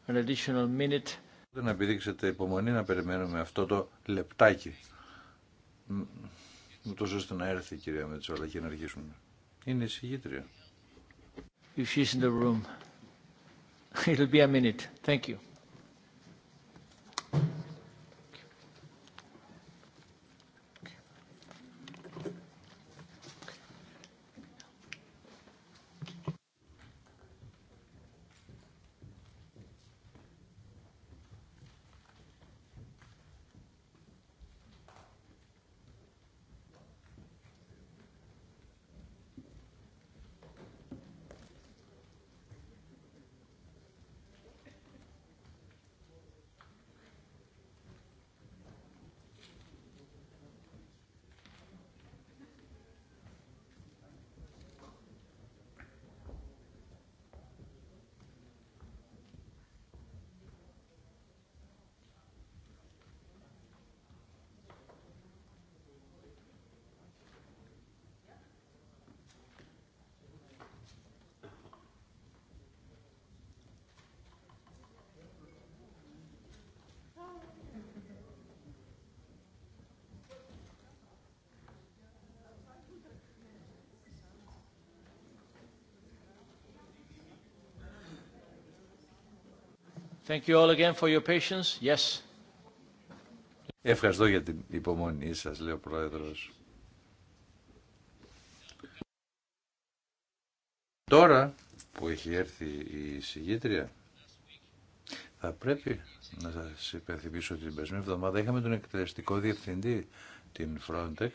an additional minute. Να επιδείξετε υπομονή να περιμένουμε αυτό το λεπτάκι. Ούτως ώστε να έρθει η κυρία Μετσόλα και να αρχίσουμε. Είναι η if she's in the room. It'll be a minute. Thank you. Ευχαριστώ για την υπομονή σας, λέει ο Πρόεδρος. Τώρα που έχει έρθει η συγγήτρια, θα πρέπει να σας υπενθυμίσω ότι την περσμένη εβδομάδα είχαμε τον εκτελεστικό διευθυντή την Frontex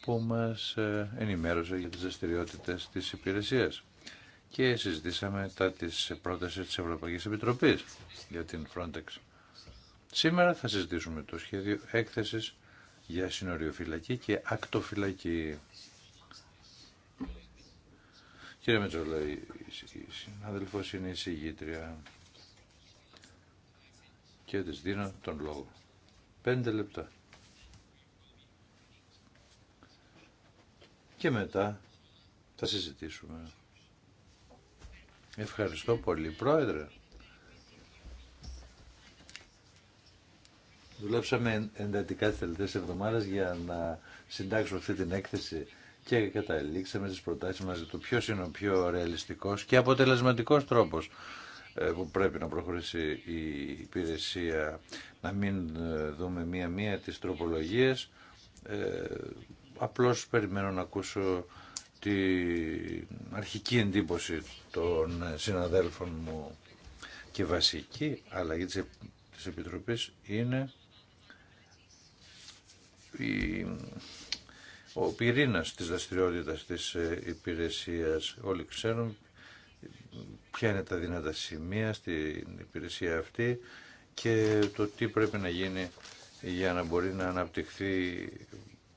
που μας ε, ενημέρωσε για τις δραστηριότητε της υπηρεσίας και συζητήσαμε τα της πρότασης της Ευρωπαϊκής Επιτροπής για την Frontex. Σήμερα θα συζητήσουμε το σχέδιο έκθεσης για συνοριοφυλακή και ακτοφυλακή. Κύριε Μετζόλα, η συνάδελφος είναι η συγγήτρια και της δίνω τον λόγο. Πέντε λεπτά. Και μετά θα συζητήσουμε. Ευχαριστώ πολύ, Πρόεδρε. Δουλέψαμε εντατικά τις τελευταίες εβδομάδες για να συντάξουμε αυτή την έκθεση και καταλήξαμε στις προτάσεις μας για το ποιος είναι ο πιο ρεαλιστικός και αποτελεσματικός τρόπος ε, που πρέπει να προχωρήσει η υπηρεσία. Να μην ε, δούμε μία-μία τις τροπολογίες. Απλώ ε, απλώς περιμένω να ακούσω την αρχική εντύπωση των συναδέλφων μου και βασική αλλαγή της Επιτροπής είναι η, ο πυρήνας της δραστηριότητας της ε, υπηρεσίας. Όλοι ξέρουν ποια είναι τα δυνατά σημεία στην υπηρεσία αυτή και το τι πρέπει να γίνει για να μπορεί να αναπτυχθεί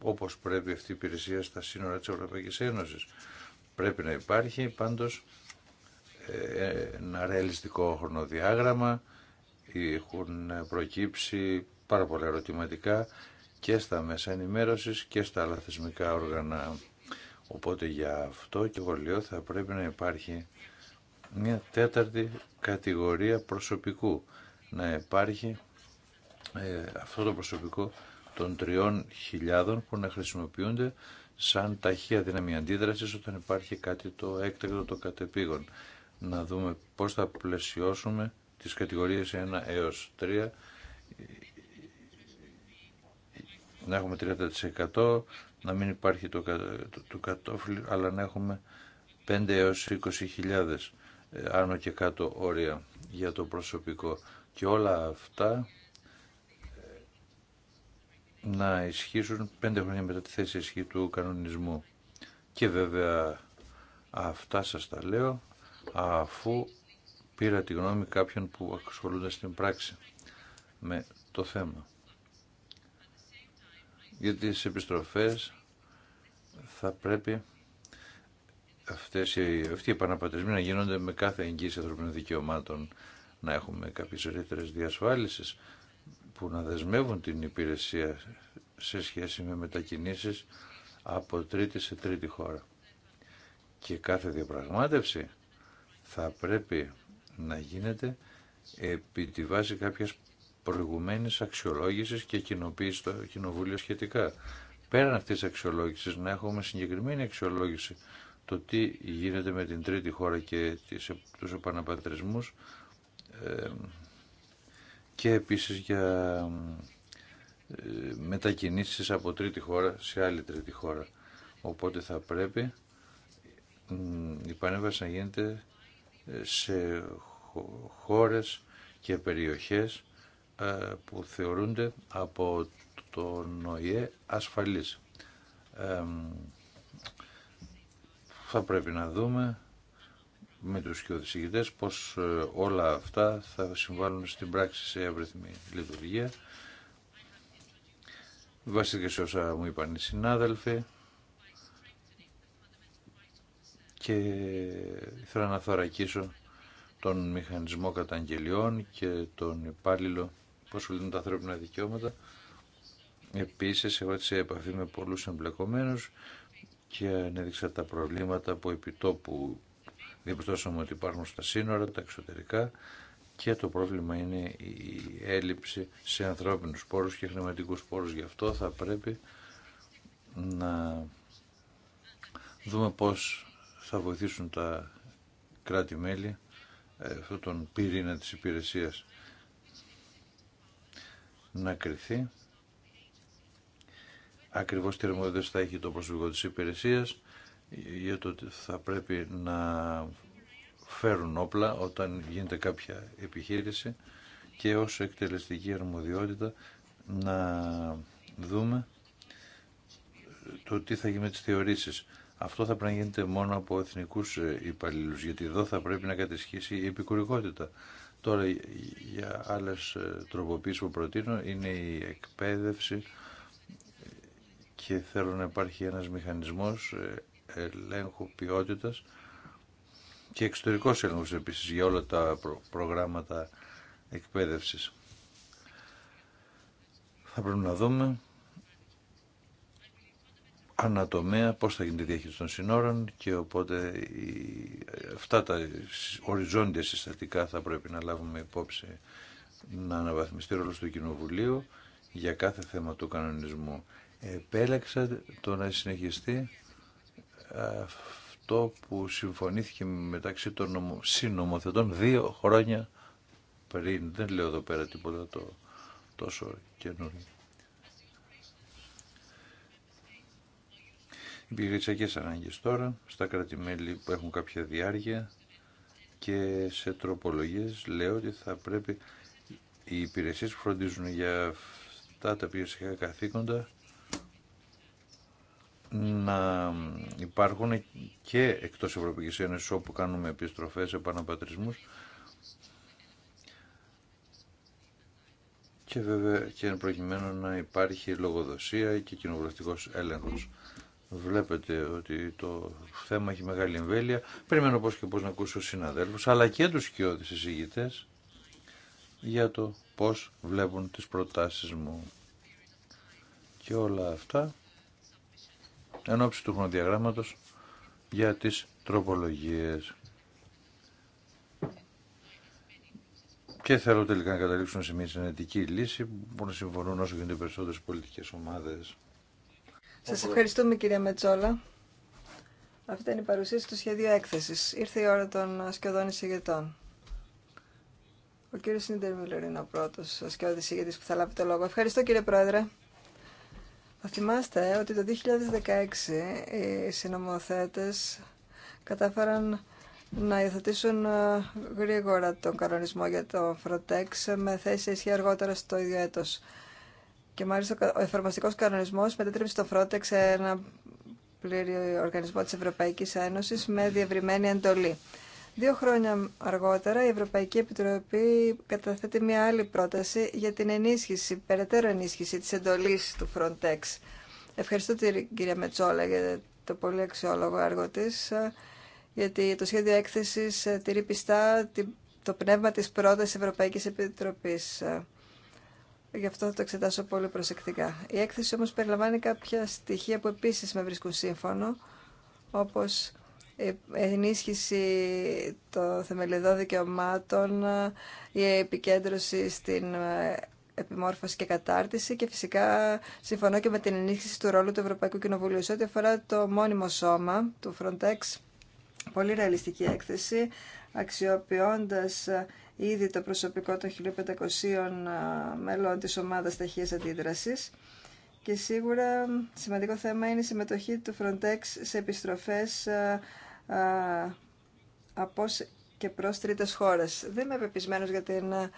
όπως πρέπει αυτή η υπηρεσία στα σύνορα της Ευρωπαϊκής Ένωσης. Πρέπει να υπάρχει πάντως ε, ένα ρεαλιστικό χρονοδιάγραμμα, έχουν προκύψει πάρα πολλά ερωτηματικά και στα μέσα ενημέρωσης και στα άλλα θεσμικά όργανα. Οπότε για αυτό και εγώ θα πρέπει να υπάρχει μια τέταρτη κατηγορία προσωπικού. Να υπάρχει ε, αυτό το προσωπικό των τριών χιλιάδων που να χρησιμοποιούνται σαν ταχεία δύναμη αντίδραση όταν υπάρχει κάτι το έκτακτο το κατεπήγον. Να δούμε πώς θα πλαισιώσουμε τις κατηγορίες 1 έως 3 να έχουμε 30% να μην υπάρχει το, το, το κατόφλι αλλά να έχουμε 5 έως 20.000 ε, άνω και κάτω όρια για το προσωπικό και όλα αυτά να ισχύσουν πέντε χρόνια μετά τη θέση ισχύ του κανονισμού. Και βέβαια αυτά σας τα λέω αφού πήρα τη γνώμη κάποιων που ασχολούνται στην πράξη με το θέμα. Γιατί στις επιστροφές θα πρέπει αυτές οι, αυτοί οι επαναπατρισμοί να γίνονται με κάθε εγγύηση ανθρωπίνων δικαιωμάτων, να έχουμε κάποιες ρήτρες διασφάλισης που να δεσμεύουν την υπηρεσία σε σχέση με μετακινήσεις από τρίτη σε τρίτη χώρα. Και κάθε διαπραγμάτευση θα πρέπει να γίνεται επί τη βάση κάποιας προηγουμένης αξιολόγησης και κοινοποίηση στο Κοινοβούλιο σχετικά. Πέραν αυτής της αξιολόγησης να έχουμε συγκεκριμένη αξιολόγηση το τι γίνεται με την τρίτη χώρα και τις, τους επαναπατρισμούς ε, και επίσης για ε, μετακινήσεις από τρίτη χώρα σε άλλη τρίτη χώρα. Οπότε θα πρέπει η πανέβαση να γίνεται ε, σε χώρες και περιοχές ε, που θεωρούνται από τον ΟΗΕ ασφαλής. Θα πρέπει να δούμε με τους κοιοδησηγητές πως ε, όλα αυτά θα συμβάλλουν στην πράξη σε εύρυθμη λειτουργία. Βασικά σε όσα μου είπαν οι συνάδελφοι και ήθελα να θωρακίσω τον μηχανισμό καταγγελιών και τον υπάλληλο που ασχολείται τα ανθρώπινα δικαιώματα. Επίσης, εγώ σε επαφή με πολλούς εμπλεκομένους και ανέδειξα τα προβλήματα που επιτόπου διαπιστώσαμε ότι υπάρχουν στα σύνορα, τα εξωτερικά και το πρόβλημα είναι η έλλειψη σε ανθρώπινους πόρους και χρηματικούς πόρους. Γι' αυτό θα πρέπει να δούμε πώς θα βοηθήσουν τα κράτη-μέλη ε, αυτόν τον πυρήνα της υπηρεσίας να κρυθεί. Ακριβώς τι θα έχει το προσωπικό της υπηρεσίας για το θα πρέπει να φέρουν όπλα όταν γίνεται κάποια επιχείρηση και ως εκτελεστική αρμοδιότητα να δούμε το τι θα γίνει με τις θεωρήσεις. Αυτό θα πρέπει να γίνεται μόνο από εθνικούς υπαλλήλου, γιατί εδώ θα πρέπει να κατησχίσει η επικουρικότητα. Τώρα για άλλες ε, τροποποίησεις που προτείνω είναι η εκπαίδευση και θέλω να υπάρχει ένας μηχανισμός ε, ελέγχου ποιότητας και εξωτερικός έλεγχος επίσης για όλα τα προγράμματα εκπαίδευσης. Θα πρέπει να δούμε ανατομέα πώς θα γίνει η διαχείριση των συνόρων και οπότε η, αυτά τα οριζόντια συστατικά θα πρέπει να λάβουμε υπόψη να αναβαθμιστεί ρόλο του Κοινοβουλίου για κάθε θέμα του κανονισμού. Επέλεξα το να συνεχιστεί αυτό που συμφωνήθηκε μεταξύ των συνομοθετών δύο χρόνια πριν. Δεν λέω εδώ πέρα τίποτα το, τόσο καινούριο. Οι ανάγκε ανάγκες τώρα στα κρατημέλη που έχουν κάποια διάρκεια και σε τροπολογίες λέω ότι θα πρέπει οι υπηρεσίες που φροντίζουν για αυτά τα πυρητσακά καθήκοντα να υπάρχουν και εκτός Ευρωπαϊκής Ένωσης όπου κάνουμε επιστροφές, επαναπατρισμούς και βέβαια και προκειμένου να υπάρχει λογοδοσία και κοινοβουλευτικός έλεγχος. Βλέπετε ότι το θέμα έχει μεγάλη εμβέλεια. Περιμένω πώς και πώς να ακούσω συναδέλφους, αλλά και τους κοιόδης εισηγητές για το πώς βλέπουν τις προτάσεις μου. Και όλα αυτά εν ώψη του χρονοδιαγράμματος για τις τροπολογίες. Και θέλω τελικά να καταλήξουμε σε μια συνετική λύση που να συμφωνούν όσο γίνονται περισσότερε πολιτικές ομάδες. Σας ευχαριστούμε κυρία Μετσόλα. Αυτή είναι η παρουσίαση του σχεδίου έκθεσης. Ήρθε η ώρα των σκιωδών εισηγητών. Ο κύριος Σίντερ είναι ο πρώτος σκιώδης εισηγητής που θα λάβει το λόγο. Ευχαριστώ κύριε Πρόεδρε. Θα θυμάστε ότι το 2016 οι συνομοθέτες κατάφεραν να υιοθετήσουν ε, γρήγορα τον κανονισμό για το Frontex με θέση ισχύ αργότερα στο ίδιο έτος. Και μάλιστα ο εφαρμοστικό κανονισμό μετέτρεψε το Frontex σε ένα πλήρη οργανισμό της Ευρωπαϊκής Ένωσης με διευρυμένη εντολή. Δύο χρόνια αργότερα η Ευρωπαϊκή Επιτροπή καταθέτει μια άλλη πρόταση για την ενίσχυση, περαιτέρω ενίσχυση της εντολής του Frontex. Ευχαριστώ την κυρία Μετσόλα για το πολύ αξιόλογο έργο της, γιατί το σχέδιο έκθεσης ε, τηρεί πιστά το πνεύμα της πρότασης Ευρωπαϊκής Επιτροπής. Ε, γι' αυτό θα το εξετάσω πολύ προσεκτικά. Η έκθεση όμως περιλαμβάνει κάποια στοιχεία που επίσης με βρίσκουν σύμφωνο, όπως ενίσχυση των θεμελιωδών δικαιωμάτων, η επικέντρωση στην ε, επιμόρφωση και κατάρτιση και φυσικά συμφωνώ και με την ενίσχυση του ρόλου του Ευρωπαϊκού Κοινοβουλίου. Σε ό,τι αφορά το μόνιμο σώμα του Frontex, πολύ ρεαλιστική έκθεση, αξιοποιώντας ε, ήδη το προσωπικό των 1500 ε, μελών της ομάδας ταχείας αντίδρασης. Και σίγουρα σημαντικό θέμα είναι η συμμετοχή του Frontex σε επιστροφές από και προς τρίτες χώρες. Δεν είμαι πεπισμένος για την ε,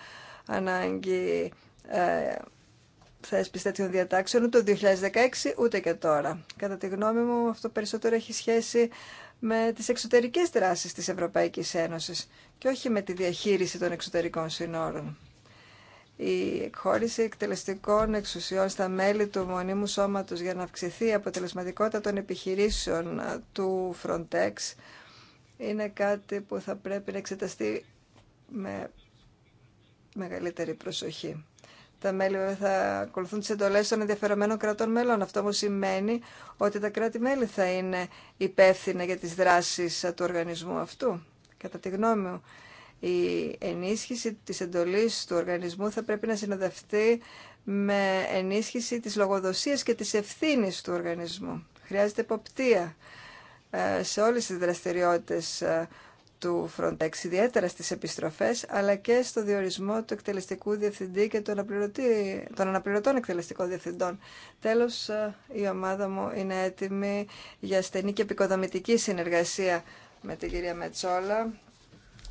ανάγκη ε, θέσπιση τέτοιων διατάξεων ούτε το 2016 ούτε και τώρα. Κατά τη γνώμη μου αυτό περισσότερο έχει σχέση με τις εξωτερικές δράσεις της Ευρωπαϊκής Ένωσης και όχι με τη διαχείριση των εξωτερικών συνόρων η εκχώρηση εκτελεστικών εξουσιών στα μέλη του Μονίμου Σώματος για να αυξηθεί η αποτελεσματικότητα των επιχειρήσεων ε, του Frontex είναι κάτι που θα πρέπει να εξεταστεί με μεγαλύτερη προσοχή. Τα μέλη θα ακολουθούν τι εντολέ των ενδιαφερομένων κρατών μέλων. Αυτό όμω σημαίνει ότι τα κράτη-μέλη θα είναι υπεύθυνα για τι δράσει του οργανισμού αυτού. Κατά τη γνώμη μου, η ενίσχυση της εντολής του οργανισμού θα πρέπει να συνοδευτεί με ενίσχυση της λογοδοσίας και της ευθύνης του οργανισμού. Χρειάζεται υποπτία ε, σε όλες τις δραστηριότητες ε, του Frontex, ιδιαίτερα στις επιστροφές, αλλά και στο διορισμό του εκτελεστικού διευθυντή και των, των αναπληρωτών εκτελεστικών διευθυντών. Τέλος, ε, η ομάδα μου είναι έτοιμη για στενή και επικοδομητική συνεργασία με την κυρία Μετσόλα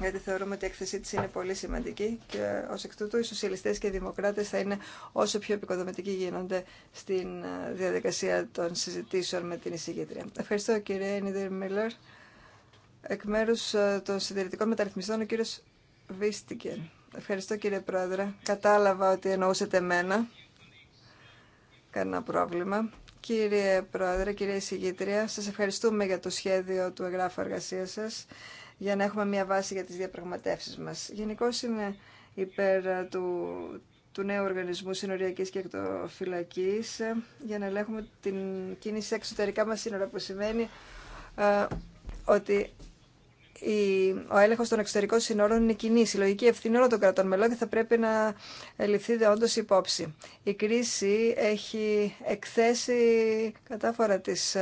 γιατί θεωρούμε ότι η έκθεσή τη είναι πολύ σημαντική και ω εκ τούτου οι σοσιαλιστέ και οι δημοκράτε θα είναι όσο πιο επικοδομητικοί γίνονται στην ε, διαδικασία των συζητήσεων με την εισηγήτρια. Ευχαριστώ κύριε Νίδερ Μίλλερ. Εκ μέρου ε, των συντηρητικών μεταρρυθμιστών ο κύριο Βίστικεν. Ευχαριστώ κύριε Πρόεδρε. Κατάλαβα ότι εννοούσατε εμένα. Κανένα πρόβλημα. Κύριε Πρόεδρε, κύριε Εισηγήτρια, σας ευχαριστούμε για το σχέδιο του εγγράφου εργασία σας για να έχουμε μια βάση για τις διαπραγματεύσεις μας. Γενικώ είμαι υπέρ ε, του, του νέου οργανισμού συνοριακής και εκτοφυλακής ε, για να ελέγχουμε την κίνηση εξωτερικά μας σύνορα που σημαίνει ε, ότι ο έλεγχος των εξωτερικών σύνορων είναι κοινή συλλογική ευθύνη όλων των κρατών μελών και θα πρέπει να ε, ληφθεί όντω υπόψη. Η κρίση έχει εκθέσει κατάφορα τις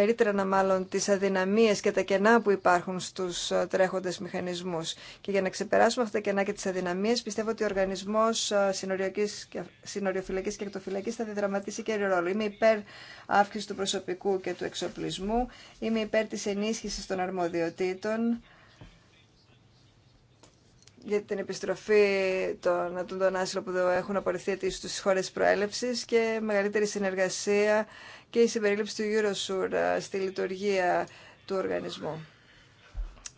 περίτρανα μάλλον τις αδυναμίες και τα κενά που υπάρχουν στους ε, τρέχοντες μηχανισμούς. Και για να ξεπεράσουμε αυτά τα κενά και τις αδυναμίες, πιστεύω ότι ο οργανισμός ε, συνοριοφυλακής και εκτοφυλακής θα διδραματίσει και ρόλο. Είμαι υπέρ αύξηση του προσωπικού και του εξοπλισμού, είμαι υπέρ της ενίσχυσης των αρμοδιοτήτων, για την επιστροφή των των που έχουν απορριφθεί αιτήσει τους στις χώρες και μεγαλύτερη συνεργασία και η συμπερίληψη του Eurosur ε, στη λειτουργία του οργανισμού.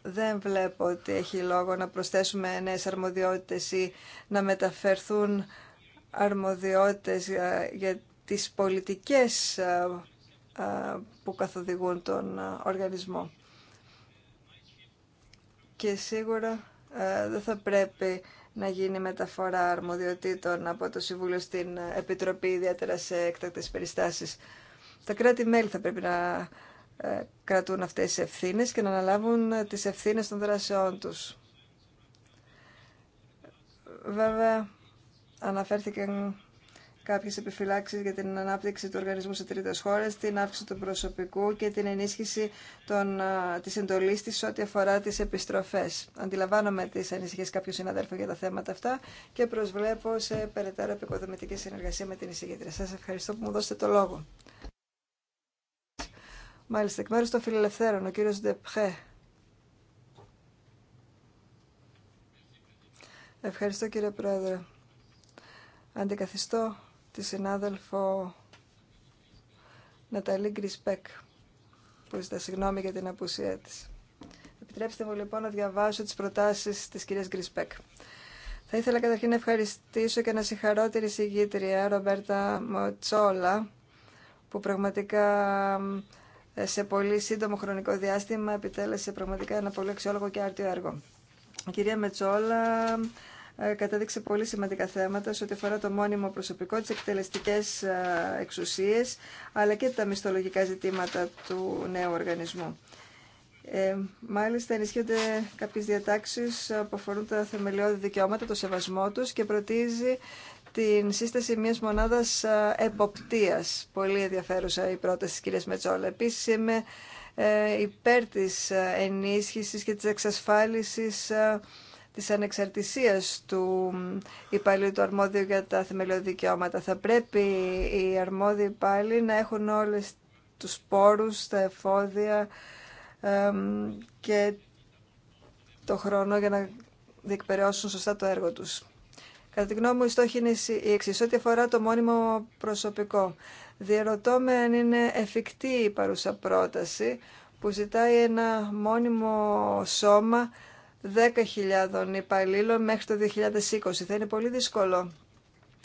Δεν βλέπω ότι έχει λόγο να προσθέσουμε νέε αρμοδιότητες ή να μεταφερθούν αρμοδιότητες ε, για τις πολιτικές ε, που καθοδηγούν τον οργανισμό. Και σίγουρα ε, δεν θα πρέπει να γίνει μεταφορά αρμοδιοτήτων από το Συμβούλιο στην Επιτροπή, ιδιαίτερα σε έκτακτες περιστάσεις. Τα κράτη-μέλη θα πρέπει να ε, κρατούν αυτές τις ευθύνες και να αναλάβουν ε, τις ευθύνες των δράσεών τους. Βέβαια, αναφέρθηκαν κάποιες επιφυλάξεις για την ανάπτυξη του οργανισμού σε τρίτες χώρες, την αύξηση του προσωπικού και την ενίσχυση τη της εντολής της ό,τι αφορά τις επιστροφές. Αντιλαμβάνομαι τις ανησυχίες κάποιου συναδέλφου για τα θέματα αυτά και προσβλέπω σε περαιτέρω επικοδομητική συνεργασία με την εισηγήτρια. Σας ευχαριστώ που μου δώσετε το λόγο. Μάλιστα, εκ μέρου των φιλελευθέρων, ο κύριος Ντεπχέ. Ευχαριστώ κύριε Πρόεδρε. Αντικαθιστώ τη συνάδελφο Ναταλή Γκρισπέκ, που ζητά συγγνώμη για την απουσία της. Επιτρέψτε μου λοιπόν να διαβάσω τις προτάσεις της κυρίας Γκρισπέκ. Θα ήθελα καταρχήν να ευχαριστήσω και να συγχαρώ τη ρησηγήτρια Ρομπέρτα Μοτσόλα, που πραγματικά ε, σε πολύ σύντομο χρονικό διάστημα επιτέλεσε πραγματικά ένα πολύ αξιόλογο και άρτιο έργο. Η κυρία Μετσόλα ε, κατέδειξε πολύ σημαντικά θέματα σε ό,τι αφορά το μόνιμο προσωπικό, τις εκτελεστικές ε, εξουσίες, αλλά και τα μισθολογικά ζητήματα του νέου οργανισμού. Ε, μάλιστα ενισχύονται κάποιες διατάξεις που αφορούν τα θεμελιώδη δικαιώματα, το σεβασμό τους και προτίζει την σύσταση μιας μονάδας ε, εποπτείας. Πολύ ενδιαφέρουσα η πρόταση της κυρίας Μετσόλα. Επίσης είμαι υπέρ της ενίσχυσης και της εξασφάλισης της ανεξαρτησίας του υπαλλήλου του αρμόδιου για τα θεμελιώδη δικαιώματα. Θα πρέπει οι αρμόδιοι υπάλληλοι να έχουν όλες τους πόρους, τα εφόδια και το χρόνο για να διεκπαιρεώσουν σωστά το έργο τους. Κατά τη γνώμη μου, η στόχη είναι η εξή. Ό,τι αφορά το μόνιμο προσωπικό, διαρωτώ με αν είναι εφικτή η παρούσα πρόταση που ζητάει ένα μόνιμο σώμα 10.000 υπαλλήλων μέχρι το 2020. Θα είναι πολύ δύσκολο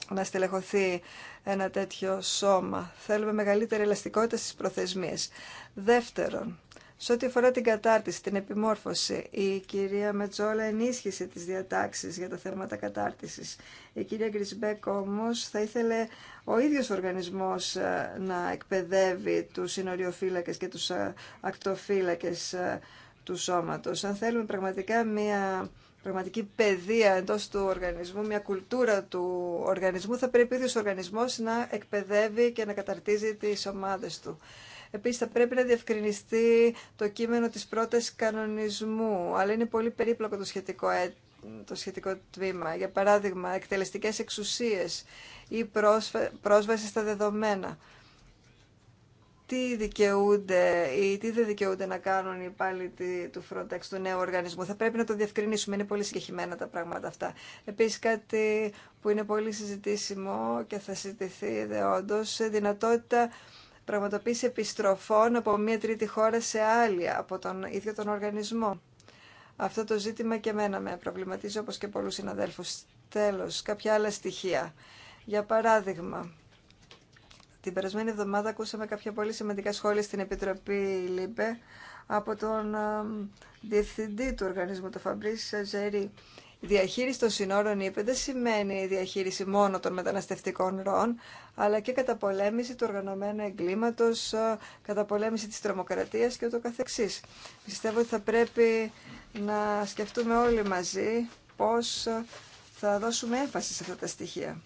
να στελεχωθεί ένα τέτοιο σώμα. Θέλουμε μεγαλύτερη ελαστικότητα στις προθεσμίες. Δεύτερον, σε ό,τι αφορά την κατάρτιση, την επιμόρφωση, η κυρία Μετζόλα ενίσχυσε τις διατάξεις για τα θέματα κατάρτισης. Η κυρία Γκρισμπέκ όμως θα ήθελε ο ίδιος ο οργανισμός ε, να εκπαιδεύει τους συνοριοφύλακες και τους ε, ακτοφύλακες ε, του σώματος. Αν θέλουμε πραγματικά μια πραγματική παιδεία εντός του οργανισμού, μια κουλτούρα του οργανισμού, θα πρέπει ο οργανισμός να εκπαιδεύει και να καταρτίζει τις ομάδες του. Επίσης θα πρέπει να διευκρινιστεί το κείμενο της πρώτης κανονισμού, αλλά είναι πολύ περίπλοκο το σχετικό, ε, το σχετικό τμήμα. Για παράδειγμα, εκτελεστικές εξουσίες ή πρόσβαση στα δεδομένα τι δικαιούνται ή τι δεν δικαιούνται να κάνουν οι υπάλληλοι του Frontex, του νέου οργανισμού. Θα πρέπει να το διευκρινίσουμε. Είναι πολύ συγκεχημένα τα πράγματα αυτά. Επίσης κάτι που είναι πολύ συζητήσιμο και θα συζητηθεί όντω, δυνατότητα πραγματοποίηση επιστροφών από μία τρίτη χώρα σε άλλη, από τον ίδιο τον οργανισμό. Αυτό το ζήτημα και εμένα με προβληματίζει όπως και πολλούς συναδέλφους. Τέλος, κάποια άλλα στοιχεία. Για παράδειγμα, την περασμένη εβδομάδα ακούσαμε κάποια πολύ σημαντικά σχόλια στην Επιτροπή Λύπε, από τον Διευθυντή του Οργανισμού, τον Φαμπρίς Ζέρι. Η διαχείριση των συνόρων, είπε, δεν σημαίνει διαχείριση μόνο των μεταναστευτικών ροών, αλλά και καταπολέμηση του οργανωμένου εγκλήματος, καταπολέμηση της τρομοκρατίας και ούτω καθεξής. Πιστεύω ότι θα πρέπει να σκεφτούμε όλοι μαζί πώς θα δώσουμε έμφαση σε αυτά τα στοιχεία.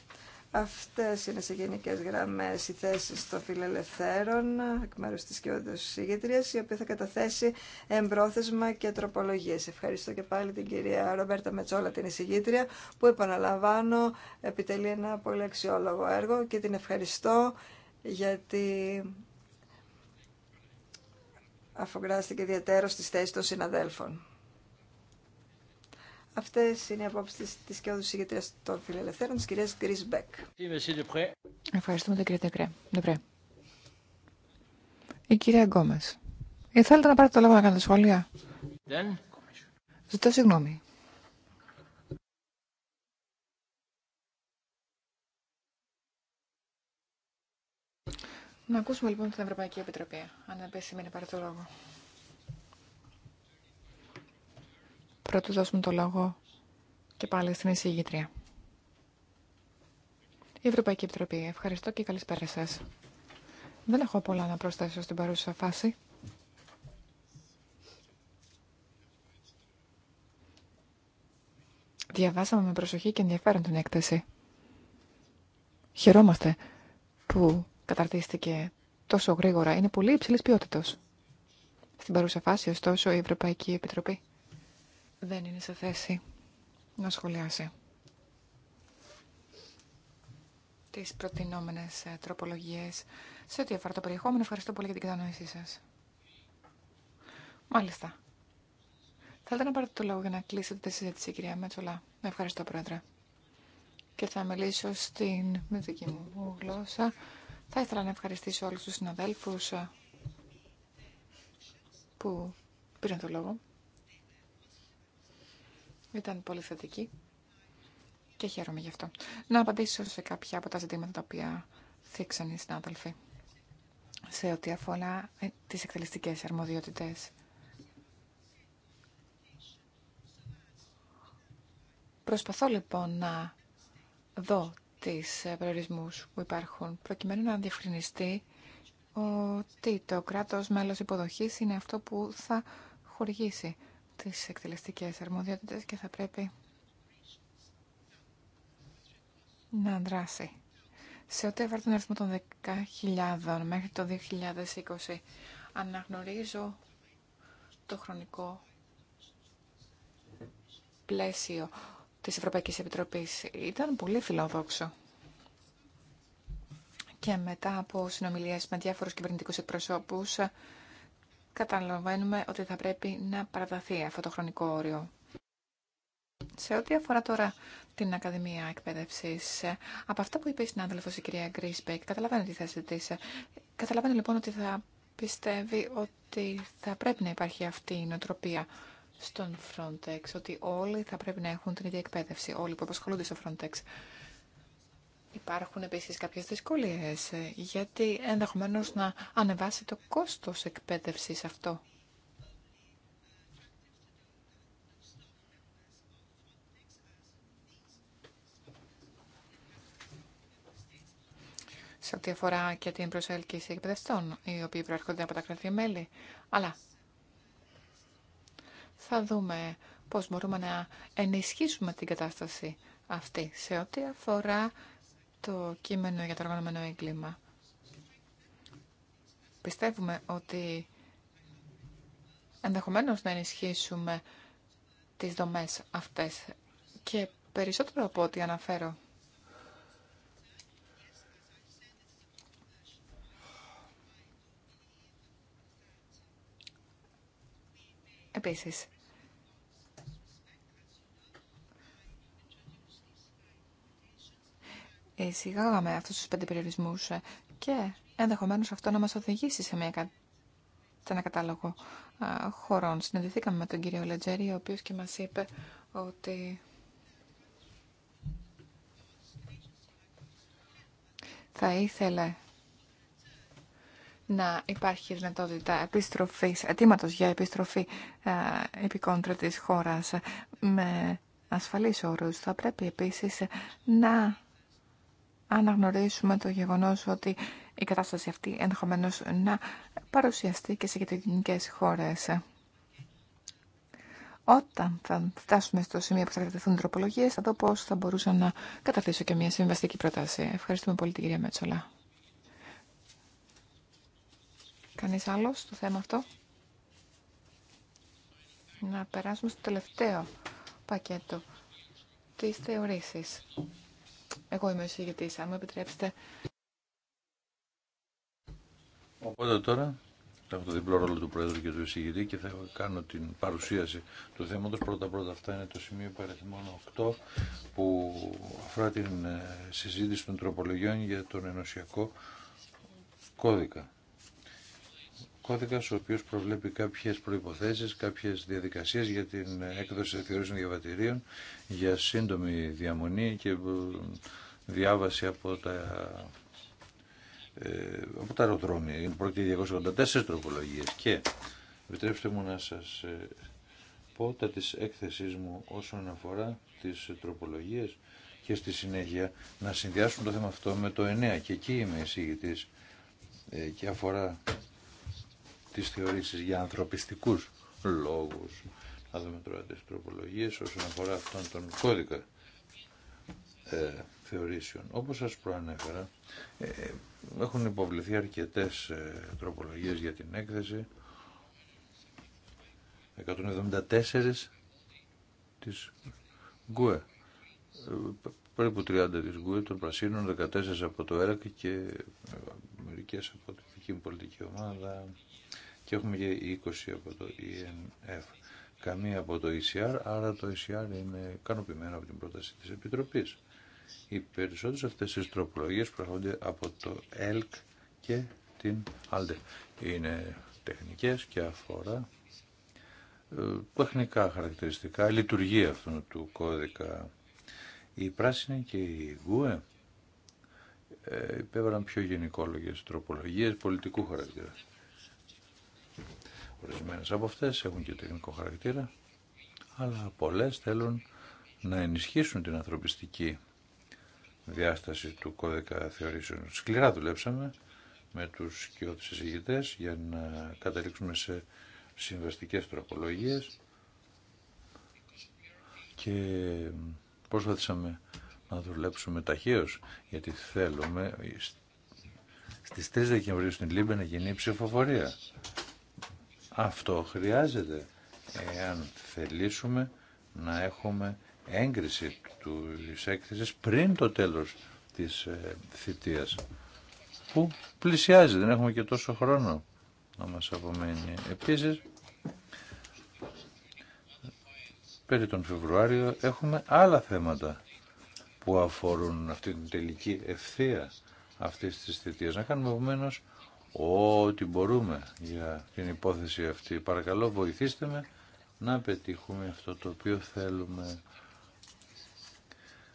Αυτές είναι σε γενικές γραμμές οι θέσεις των φιλελευθέρων εκ μέρους της τη ηγετρίας, η οποία θα καταθέσει εμπρόθεσμα και τροπολογίες. Ευχαριστώ και πάλι την κυρία Ρομπέρτα Μετσόλα, την εισηγήτρια, που επαναλαμβάνω επιτελεί ένα πολύ αξιόλογο έργο και την ευχαριστώ γιατί αφογκράστηκε ιδιαίτερο στις θέσεις των συναδέλφων. Αυτέ είναι οι απόψει τη κέντρου ηγετρία των φιλελευθέρων, κυρία κυρίας Γκρισμπέκ. Ευχαριστούμε τον κύριο Ντεπρέ. Η κυρία Γκόμε. Ε, θέλετε να πάρετε το λόγο να κάνετε σχόλια. Then... Ζητώ συγγνώμη. Να ακούσουμε λοιπόν την Ευρωπαϊκή Επιτροπή, αν επισημαίνει πάρει το λόγο. Πρώτος δώσουμε το λόγο και πάλι στην εισηγήτρια. Η Ευρωπαϊκή Επιτροπή, ευχαριστώ και καλησπέρα σα. Δεν έχω πολλά να προσθέσω στην παρούσα φάση. Διαβάσαμε με προσοχή και ενδιαφέρον την έκθεση. Χαιρόμαστε που καταρτίστηκε τόσο γρήγορα. Είναι πολύ υψηλής ποιότητος. Στην παρούσα φάση, ωστόσο, η Ευρωπαϊκή Επιτροπή δεν είναι σε θέση να σχολιάσει τις προτινόμενες ε, τροπολογίες σε ό,τι αφορά το περιεχόμενο. Ευχαριστώ πολύ για την κατανόησή σας. Μάλιστα. Θέλετε να πάρετε το λόγο για να κλείσετε τη συζήτηση, κυρία Μέτσολα. Ευχαριστώ, Πρόεδρε. Και θα μιλήσω στην δική μου γλώσσα. Θα ήθελα να ευχαριστήσω όλους τους συναδέλφους ε, που πήραν το λόγο ήταν πολύ θετική και χαίρομαι γι' αυτό. Να απαντήσω σε κάποια από τα ζητήματα τα οποία θίξαν οι συνάδελφοι σε ό,τι αφορά ε, τις εκτελεστικές αρμοδιότητες. Προσπαθώ λοιπόν να δω τις ε, περιορισμούς που υπάρχουν προκειμένου να διευκρινιστεί ότι το κράτος μέλος υποδοχής είναι αυτό που θα χορηγήσει τις εκτελεστικές αρμοδιότητες και θα πρέπει να δράσει. Σε ό,τι αφορά τον αριθμό των 10.000 μέχρι το 2020, αναγνωρίζω το χρονικό πλαίσιο της Ευρωπαϊκής Επιτροπής. Ήταν πολύ φιλόδοξο. Και μετά από συνομιλίες με διάφορους κυβερνητικούς εκπροσώπους, καταλαβαίνουμε ότι θα πρέπει να παραταθεί αυτό το χρονικό όριο. Σε ό,τι αφορά τώρα την Ακαδημία Εκπαίδευση, από αυτά που είπε η συνάδελφο η κυρία Γκρίσπεκ, καταλαβαίνω τη θέση τη. Καταλαβαίνω λοιπόν ότι θα πιστεύει ότι θα πρέπει να υπάρχει αυτή η νοοτροπία στον Frontex, ότι όλοι θα πρέπει να έχουν την ίδια εκπαίδευση, όλοι που απασχολούνται στο Frontex. Υπάρχουν επίσης κάποιες δυσκολίες, ε, γιατί ενδεχομένως να ανεβάσει το κόστος εκπαίδευσης αυτό. σε ό,τι αφορά και την προσέλκυση εκπαιδευτών, οι οποίοι προέρχονται από τα κράτη-μέλη. Αλλά θα δούμε πώς μπορούμε να ενισχύσουμε την κατάσταση αυτή σε ό,τι αφορά το κείμενο για το οργανωμένο έγκλημα. Πιστεύουμε ότι ενδεχομένως να ενισχύσουμε τις δομές αυτές και περισσότερο από ό,τι αναφέρω. Επίσης, Ε, εισηγάγαμε αυτούς τους πέντε περιορισμούς ε, και ενδεχομένως αυτό να μας οδηγήσει σε, μια, ένα κατάλογο χωρών. Συναντηθήκαμε με τον κύριο Λετζέρη, ο οποίος και μας είπε ότι θα ήθελε να υπάρχει δυνατότητα επιστροφής, αιτήματος για επιστροφή επικόντρα της χώρας ε, με ασφαλείς όρους. Θα πρέπει επίσης να αναγνωρίσουμε το γεγονός ότι η κατάσταση αυτή ενδεχομένως να παρουσιαστεί και σε γειτονικέ χώρες. Όταν θα φτάσουμε στο σημείο που θα κατατεθούν τροπολογίες, θα δω πώς θα μπορούσα να καταθέσω και μια συμβαστική πρόταση. Ευχαριστούμε πολύ την κυρία Μέτσολα. Κανείς άλλος στο θέμα αυτό? Να περάσουμε στο τελευταίο πακέτο, της θεωρήσης. Εγώ είμαι ο εισηγητής, αν μου επιτρέψετε. Οπότε τώρα θα έχω το διπλό ρόλο του Πρόεδρου και του εισηγητή και θα κάνω την παρουσίαση του θέματος. Πρώτα-πρώτα αυτά είναι το σημείο παριθμών 8 που αφορά την ε, συζήτηση των τροπολογιών για τον ενωσιακό κώδικα κώδικα ο οποίο προβλέπει κάποιε προποθέσει, κάποιε διαδικασίε για την έκδοση θεωρήσεων διαβατηρίων για σύντομη διαμονή και ε, διάβαση από τα, ε, από τα αεροδρόμια. Είναι πρόκειται 284 τροπολογίε. και επιτρέψτε μου να σα ε, πω τα τη έκθεσή μου όσον αφορά τι τροπολογίε και στη συνέχεια να συνδυάσουν το θέμα αυτό με το 9 και εκεί είμαι εισηγητή και αφορά τις θεωρήσεις για ανθρωπιστικούς λόγους. Να δούμε τώρα τις τροπολογίες όσον αφορά αυτόν τον κώδικα ε, θεωρήσεων. Όπως σας προανέφερα, ε, έχουν υποβληθεί αρκετές ε, τροπολογίες για την έκθεση. 174 της ΓΚΟΕ. Ε, περίπου 30 της ΓΚΟΕ, των Πρασίνων, 14 από το ΕΡΑΚ και μερικές από τη δική μου πολιτική ομάδα και έχουμε και 20 από το ENF. Καμία από το ECR, άρα το ECR είναι ικανοποιημένο από την πρόταση της Επιτροπής. Οι περισσότερες αυτές τις τροπολογίες προέρχονται από το Elk και την ALDE. Είναι τεχνικές και αφορά ε, τεχνικά χαρακτηριστικά, λειτουργία αυτού του κώδικα. Η Πράσινη και η ΓΟΕ ε, υπέβαλαν πιο γενικόλογες τροπολογίες πολιτικού χαρακτήρα. Ορισμένε από αυτέ έχουν και τεχνικό χαρακτήρα, αλλά πολλέ θέλουν να ενισχύσουν την ανθρωπιστική διάσταση του κώδικα θεωρήσεων. Σκληρά δουλέψαμε με τους σκιώδεις εισηγητές για να καταλήξουμε σε συμβαστικέ τροπολογίες και προσπαθήσαμε να δουλέψουμε ταχύως γιατί θέλουμε στις 3 Δεκεμβρίου στην Λίμπε να γίνει η ψηφοφορία αυτό χρειάζεται εάν θελήσουμε να έχουμε έγκριση του έκθεση πριν το τέλος της ε, θητείας που πλησιάζει, δεν έχουμε και τόσο χρόνο να μας απομένει. Επίσης, περί τον Φεβρουάριο έχουμε άλλα θέματα που αφορούν αυτή την τελική ευθεία αυτής της θητείας. Να κάνουμε επομένως ό,τι μπορούμε για την υπόθεση αυτή. Παρακαλώ βοηθήστε με να πετύχουμε αυτό το οποίο θέλουμε.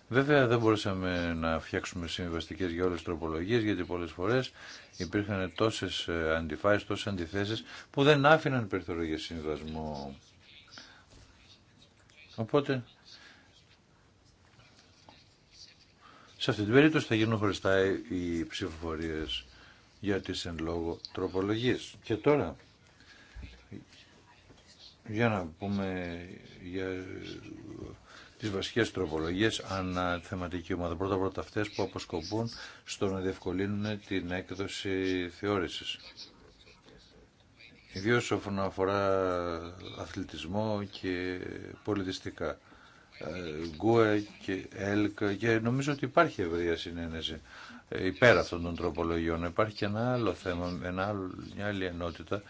Βέβαια δεν μπορούσαμε να φτιάξουμε συμβαστικές για όλες τις τροπολογίες γιατί πολλές φορές υπήρχαν τόσες ε, αντιφάσεις, τόσες αντιθέσεις που δεν άφηναν περιθώριο για συμβασμό. Οπότε σε αυτή την περίπτωση θα γίνουν χωριστά οι ψηφοφορίες για τις εν λόγω τροπολογίες. Και τώρα, για να πούμε για ε, τις βασικές τροπολογίες ανά θεματική ομάδα. Πρώτα πρώτα αυτές που αποσκοπούν στο να διευκολύνουν την έκδοση θεώρησης. Ιδίω όσον αφορά αθλητισμό και πολιτιστικά. Ε, Γκουε και ΕΛΚ και νομίζω ότι υπάρχει ευρεία συνένεση υπέρ αυτών των τροπολογιών. Υπάρχει και ένα άλλο θέμα, ένα μια άλλη ενότητα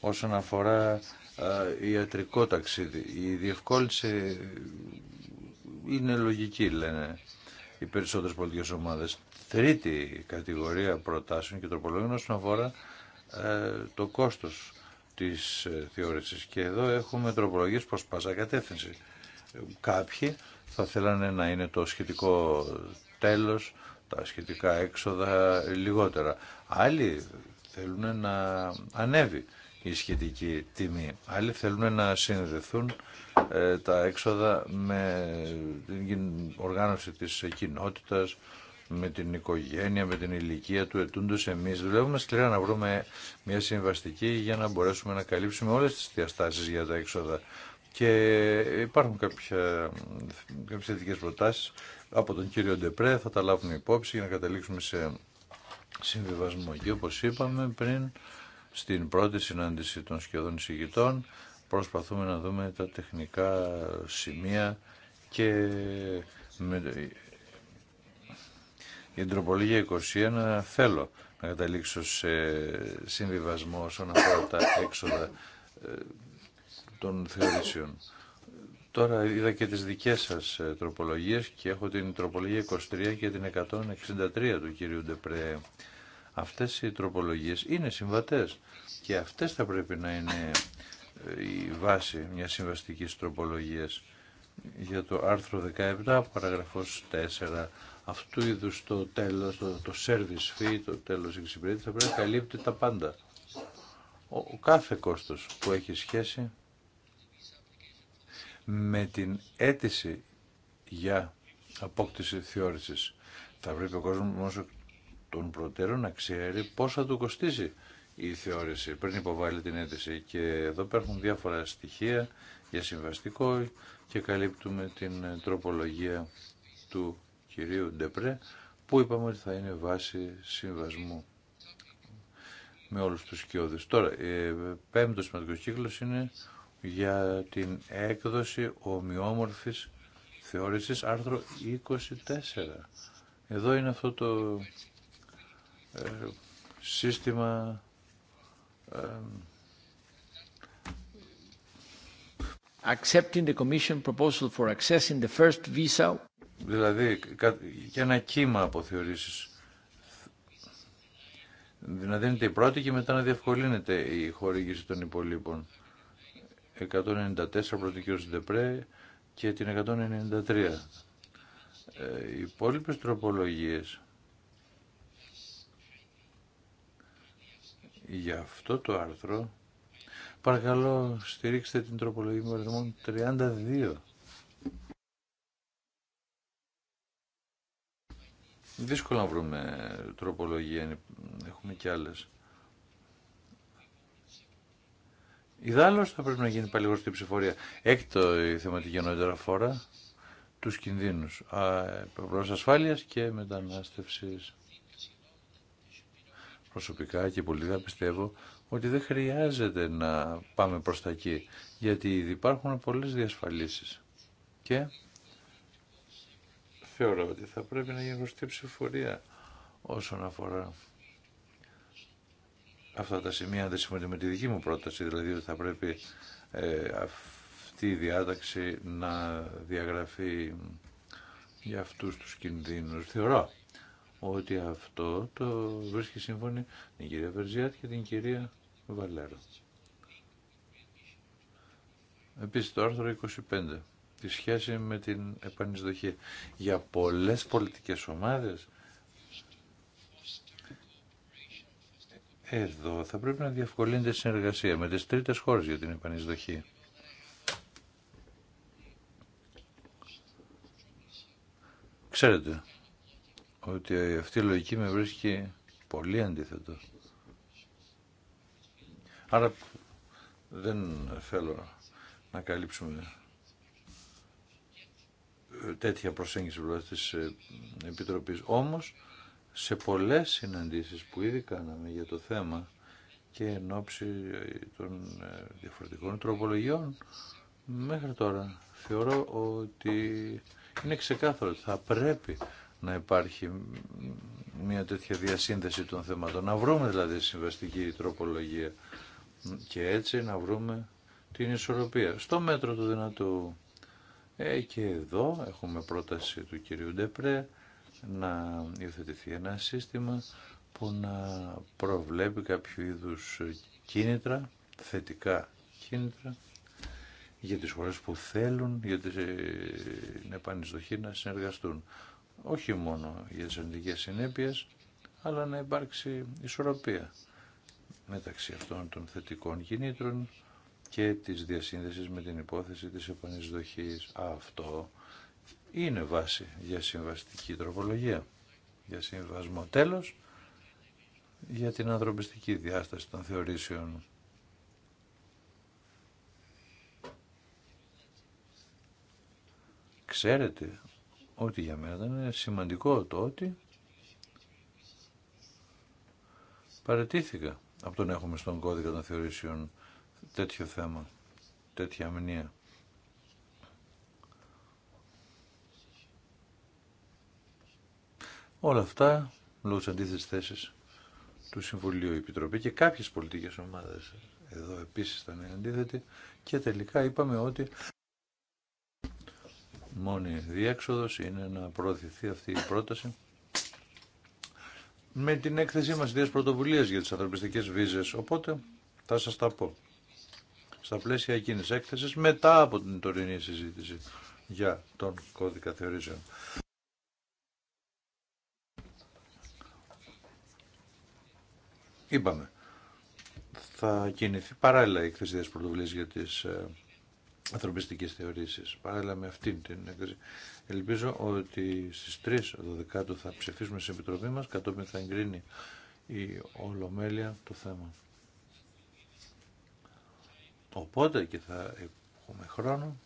όσον αφορά ιατρικό ταξίδι. Η διευκόλυνση είναι λογική, λένε οι περισσότερες πολιτικές ομάδες. Τρίτη κατηγορία προτάσεων και τροπολογιών όσον αφορά ε, το κόστος της ε, θεώρησης. Και εδώ έχουμε τροπολογίες προς πάσα κατεύθυνση. Κάποιοι θα θέλανε να είναι το σχετικό τέλος τα σχετικά έξοδα λιγότερα. Άλλοι θέλουν να ανέβει η σχετική τιμή. Άλλοι θέλουν να συνδεθούν ε, τα έξοδα με την οργάνωση της κοινότητα, με την οικογένεια, με την ηλικία του ετούντος εμείς. Δουλεύουμε σκληρά να βρούμε μια συμβαστική για να μπορέσουμε να καλύψουμε όλες τις διαστάσεις για τα έξοδα. Και υπάρχουν κάποιες θετικές προτάσεις από τον κύριο Ντεπρέ θα τα λάβουμε υπόψη για να καταλήξουμε σε συμβιβασμό. Και όπως είπαμε πριν, στην πρώτη συνάντηση των σχεδόν εισηγητών, προσπαθούμε να δούμε τα τεχνικά σημεία και με... η τροπολογία 21 θέλω να καταλήξω σε συμβιβασμό όσον αφορά τα έξοδα ε, των θεωρήσεων. Τώρα είδα και τις δικές σας ε, τροπολογίες και έχω την τροπολογία 23 και την 163 του κυρίου Ντεπρέ. Αυτές οι τροπολογίες είναι συμβατές και αυτές θα πρέπει να είναι ε, η βάση μιας συμβαστικής τροπολογίας για το άρθρο 17, παραγραφός 4, αυτού είδους το τέλος, το, το service fee, το τέλος εξυπηρέτηση, θα πρέπει να καλύπτει τα πάντα. Ο, ο κάθε κόστος που έχει σχέση με την αίτηση για απόκτηση θεώρησης. Θα πρέπει ο κόσμος τον προτέρων να ξέρει πώς θα του κοστίσει η θεώρηση πριν υποβάλει την αίτηση. Και εδώ υπάρχουν διάφορα στοιχεία για συμβαστικό και καλύπτουμε την τροπολογία του κυρίου Ντεπρέ που είπαμε ότι θα είναι βάση συμβασμού με όλους τους σκιώδες. Τώρα, ε, πέμπτο σημαντικός κύκλος είναι για την έκδοση ομοιόμορφης θεώρησης άρθρο 24. Εδώ είναι αυτό το ε, σύστημα ε, Accepting the Commission proposal for accessing the first visa. Δηλαδή, για ένα κύμα από θεωρήσεις. Δηλαδή, να δίνεται η πρώτη και μετά να διευκολύνεται η χορήγηση των υπολείπων. 194 πρώτη κύριο Δεπρέ και την 193. Ε, οι υπόλοιπες τροπολογίες για αυτό το άρθρο παρακαλώ στηρίξτε την τροπολογία με αριθμό 32. Δύσκολο να βρούμε τροπολογία, έχουμε και άλλες. Ιδάλλως θα πρέπει να γίνει πάλι στην ψηφορία. Έκτο η θεματική ενότητα αφορά τους κινδύνους προς ασφάλειας και μετανάστευσης. Προσωπικά και πολύ πιστεύω ότι δεν χρειάζεται να πάμε προς τα εκεί, γιατί υπάρχουν πολλές διασφαλίσεις. Και θεωρώ ότι θα πρέπει να γίνει γνωστή ψηφορία όσον αφορά αυτά τα σημεία δεν συμφωνείτε με τη δική μου πρόταση, δηλαδή ότι θα πρέπει ε, αυτή η διάταξη να διαγραφεί για αυτούς τους κινδύνους. Θεωρώ ότι αυτό το βρίσκει σύμφωνη την κυρία Βερζιάτ και την κυρία Βαλέρο. Επίσης το άρθρο 25, τη σχέση με την επανεισδοχή. Για πολλές πολιτικές ομάδες Εδώ θα πρέπει να διευκολύνεται η συνεργασία με τις τρίτες χώρες για την επανεισδοχή. Ξέρετε ότι αυτή η λογική με βρίσκει πολύ αντίθετο. Άρα δεν θέλω να καλύψουμε τέτοια προσέγγιση της ε, Επιτροπής. Όμως σε πολλές συναντήσεις που ήδη κάναμε για το θέμα και εν ώψη ε, των ε, διαφορετικών τροπολογιών μέχρι τώρα θεωρώ ότι είναι ξεκάθαρο ότι θα πρέπει να υπάρχει μια τέτοια διασύνδεση των θεμάτων, να βρούμε δηλαδή συμβαστική τροπολογία και έτσι να βρούμε την ισορροπία. Στο μέτρο του δυνατού. Ε, και εδώ έχουμε πρόταση του κυρίου Ντεπρέ, να υιοθετηθεί ένα σύστημα που να προβλέπει κάποιο είδους κίνητρα, θετικά κίνητρα, για τις χώρες που θέλουν, για την ε, επανεισδοχή να συνεργαστούν. Όχι μόνο για τις αρνητικές συνέπειες, αλλά να υπάρξει ισορροπία μεταξύ αυτών των θετικών κινήτρων και της διασύνδεσης με την υπόθεση της επανεισδοχής. Αυτό είναι βάση για συμβαστική τροπολογία, για συμβασμό. Τέλος, για την ανθρωπιστική διάσταση των θεωρήσεων. Ξέρετε ότι για μένα είναι σημαντικό το ότι παρετήθηκα από τον έχουμε στον κώδικα των θεωρήσεων τέτοιο θέμα, τέτοια αμνία. Όλα αυτά λόγω τη αντίθεση θέση του Συμβουλίου η Επιτροπή και κάποιες πολιτικές ομάδες εδώ επίσης ήταν αντίθετοι και τελικά είπαμε ότι μόνη διέξοδο είναι να προωθηθεί αυτή η πρόταση με την έκθεσή μας ιδέες πρωτοβουλίες για τις ανθρωπιστικές βίζες. Οπότε θα σας τα πω. Στα πλαίσια εκείνης έκθεσης μετά από την τωρινή συζήτηση για τον κώδικα θεωρήσεων. Είπαμε, θα κινηθεί παράλληλα η εκθεσία της πρωτοβουλίας για τις ε, ανθρωπιστικές θεωρήσεις, παράλληλα με αυτήν την έκθεση. Ελπίζω ότι στις 3 θα ψηφίσουμε στην Επιτροπή μας, κατόπιν θα εγκρίνει η Ολομέλεια το θέμα. Οπότε και θα έχουμε χρόνο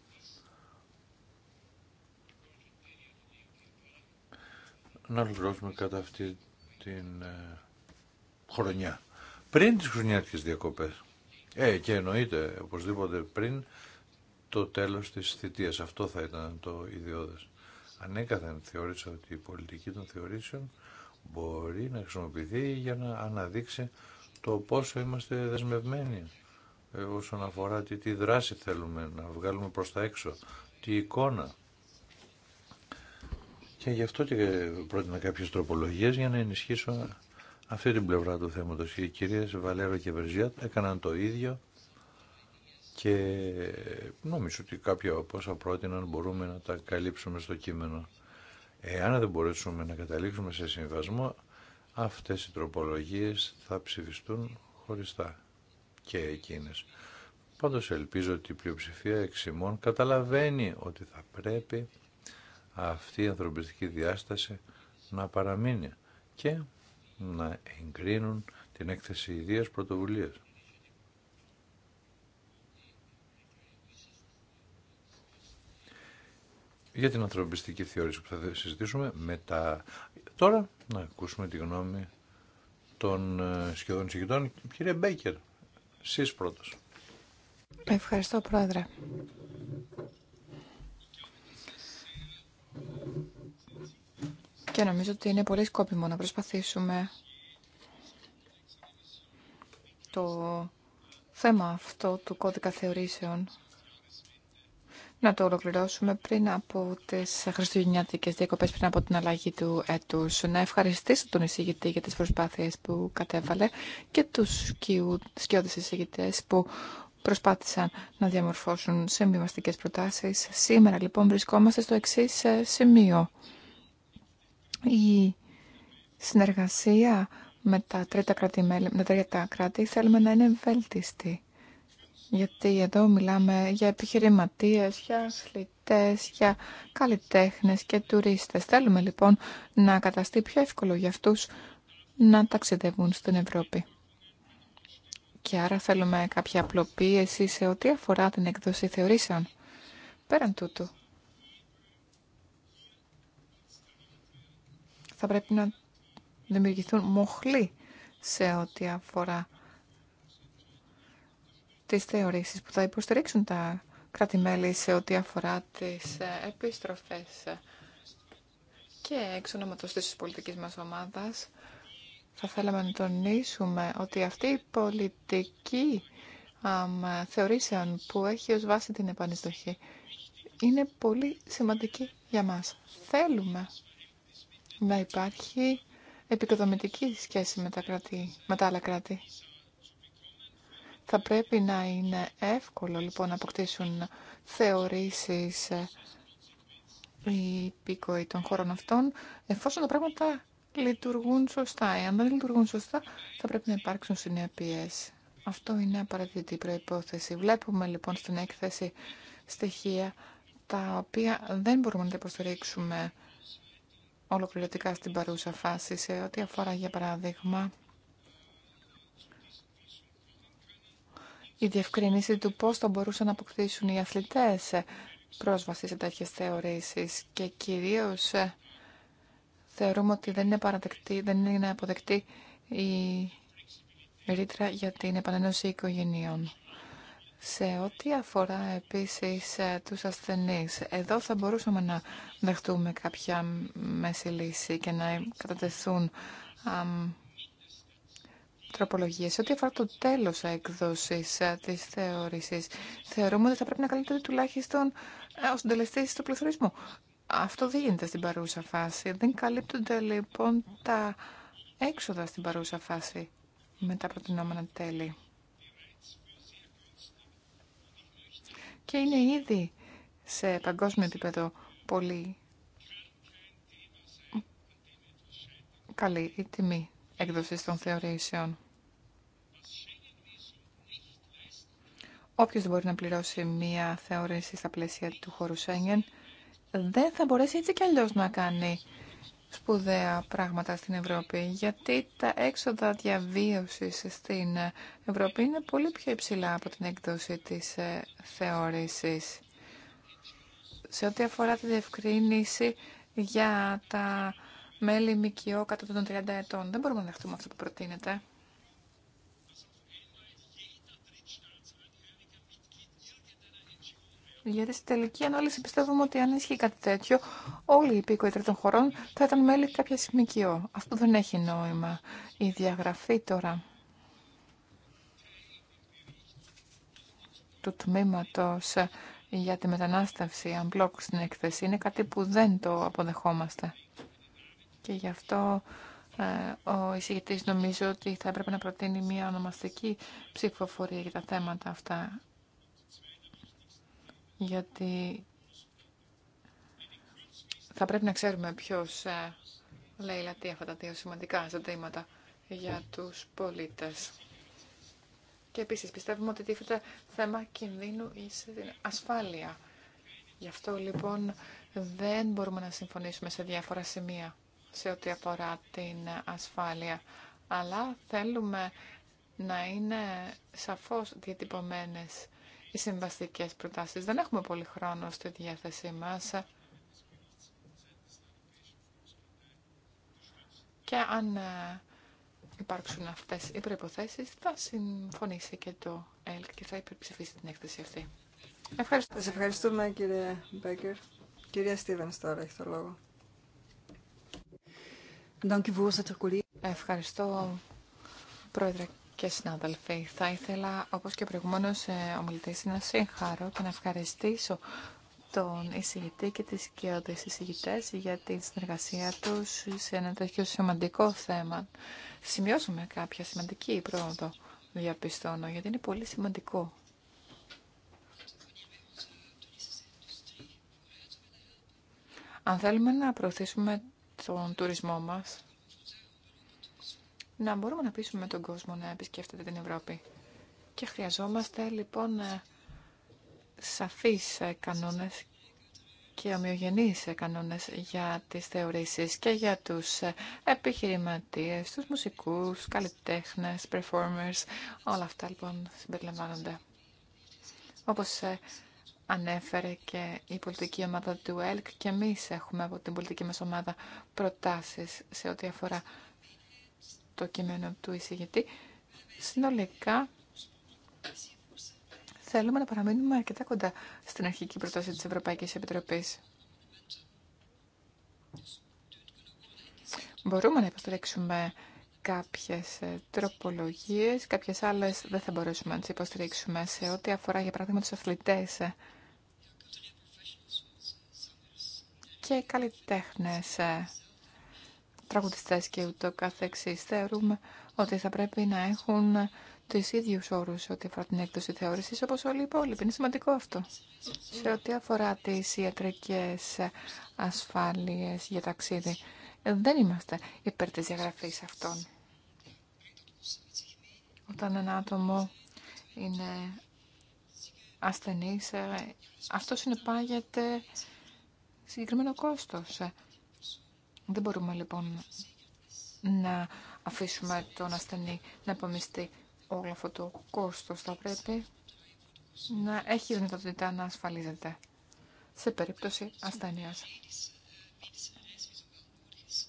να ολοκληρώσουμε κατά αυτή την ε, χρονιά. Πριν τις χρονιάτικες διακοπές. Ε, και εννοείται οπωσδήποτε πριν το τέλος της θητείας. Αυτό θα ήταν το ιδιώδες. Ανέκαθεν θεώρησα ότι η πολιτική των θεωρήσεων μπορεί να χρησιμοποιηθεί για να αναδείξει το πόσο είμαστε δεσμευμένοι ε, όσον αφορά τι, τι δράση θέλουμε να βγάλουμε προς τα έξω, τι εικόνα. Και γι' αυτό και πρότεινα κάποιες τροπολογίες για να ενισχύσω αυτή την πλευρά του θέματος και οι κυρίες Βαλέρο και Βερζιάτ έκαναν το ίδιο και νομίζω ότι κάποια από όσα πρότειναν μπορούμε να τα καλύψουμε στο κείμενο. Εάν δεν μπορέσουμε να καταλήξουμε σε συμβασμό, αυτές οι τροπολογίες θα ψηφιστούν χωριστά και εκείνες. Πάντως ελπίζω ότι η πλειοψηφία εξημών καταλαβαίνει ότι θα πρέπει αυτή η ανθρωπιστική διάσταση να παραμείνει και να εγκρίνουν την έκθεση ιδίας πρωτοβουλίας. για την ανθρωπιστική θεώρηση που θα συζητήσουμε μετά. Τώρα να ακούσουμε τη γνώμη των ε, σχεδόν συγκεκριτών. Κύριε Μπέικερ, εσείς πρώτος. Ευχαριστώ πρόεδρε. Και νομίζω ότι είναι πολύ σκόπιμο να προσπαθήσουμε το θέμα αυτό του κώδικα θεωρήσεων να το ολοκληρώσουμε πριν από τις χριστουγεννιάτικες διακοπές, πριν από την αλλαγή του έτους. Να ευχαριστήσω τον εισηγητή για τις προσπάθειες που κατέβαλε και τους σκιώδες εισηγητές που προσπάθησαν να διαμορφώσουν συμβιβαστικές προτάσεις. Σήμερα λοιπόν βρισκόμαστε στο εξή ε, σημείο η συνεργασία με τα τρίτα κράτη, με θέλουμε να είναι βέλτιστη. Γιατί εδώ μιλάμε για επιχειρηματίες, για αθλητές, για καλλιτέχνες και τουρίστες. Θέλουμε λοιπόν να καταστεί πιο εύκολο για αυτούς να ταξιδεύουν στην Ευρώπη. Και άρα θέλουμε κάποια απλοποίηση σε ό,τι αφορά την έκδοση θεωρήσεων. Πέραν τούτου, θα πρέπει να δημιουργηθούν μοχλοί σε ό,τι αφορά τις θεωρήσεις που θα υποστηρίξουν τα κράτη-μέλη σε ό,τι αφορά τις ε, επιστροφές και εξ ονόματος της πολιτικής μας ομάδας θα θέλαμε να τονίσουμε ότι αυτή η πολιτική θεωρήσεων που έχει ως βάση την επανειστοχή είναι πολύ σημαντική για μας. Θέλουμε να υπάρχει επικοδομητική σχέση με τα, κράτη, με τα άλλα κράτη. Θα πρέπει να είναι εύκολο λοιπόν να αποκτήσουν θεωρήσεις ε, οι υπήκοοι των χώρων αυτών, εφόσον τα πράγματα λειτουργούν σωστά. Εάν δεν λειτουργούν σωστά, θα πρέπει να υπάρξουν συνέπειες. Αυτό είναι απαραίτητη προϋπόθεση. Βλέπουμε λοιπόν στην έκθεση στοιχεία τα οποία δεν μπορούμε να τα υποστηρίξουμε ολοκληρωτικά στην παρούσα φάση σε ό,τι αφορά για παράδειγμα η διευκρινήση του πώς θα μπορούσαν να αποκτήσουν οι αθλητές πρόσβαση σε τέτοιες θεωρήσεις και κυρίως ε, θεωρούμε ότι δεν είναι, παραδεκτή, δεν είναι αποδεκτή η ρήτρα για την επανένωση οικογενειών. Σε ό,τι αφορά επίσης ε, τους ασθενείς, εδώ θα μπορούσαμε να δεχτούμε κάποια μέση λύση και να κατατεθούν αμ, τροπολογίες. Σε ό,τι αφορά το τέλος έκδοσης ε, της θεώρησης, θεωρούμε ότι θα πρέπει να καλύπτεται τουλάχιστον ε, ο συντελεστής του πληθωρισμού. Αυτό δεν γίνεται στην παρούσα φάση. Δεν καλύπτονται λοιπόν τα έξοδα στην παρούσα φάση με τα προτινόμενα τέλη. και είναι ήδη σε παγκόσμιο επίπεδο πολύ καλή η τιμή έκδοσης των θεωρήσεων. Όποιος δεν μπορεί να πληρώσει μία θεώρηση στα πλαίσια του χώρου Σέγγεν, δεν θα μπορέσει έτσι κι αλλιώς να κάνει σπουδαία πράγματα στην Ευρώπη, γιατί τα έξοδα διαβίωσης στην Ευρώπη είναι πολύ πιο υψηλά από την έκδοση της ε, θεώρησης. Σε ό,τι αφορά τη διευκρίνηση για τα μέλη ΜΚΟ κατά των 30 ετών, δεν μπορούμε να δεχτούμε αυτό που προτείνεται. Γιατί στην τελική ανάλυση πιστεύουμε ότι αν ισχύει κάτι τέτοιο, όλοι οι υπήκοοι των χωρών θα ήταν μέλη κάποια ΜΚΟ. Αυτό δεν έχει νόημα. Η διαγραφή τώρα του τμήματος για τη μετανάστευση, αν μπλοκ στην έκθεση, είναι κάτι που δεν το αποδεχόμαστε. Και γι' αυτό ε, ο εισηγητής νομίζω ότι θα έπρεπε να προτείνει μια ονομαστική ψηφοφορία για τα θέματα αυτά γιατί θα πρέπει να ξέρουμε ποιος ε, λέει λατή αυτά τα δύο σημαντικά ζητήματα για τους πολίτες. Και επίσης πιστεύουμε ότι τίθεται θέμα κινδύνου ή ασφάλεια. Γι' αυτό λοιπόν δεν μπορούμε να συμφωνήσουμε σε διάφορα σημεία σε ό,τι αφορά την ασφάλεια. Αλλά θέλουμε να είναι σαφώς διατυπωμένες οι συμβαστικές προτάσεις. Δεν έχουμε πολύ χρόνο στη διάθεσή μας. Και αν ε, υπάρξουν αυτές οι προϋποθέσεις, θα συμφωνήσει και το ΕΛΚ και θα υπερψηφίσει την έκθεση αυτή. Ευχαριστώ. ευχαριστούμε κύριε Μπέκερ. Κυρία Στίβενς τώρα έχει το λόγο. Ευχαριστώ, Πρόεδρε, και συνάδελφοι. Θα ήθελα, όπως και προηγουμένως ε, ομιλητής, να συγχαρώ και να ευχαριστήσω τον εισηγητή και τις κοιότητες εισηγητές για την συνεργασία τους σε ένα τέτοιο σημαντικό θέμα. Σημειώσουμε κάποια σημαντική πρόοδο, διαπιστώνω, γιατί είναι πολύ σημαντικό. Αν θέλουμε να προωθήσουμε τον τουρισμό μας, να μπορούμε να πείσουμε τον κόσμο να επισκέφτεται την Ευρώπη. Και χρειαζόμαστε λοιπόν ε, σαφείς ε, κανόνες και ομοιογενείς ε, κανόνες για τις θεωρήσεις και για τους επιχειρηματίες, τους μουσικούς, καλλιτέχνες, performers, όλα αυτά λοιπόν συμπεριλαμβάνονται. Όπως ανέφερε και η πολιτική ομάδα του ΕΛΚ και εμείς έχουμε από την πολιτική μας ομάδα προτάσεις σε ό,τι αφορά το κείμενο του εισηγητή. Συνολικά θέλουμε να παραμείνουμε αρκετά κοντά στην αρχική πρόταση της Ευρωπαϊκής Επιτροπής. Μπορούμε να υποστηρίξουμε κάποιες ε, τροπολογίες, κάποιες άλλες δεν θα μπορέσουμε να τις υποστηρίξουμε σε ό,τι αφορά για παράδειγμα τους αθλητές ε, και καλλιτέχνες ε τραγουδιστές και ούτω καθεξής. Θεωρούμε ότι θα πρέπει να έχουν τους ίδιους όρους ό,τι αφορά την έκδοση θεώρησης όπως όλοι οι υπόλοιποι. Είναι σημαντικό αυτό. Σε ό,τι αφορά τις ιατρικές ασφάλειες για ταξίδι, δεν είμαστε υπέρ της διαγραφής αυτών. Όταν ένα άτομο είναι ασθενής, ε, αυτό συνεπάγεται συγκεκριμένο κόστος. Δεν μπορούμε λοιπόν να αφήσουμε τον ασθενή να επομιστεί όλο αυτό το κόστος. Θα πρέπει να έχει δυνατότητα να ασφαλίζεται σε περίπτωση ασθένειας.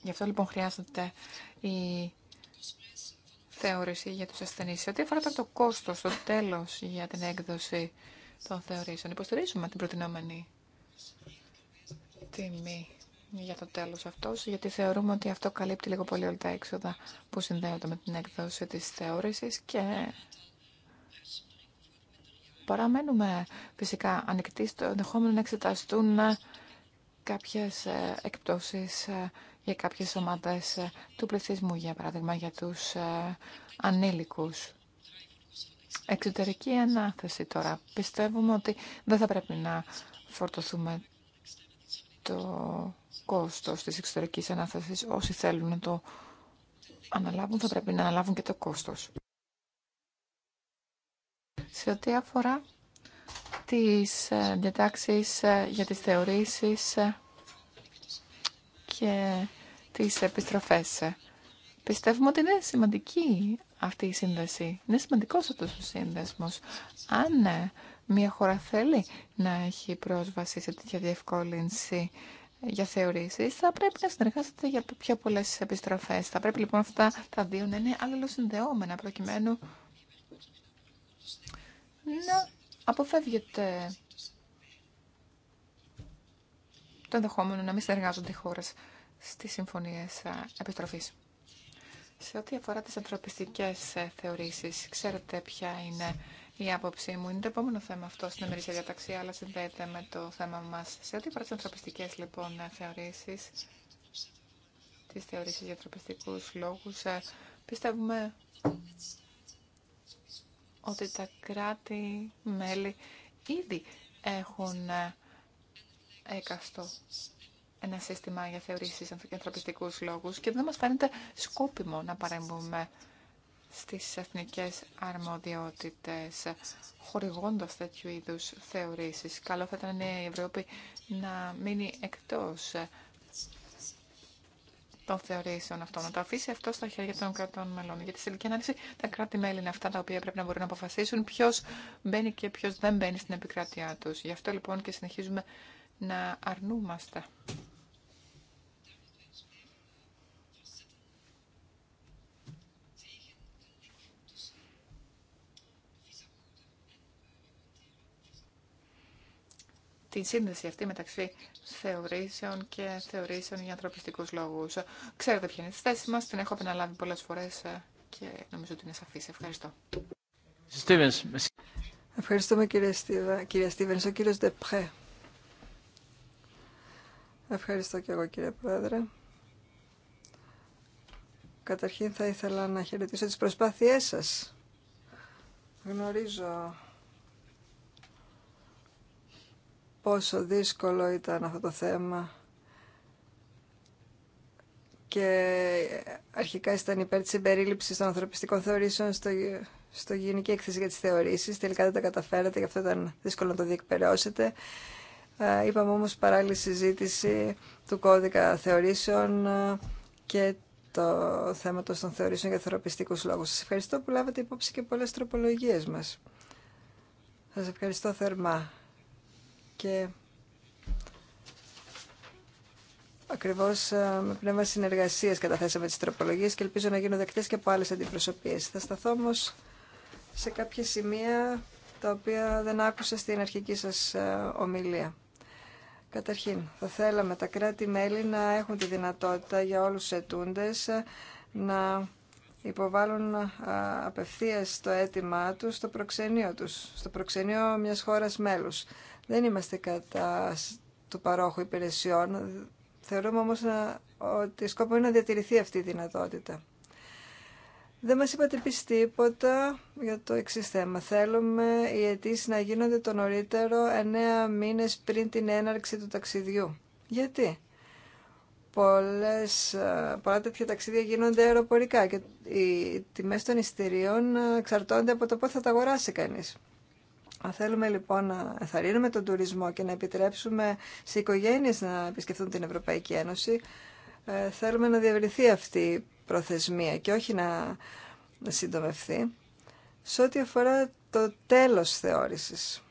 Γι' αυτό λοιπόν χρειάζεται η θεώρηση για τους ασθενείς. Σε ό,τι αφορά το κόστος, το τέλος για την έκδοση των θεωρήσεων, υποστηρίζουμε την προτινόμενη τιμή για το τέλος αυτός, γιατί θεωρούμε ότι αυτό καλύπτει λίγο πολύ όλα τα έξοδα που συνδέονται με την έκδοση της θεώρησης και παραμένουμε φυσικά ανοιχτοί στο ενδεχόμενο να εξεταστούν κάποιες ε, εκπτώσεις ε, για κάποιες ομάδες ε, του πληθυσμού, για παράδειγμα για τους ανήλικους. Εξωτερική ανάθεση τώρα. Πιστεύουμε ότι δεν θα πρέπει να φορτωθούμε το κόστος της εξωτερικής ανάθεσης. Όσοι θέλουν να το αναλάβουν θα πρέπει να αναλάβουν και το κόστος. Σε ό,τι αφορά τις ε, διατάξεις ε, για τις θεωρήσεις ε, και τις επιστροφές. Πιστεύουμε ότι είναι σημαντική αυτή η σύνδεση. Είναι σημαντικός αυτός ο σύνδεσμος. Αν μια χώρα θέλει να έχει πρόσβαση σε τέτοια διευκόλυνση για θεωρήσεις, θα πρέπει να συνεργάζεται για πιο πολλές επιστροφές. Θα πρέπει λοιπόν αυτά τα δύο να είναι αλληλοσυνδεόμενα προκειμένου να αποφεύγετε το ενδεχόμενο να μην συνεργάζονται οι χώρες στις συμφωνίες ε, επιστροφής. Σε ό,τι αφορά τις ανθρωπιστικές ε, θεωρήσεις, ξέρετε ποια είναι η άποψή μου. Είναι το επόμενο θέμα αυτό στην ημερήσια διαταξή, αλλά συνδέεται με το θέμα μα. Σε ό,τι αφορά τι ανθρωπιστικέ λοιπόν θεωρήσει, τι θεωρήσει για ανθρωπιστικού λόγου, ε, πιστεύουμε ότι τα κράτη-μέλη ήδη έχουν ε, έκαστο ένα σύστημα για θεωρήσεις για ανθρωπιστικούς λόγους και δεν μας φαίνεται σκόπιμο να παρέμβουμε στις εθνικές αρμοδιότητες, χορηγώντας τέτοιου είδους θεωρήσεις. Καλό θα ήταν η Ευρώπη να μείνει εκτός των θεωρήσεων αυτών. Να το αφήσει αυτό στα χέρια των κρατών μελών. Γιατί στη τελική ανάλυση τα κράτη-μέλη είναι αυτά τα οποία πρέπει να μπορούν να αποφασίσουν ποιο μπαίνει και ποιο δεν μπαίνει στην επικράτειά του. Γι' αυτό λοιπόν και συνεχίζουμε να αρνούμαστε την σύνδεση αυτή μεταξύ θεωρήσεων και θεωρήσεων για ανθρωπιστικούς λόγου. Ξέρετε ποια είναι τη θέση μα την έχω επαναλάβει πολλές φορές ε, και νομίζω ότι είναι σαφής. Ευχαριστώ. Ευχαριστούμε κύριε, Στίβα, κύριε Στίβενς. Ο κύριος Δεπρέ. Ευχαριστώ και εγώ κύριε Πρόεδρε. Καταρχήν θα ήθελα να χαιρετήσω τις προσπάθειές σας. Γνωρίζω πόσο δύσκολο ήταν αυτό το θέμα και αρχικά ήταν υπέρ της συμπερίληψης των ανθρωπιστικών θεωρήσεων στο, στο Γενική Έκθεση για τις Θεωρήσεις. Τελικά δεν τα καταφέρατε, γι' αυτό ήταν δύσκολο να το διεκπαιρεώσετε. Ε, είπαμε όμως παράλληλη συζήτηση του κώδικα θεωρήσεων ε, και το θέμα των θεωρήσεων για θεωροπιστικούς λόγους. Σας ευχαριστώ που λάβατε υπόψη και πολλές τροπολογίες μας. Σας ευχαριστώ θερμά και Ακριβώ ε, με πνεύμα συνεργασία καταθέσαμε τι τροπολογίε και ελπίζω να γίνουν δεκτέ και από άλλε αντιπροσωπείε. Θα σταθώ όμω σε κάποια σημεία τα οποία δεν άκουσα στην αρχική σας ε, ομιλία. Καταρχήν, θα θέλαμε τα κράτη-μέλη να έχουν τη δυνατότητα για όλους του ετούντε ε, να υποβάλουν απευθεία το αίτημά του στο προξενείο του, στο προξενείο μια χώρα μέλου. Δεν είμαστε κατά του παρόχου υπηρεσιών. Θεωρούμε όμως να, ε, ότι σκόπο είναι να διατηρηθεί αυτή η δυνατότητα. Δεν μας είπατε επίσης τίποτα για το εξή θέμα. Θέλουμε οι αιτήσει να γίνονται το νωρίτερο 9 μήνες πριν την έναρξη του ταξιδιού. Γιατί? Πολλές, ε, πολλά τέτοια ταξίδια γίνονται αεροπορικά και οι τιμές των εισιτηρίων ε, εξαρτώνται από το πότε θα τα αγοράσει κανείς. Αν θέλουμε λοιπόν να εθαρρύνουμε τον τουρισμό και να επιτρέψουμε σε οικογένειες να επισκεφθούν την Ευρωπαϊκή Ένωση, ε, θέλουμε να διαβριθεί αυτή η προθεσμία και όχι να, συντομευθεί. Σε ό,τι αφορά το τέλος θεώρησης.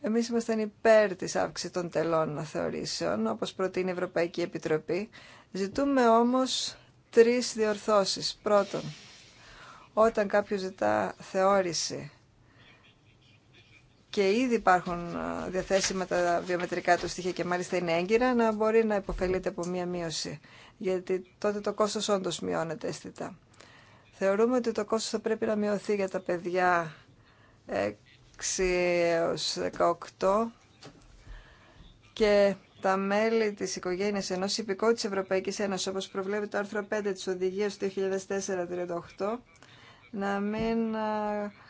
Εμείς ήμασταν υπέρ της αύξησης των τελών θεωρήσεων, όπως προτείνει η Ευρωπαϊκή Επιτροπή. Ζητούμε όμως τρεις διορθώσεις. Πρώτον, όταν κάποιος ζητά θεώρηση και ήδη υπάρχουν διαθέσιμα τα βιομετρικά του στοιχεία και μάλιστα είναι έγκυρα, να μπορεί να υποφελείται από μία μείωση. Γιατί τότε το κόστος όντως μειώνεται αισθητά. Θεωρούμε ότι το κόστος θα πρέπει να μειωθεί για τα παιδιά 6 έως 18 και τα μέλη της οικογένειας ενός υπηκότης της Ευρωπαϊκής Ένωσης, όπως προβλέπει το άρθρο 5 της Οδηγίας του 2004-38, να μην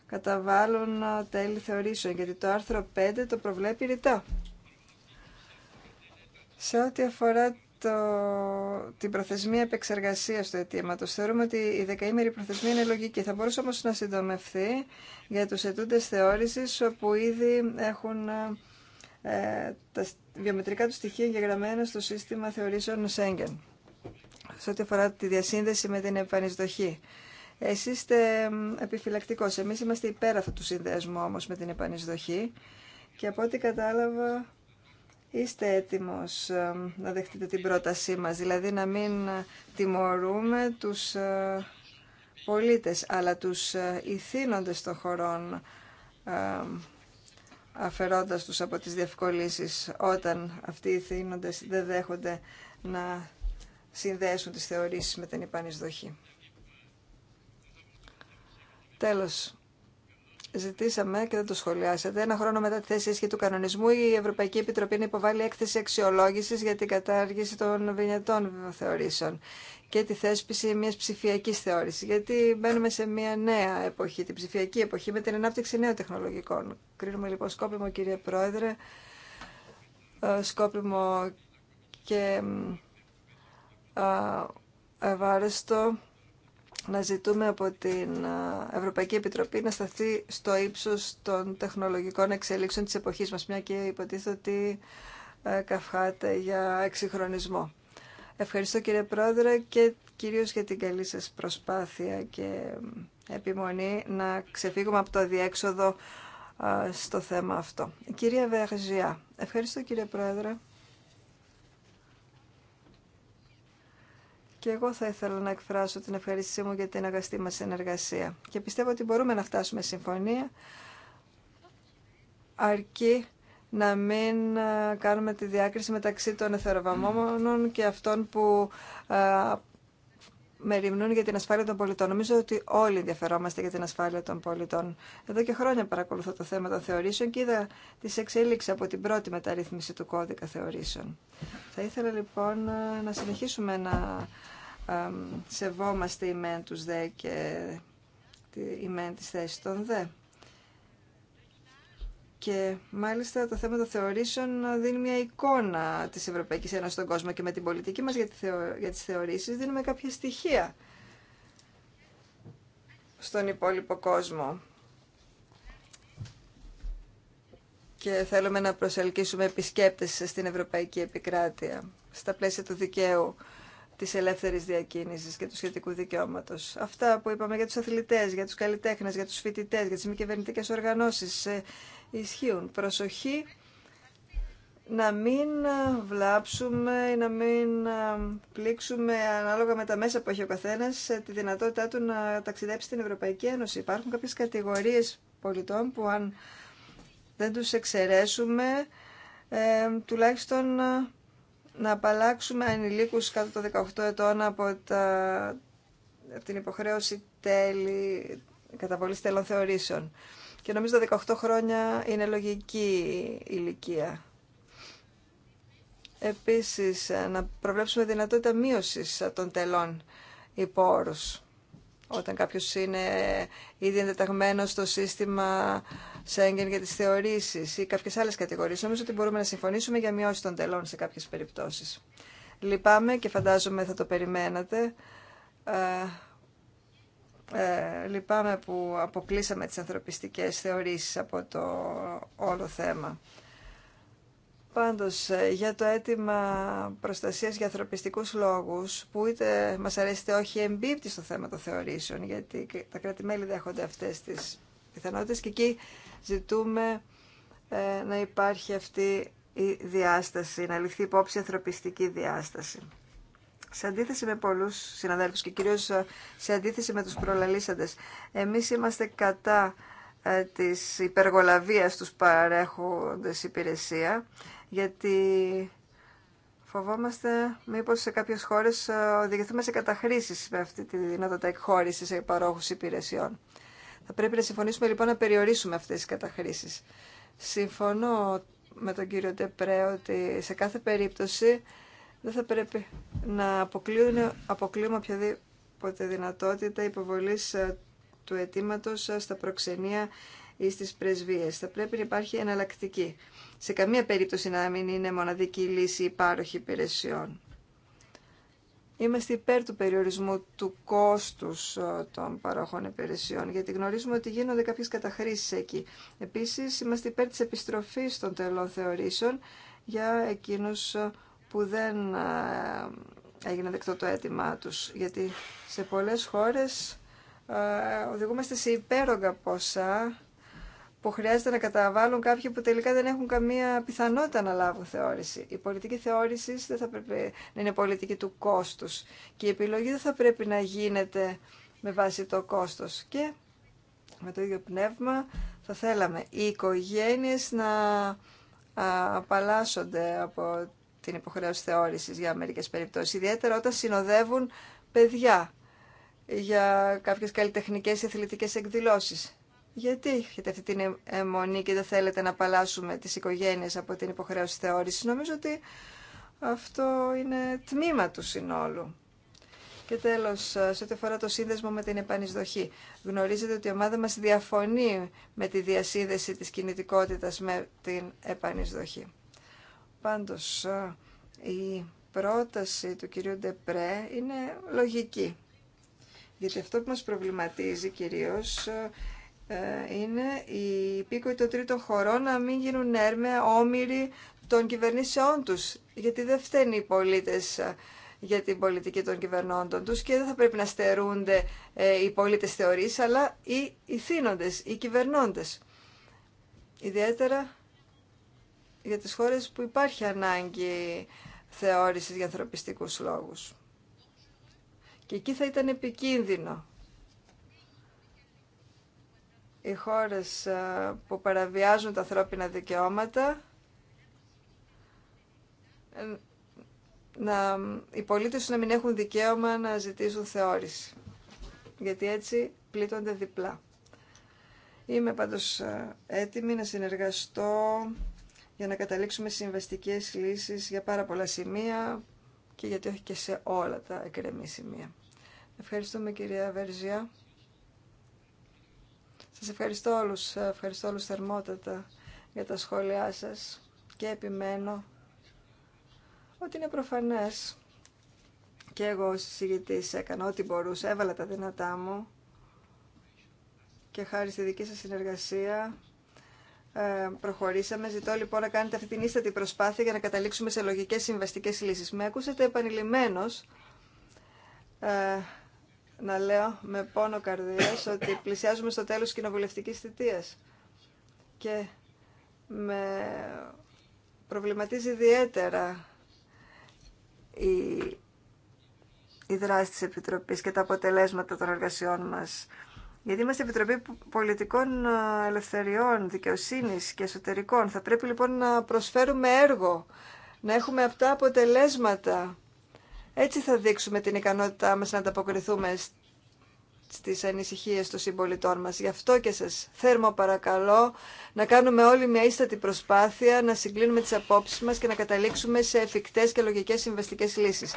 καταβάλουν τέλη θεωρήσεων, γιατί το άρθρο 5 το προβλέπει ρητά. Σε ό,τι αφορά το, την προθεσμία επεξεργασία του αιτήματο. Θεωρούμε ότι η δεκαήμερη προθεσμία είναι λογική. Θα μπορούσε όμω να συντομευθεί για του αιτούντε θεώρηση όπου ήδη έχουν ε, τα βιομετρικά του στοιχεία εγγεγραμμένα στο σύστημα θεωρήσεων Σέγγεν. Σε ό,τι αφορά τη διασύνδεση με την επανεισδοχή. Εσείς είστε επιφυλακτικός. Εμείς είμαστε υπέρ αυτού του συνδέσμου όμως με την επανεισδοχή και από ό,τι κατάλαβα είστε έτοιμος ε, να δεχτείτε την πρότασή μας, δηλαδή να μην ε, τιμωρούμε τους ε, πολίτες, αλλά τους ηθήνοντες των χωρών αφαιρώντας τους από τις διευκολύνσεις όταν αυτοί οι θύνοντες δεν δέχονται να συνδέσουν τις θεωρήσεις με την επανεισδοχή. Τέλος, ζητήσαμε και δεν το σχολιάσατε. Ένα χρόνο μετά τη θέση ίσχυ του κανονισμού, η Ευρωπαϊκή Επιτροπή να υποβάλει έκθεση αξιολόγηση για την κατάργηση των βινιατών θεωρήσεων και τη θέσπιση μια ψηφιακή θεώρηση. Γιατί μπαίνουμε σε μια νέα εποχή, την ψηφιακή εποχή, με την ανάπτυξη νέων τεχνολογικών. Κρίνουμε λοιπόν σκόπιμο, κύριε Πρόεδρε, ε, σκόπιμο και ε, ευάρεστο να ζητούμε από την ε, Ευρωπαϊκή Επιτροπή να σταθεί στο ύψος των τεχνολογικών εξελίξεων της εποχής μας, μια και υποτίθεται ότι ε, καυχάται για εξυγχρονισμό. Ευχαριστώ κύριε Πρόεδρε και κυρίως για την καλή σας προσπάθεια και ε, επιμονή να ξεφύγουμε από το διέξοδο στο θέμα αυτό. κυρία Βεαχζιά. Ευχαριστώ κύριε Πρόεδρε. Και εγώ θα ήθελα να εκφράσω την ευχαρίστησή μου για την αγαστή μας συνεργασία. Και πιστεύω ότι μπορούμε να φτάσουμε συμφωνία, αρκεί να μην ε, κάνουμε τη διάκριση μεταξύ των εθεροβαμόμενων και αυτών που ε, μεριμνούν για την ασφάλεια των πολιτών. Νομίζω ότι όλοι ενδιαφερόμαστε για την ασφάλεια των πολιτών. Εδώ και χρόνια παρακολουθώ το θέμα των θεωρήσεων και είδα τις εξέλιξεις από την πρώτη μεταρρύθμιση του κώδικα θεωρήσεων. Θα ήθελα λοιπόν να συνεχίσουμε να σεβόμαστε ημέν μεν τους δε και ημέν μεν τις θέσεις των δε. Και μάλιστα το θέμα των θεωρήσεων δίνει μια εικόνα της Ευρωπαϊκής Ένωσης στον κόσμο και με την πολιτική μας για τις θεωρήσεις δίνουμε κάποια στοιχεία στον υπόλοιπο κόσμο. Και θέλουμε να προσελκύσουμε επισκέπτες στην Ευρωπαϊκή Επικράτεια στα πλαίσια του δικαίου της ελεύθερης διακίνησης και του σχετικού δικαιώματος. Αυτά που είπαμε για τους αθλητές, για τους καλλιτέχνες, για τους φοιτητές, για τις μη κυβερνητικέ οργανώσεις, ισχύουν. Προσοχή να μην ε, βλάψουμε ή να μην ε, πλήξουμε ανάλογα με τα μέσα που έχει ο καθένας ε, τη δυνατότητά του να ταξιδέψει στην Ευρωπαϊκή Ένωση. Υπάρχουν κάποιες κατηγορίες πολιτών που αν δεν τους εξαιρέσουμε τουλάχιστον να απαλλάξουμε ανηλίκους κάτω των 18 ετών από, τα, την υποχρέωση τέλη καταβολής τελών θεωρήσεων. Και νομίζω τα 18 χρόνια είναι λογική ηλικία. Επίσης, ε, να προβλέψουμε δυνατότητα μείωσης ε, των τελών υπόρους. Όταν κάποιος είναι ε, ήδη εντεταγμένο στο σύστημα Σέγγεν για τις θεωρήσεις ή κάποιες άλλες κατηγορίες, νομίζω ότι μπορούμε να συμφωνήσουμε για μειώση των τελών σε κάποιες περιπτώσεις. Λυπάμαι και φαντάζομαι θα το περιμένατε ε, λυπάμαι που αποκλείσαμε τις ανθρωπιστικές θεωρήσεις από το όλο θέμα. Πάντως, ε, για το αίτημα προστασίας για ανθρωπιστικούς λόγους, που είτε μας αρέσει είτε όχι εμπίπτει στο θέμα των θεωρήσεων, γιατί τα κράτη-μέλη δέχονται αυτές τις πιθανότητες και εκεί ζητούμε ε, να υπάρχει αυτή η διάσταση, να ληφθεί υπόψη η ανθρωπιστική διάσταση σε αντίθεση με πολλούς συναδέλφους και κυρίως ε, σε αντίθεση με τους προλαλήσαντες, εμείς είμαστε κατά ε, της υπεργολαβίας τους παρέχοντες υπηρεσία, γιατί φοβόμαστε μήπως σε κάποιες χώρες ε, οδηγηθούμε σε καταχρήσεις με αυτή τη δυνατότητα εκχώρηση σε παρόχους υπηρεσιών. Θα πρέπει να συμφωνήσουμε λοιπόν να περιορίσουμε αυτές τις καταχρήσεις. Συμφωνώ με τον κύριο Τεπρέ ότι σε κάθε περίπτωση δεν θα πρέπει να αποκλείουν, αποκλείουμε οποιαδήποτε δυνατότητα υποβολής ε, του αιτήματο ε, στα προξενία ή στις πρεσβείες. Θα πρέπει να υπάρχει εναλλακτική. Σε καμία περίπτωση να μην είναι μοναδική λύση ή πάροχη υπηρεσιών. Είμαστε υπέρ του περιορισμού του κόστους ε, των παρόχων υπηρεσιών, γιατί γνωρίζουμε ότι γίνονται κάποιες καταχρήσεις εκεί. Επίσης, είμαστε υπέρ της επιστροφής των τελών θεωρήσεων για εκείνους που δεν ε, έγινε δεκτό το αίτημά τους, γιατί σε πολλές χώρες ε, οδηγούμαστε σε υπέρογκα ποσά που χρειάζεται να καταβάλουν κάποιοι που τελικά δεν έχουν καμία πιθανότητα να λάβουν θεώρηση. Η πολιτική θεώρηση δεν θα πρέπει να είναι πολιτική του κόστους και η επιλογή δεν θα πρέπει να γίνεται με βάση το κόστος. Και με το ίδιο πνεύμα θα θέλαμε οι οικογένειες να απαλλάσσονται από την υποχρέωση θεώρηση για μερικέ περιπτώσει, ιδιαίτερα όταν συνοδεύουν παιδιά για κάποιε καλλιτεχνικέ ή αθλητικέ εκδηλώσει. Γιατί έχετε αυτή την αιμονή και δεν θέλετε να απαλλάσσουμε τι οικογένειε από την υποχρέωση θεώρηση, Νομίζω ότι αυτό είναι τμήμα του συνόλου. Και τέλο, σε ό,τι αφορά το σύνδεσμο με την επανεισδοχή. Γνωρίζετε ότι η ομάδα μα διαφωνεί με τη διασύνδεση τη κινητικότητα με την επανεισδοχή. Πάντως, η πρόταση του κυρίου Ντεπρέ είναι λογική. Γιατί αυτό που μας προβληματίζει κυρίως ε, είναι η υπήκοοι των τρίτων χωρών να μην γίνουν έρμεα όμοιροι των κυβερνήσεών τους. Γιατί δεν φταίνουν οι πολίτες για την πολιτική των κυβερνώντων τους και δεν θα πρέπει να στερούνται ε, οι πολίτες θεωρείς, αλλά οι θύνοντες, οι κυβερνώντες. Ιδιαίτερα για τις χώρες που υπάρχει ανάγκη θεώρησης για ανθρωπιστικούς λόγους. Και εκεί θα ήταν επικίνδυνο οι χώρες ε, που παραβιάζουν τα ανθρώπινα δικαιώματα ε, να, οι πολίτες να μην έχουν δικαίωμα να ζητήσουν θεώρηση. Γιατί έτσι πλήττονται διπλά. Είμαι πάντως ε, έτοιμη να συνεργαστώ για να καταλήξουμε συμβαστικές λύσεις για πάρα πολλά σημεία και γιατί όχι και σε όλα τα εκκρεμή σημεία. Ευχαριστούμε κυρία Βερζιά. Σας ευχαριστώ όλους, ευχαριστώ όλους θερμότατα για τα σχόλιά σας και επιμένω ότι είναι προφανές και εγώ ως συγητής έκανα ό,τι μπορούσα, έβαλα τα δυνατά μου και χάρη στη δική σας συνεργασία ε, προχωρήσαμε. Ζητώ λοιπόν να κάνετε αυτή την ίστατη προσπάθεια για να καταλήξουμε σε λογικές συμβαστικέ λύσεις. Με ακούσατε επανειλημμένος ε, να λέω με πόνο καρδία ότι πλησιάζουμε στο τέλος κοινοβουλευτική θητείας. Και με προβληματίζει ιδιαίτερα η, η δράση της Επιτροπής και τα αποτελέσματα των εργασιών μας γιατί είμαστε Επιτροπή Πολιτικών ε, Ελευθεριών, Δικαιοσύνης και Εσωτερικών. Θα πρέπει λοιπόν να προσφέρουμε έργο, να έχουμε αυτά αποτελέσματα. Έτσι θα δείξουμε την ικανότητά μας να ανταποκριθούμε στις ανησυχίες των συμπολιτών μας. Γι' αυτό και σας θέρμο παρακαλώ να κάνουμε όλοι μια ίστατη προσπάθεια, να συγκλίνουμε τις απόψεις μας και να καταλήξουμε σε εφικτές και λογικές συμβαστικές λύσεις.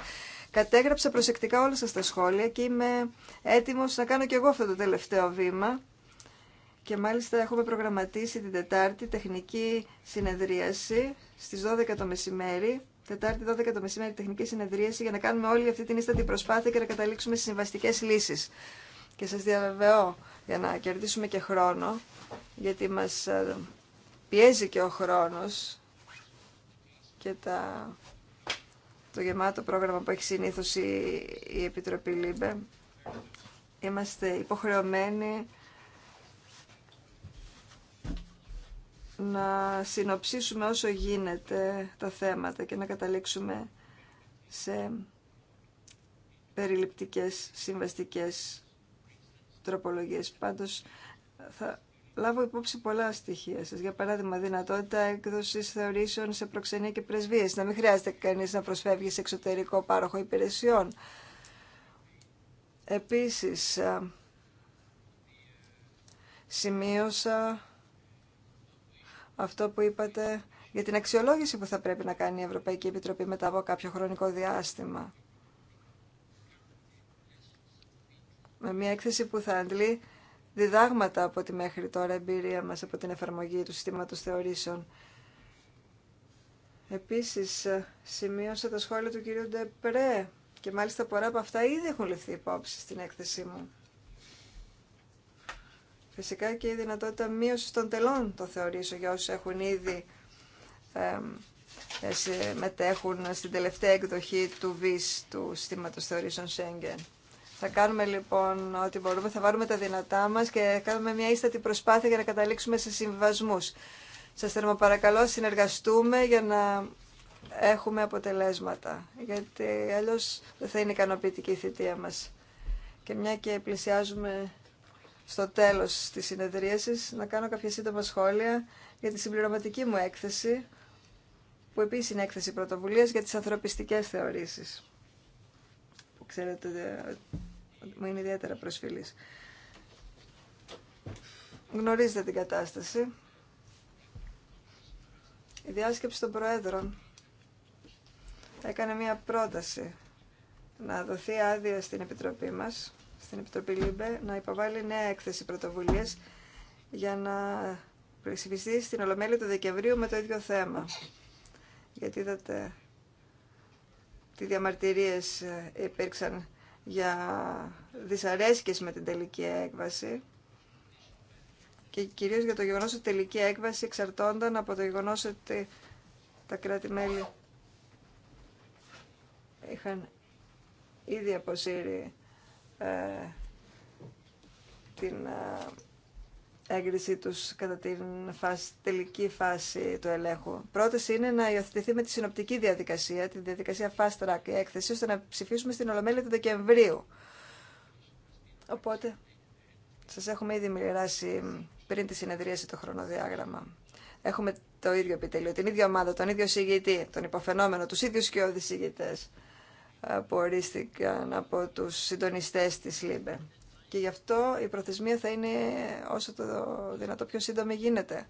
Κατέγραψα προσεκτικά όλα σας τα σχόλια και είμαι έτοιμος να κάνω και εγώ αυτό το τελευταίο βήμα. Και μάλιστα έχουμε προγραμματίσει την Τετάρτη τεχνική συνεδρίαση στις 12 το μεσημέρι. Τετάρτη 12 το μεσημέρι τεχνική συνεδρίαση για να κάνουμε όλη αυτή την ίστατη προσπάθεια και να καταλήξουμε στις συμβαστικές λύσεις. Και σας διαβεβαιώ για να κερδίσουμε και χρόνο, γιατί μας ε, πιέζει και ο χρόνος και τα το γεμάτο πρόγραμμα που έχει συνήθως η Επιτροπή ΛΥΜΠΕ, είμαστε υποχρεωμένοι να συνοψίσουμε όσο γίνεται τα θέματα και να καταλήξουμε σε περιληπτικές συμβαστικές τροπολογίες. Πάντως λάβω υπόψη πολλά στοιχεία σα, Για παράδειγμα, δυνατότητα έκδοσης θεωρήσεων σε προξενία και πρεσβείες. Να μην χρειάζεται κανείς να προσφεύγει σε εξωτερικό πάροχο υπηρεσιών. Επίσης, σημείωσα αυτό που είπατε για την αξιολόγηση που θα πρέπει να κάνει η Ευρωπαϊκή Επιτροπή μετά από κάποιο χρονικό διάστημα. Με μια έκθεση που θα αντλεί διδάγματα από τη μέχρι τώρα εμπειρία μας από την εφαρμογή του συστήματος θεωρήσεων. Επίσης, ε, σημείωσα τα σχόλια του κυρίου Ντεπρέ και μάλιστα πολλά από αυτά ήδη έχουν λεφθεί υπόψη στην έκθεσή μου. Φυσικά και η δυνατότητα μείωση των τελών το θεωρήσω για όσους έχουν ήδη ε, μετέχουν στην τελευταία εκδοχή του ΒΙΣ, του συστήματος θεωρήσεων Σέγγεν. Θα κάνουμε λοιπόν ό,τι μπορούμε, θα βάλουμε τα δυνατά μας και κάνουμε μια ίστατη προσπάθεια για να καταλήξουμε σε συμβασμούς. Σας παρακαλώ συνεργαστούμε για να έχουμε αποτελέσματα, γιατί αλλιώς δεν θα είναι ικανοποιητική η θητεία μας. Και μια και πλησιάζουμε στο τέλος της συνεδρίασης, να κάνω κάποια σύντομα σχόλια για τη συμπληρωματική μου έκθεση, που επίσης είναι έκθεση πρωτοβουλίας για τις ανθρωπιστικές θεωρήσεις. Ε, μου είναι ιδιαίτερα προσφυλής. Γνωρίζετε την κατάσταση. Η διάσκεψη των Προέδρων έκανε μία πρόταση να δοθεί άδεια στην Επιτροπή μας, στην Επιτροπή ΛΥΜΠΕ, να υποβάλει νέα έκθεση πρωτοβουλίας για να ψηφιστεί στην Ολομέλεια του Δεκεμβρίου με το ίδιο θέμα. Γιατί είδατε τι διαμαρτυρίες υπήρξαν για δυσαρέσκειες με την τελική έκβαση και κυρίως για το γεγονός ότι η τελική έκβαση εξαρτώνταν από το γεγονός ότι τα κράτη-μέλη είχαν ήδη αποσύρει ε, την ε, έγκρισή τους κατά την φάση, τελική φάση του ελέγχου. Πρόταση είναι να υιοθετηθεί με τη συνοπτική διαδικασία, τη διαδικασία fast track έκθεση, ώστε να ψηφίσουμε στην Ολομέλεια του Δεκεμβρίου. Οπότε, σας έχουμε ήδη μοιράσει πριν τη συνεδρίαση το χρονοδιάγραμμα. Έχουμε το ίδιο επιτελείο, την ίδια ομάδα, τον ίδιο συγγητή, τον υποφαινόμενο, του ίδιου και οδησυγητές ε, που ορίστηκαν από τους συντονιστές της ΛΥΜΠΕ. Και γι' αυτό η προθεσμία θα είναι όσο το δυνατό πιο σύντομη γίνεται.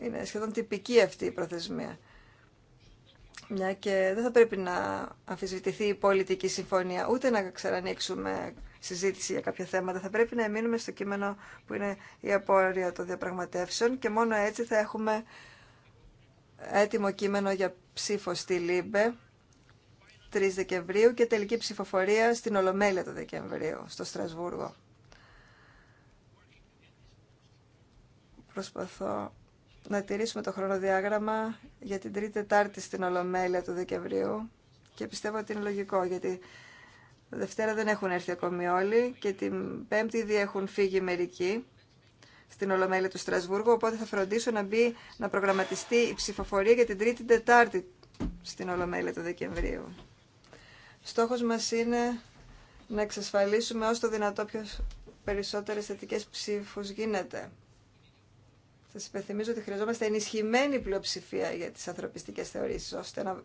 Είναι σχεδόν τυπική αυτή η προθεσμία. Μια και δεν θα πρέπει να αμφισβητηθεί η πολιτική συμφωνία, ούτε να ξανανοίξουμε συζήτηση για κάποια θέματα. Θα πρέπει να εμείνουμε στο κείμενο που είναι η απόρρια των διαπραγματεύσεων και μόνο έτσι θα έχουμε έτοιμο κείμενο για ψήφο στη ΛΥΜΠΕ 3 Δεκεμβρίου και τελική ψηφοφορία στην Ολομέλεια του Δεκεμβρίου, στο Στρασβούργο. Προσπαθώ να τηρήσουμε το χρονοδιάγραμμα για την Τρίτη Τετάρτη στην Ολομέλεια του Δεκεμβρίου και πιστεύω ότι είναι λογικό γιατί Δευτέρα δεν έχουν έρθει ακόμη όλοι και την Πέμπτη ήδη έχουν φύγει μερικοί στην Ολομέλεια του Στρασβούργου, οπότε θα φροντίσω να μπει να προγραμματιστεί η ψηφοφορία για την Τρίτη Τετάρτη στην Ολομέλεια του Δεκεμβρίου. Στόχος μας είναι να εξασφαλίσουμε όσο το δυνατό πιο περισσότερες θετικέ ψήφους γίνεται. Σας υπενθυμίζω ότι χρειαζόμαστε ενισχυμένη πλειοψηφία για τις ανθρωπιστικές θεωρήσεις, ώστε να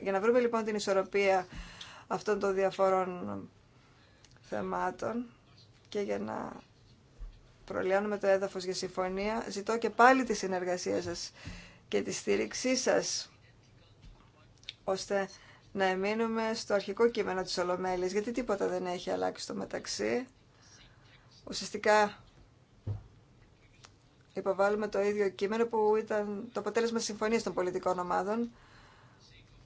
για να βρούμε λοιπόν την ισορροπία αυτών των διαφόρων θεμάτων και για να προλιάνουμε το έδαφος για συμφωνία. Ζητώ και πάλι τη συνεργασία σας και τη στήριξή σας, ώστε να εμείνουμε στο αρχικό κείμενο της Ολομέλης, γιατί τίποτα δεν έχει αλλάξει στο μεταξύ. Ουσιαστικά υποβάλλουμε το ίδιο κείμενο που ήταν το αποτέλεσμα συμφωνίας των πολιτικών ομάδων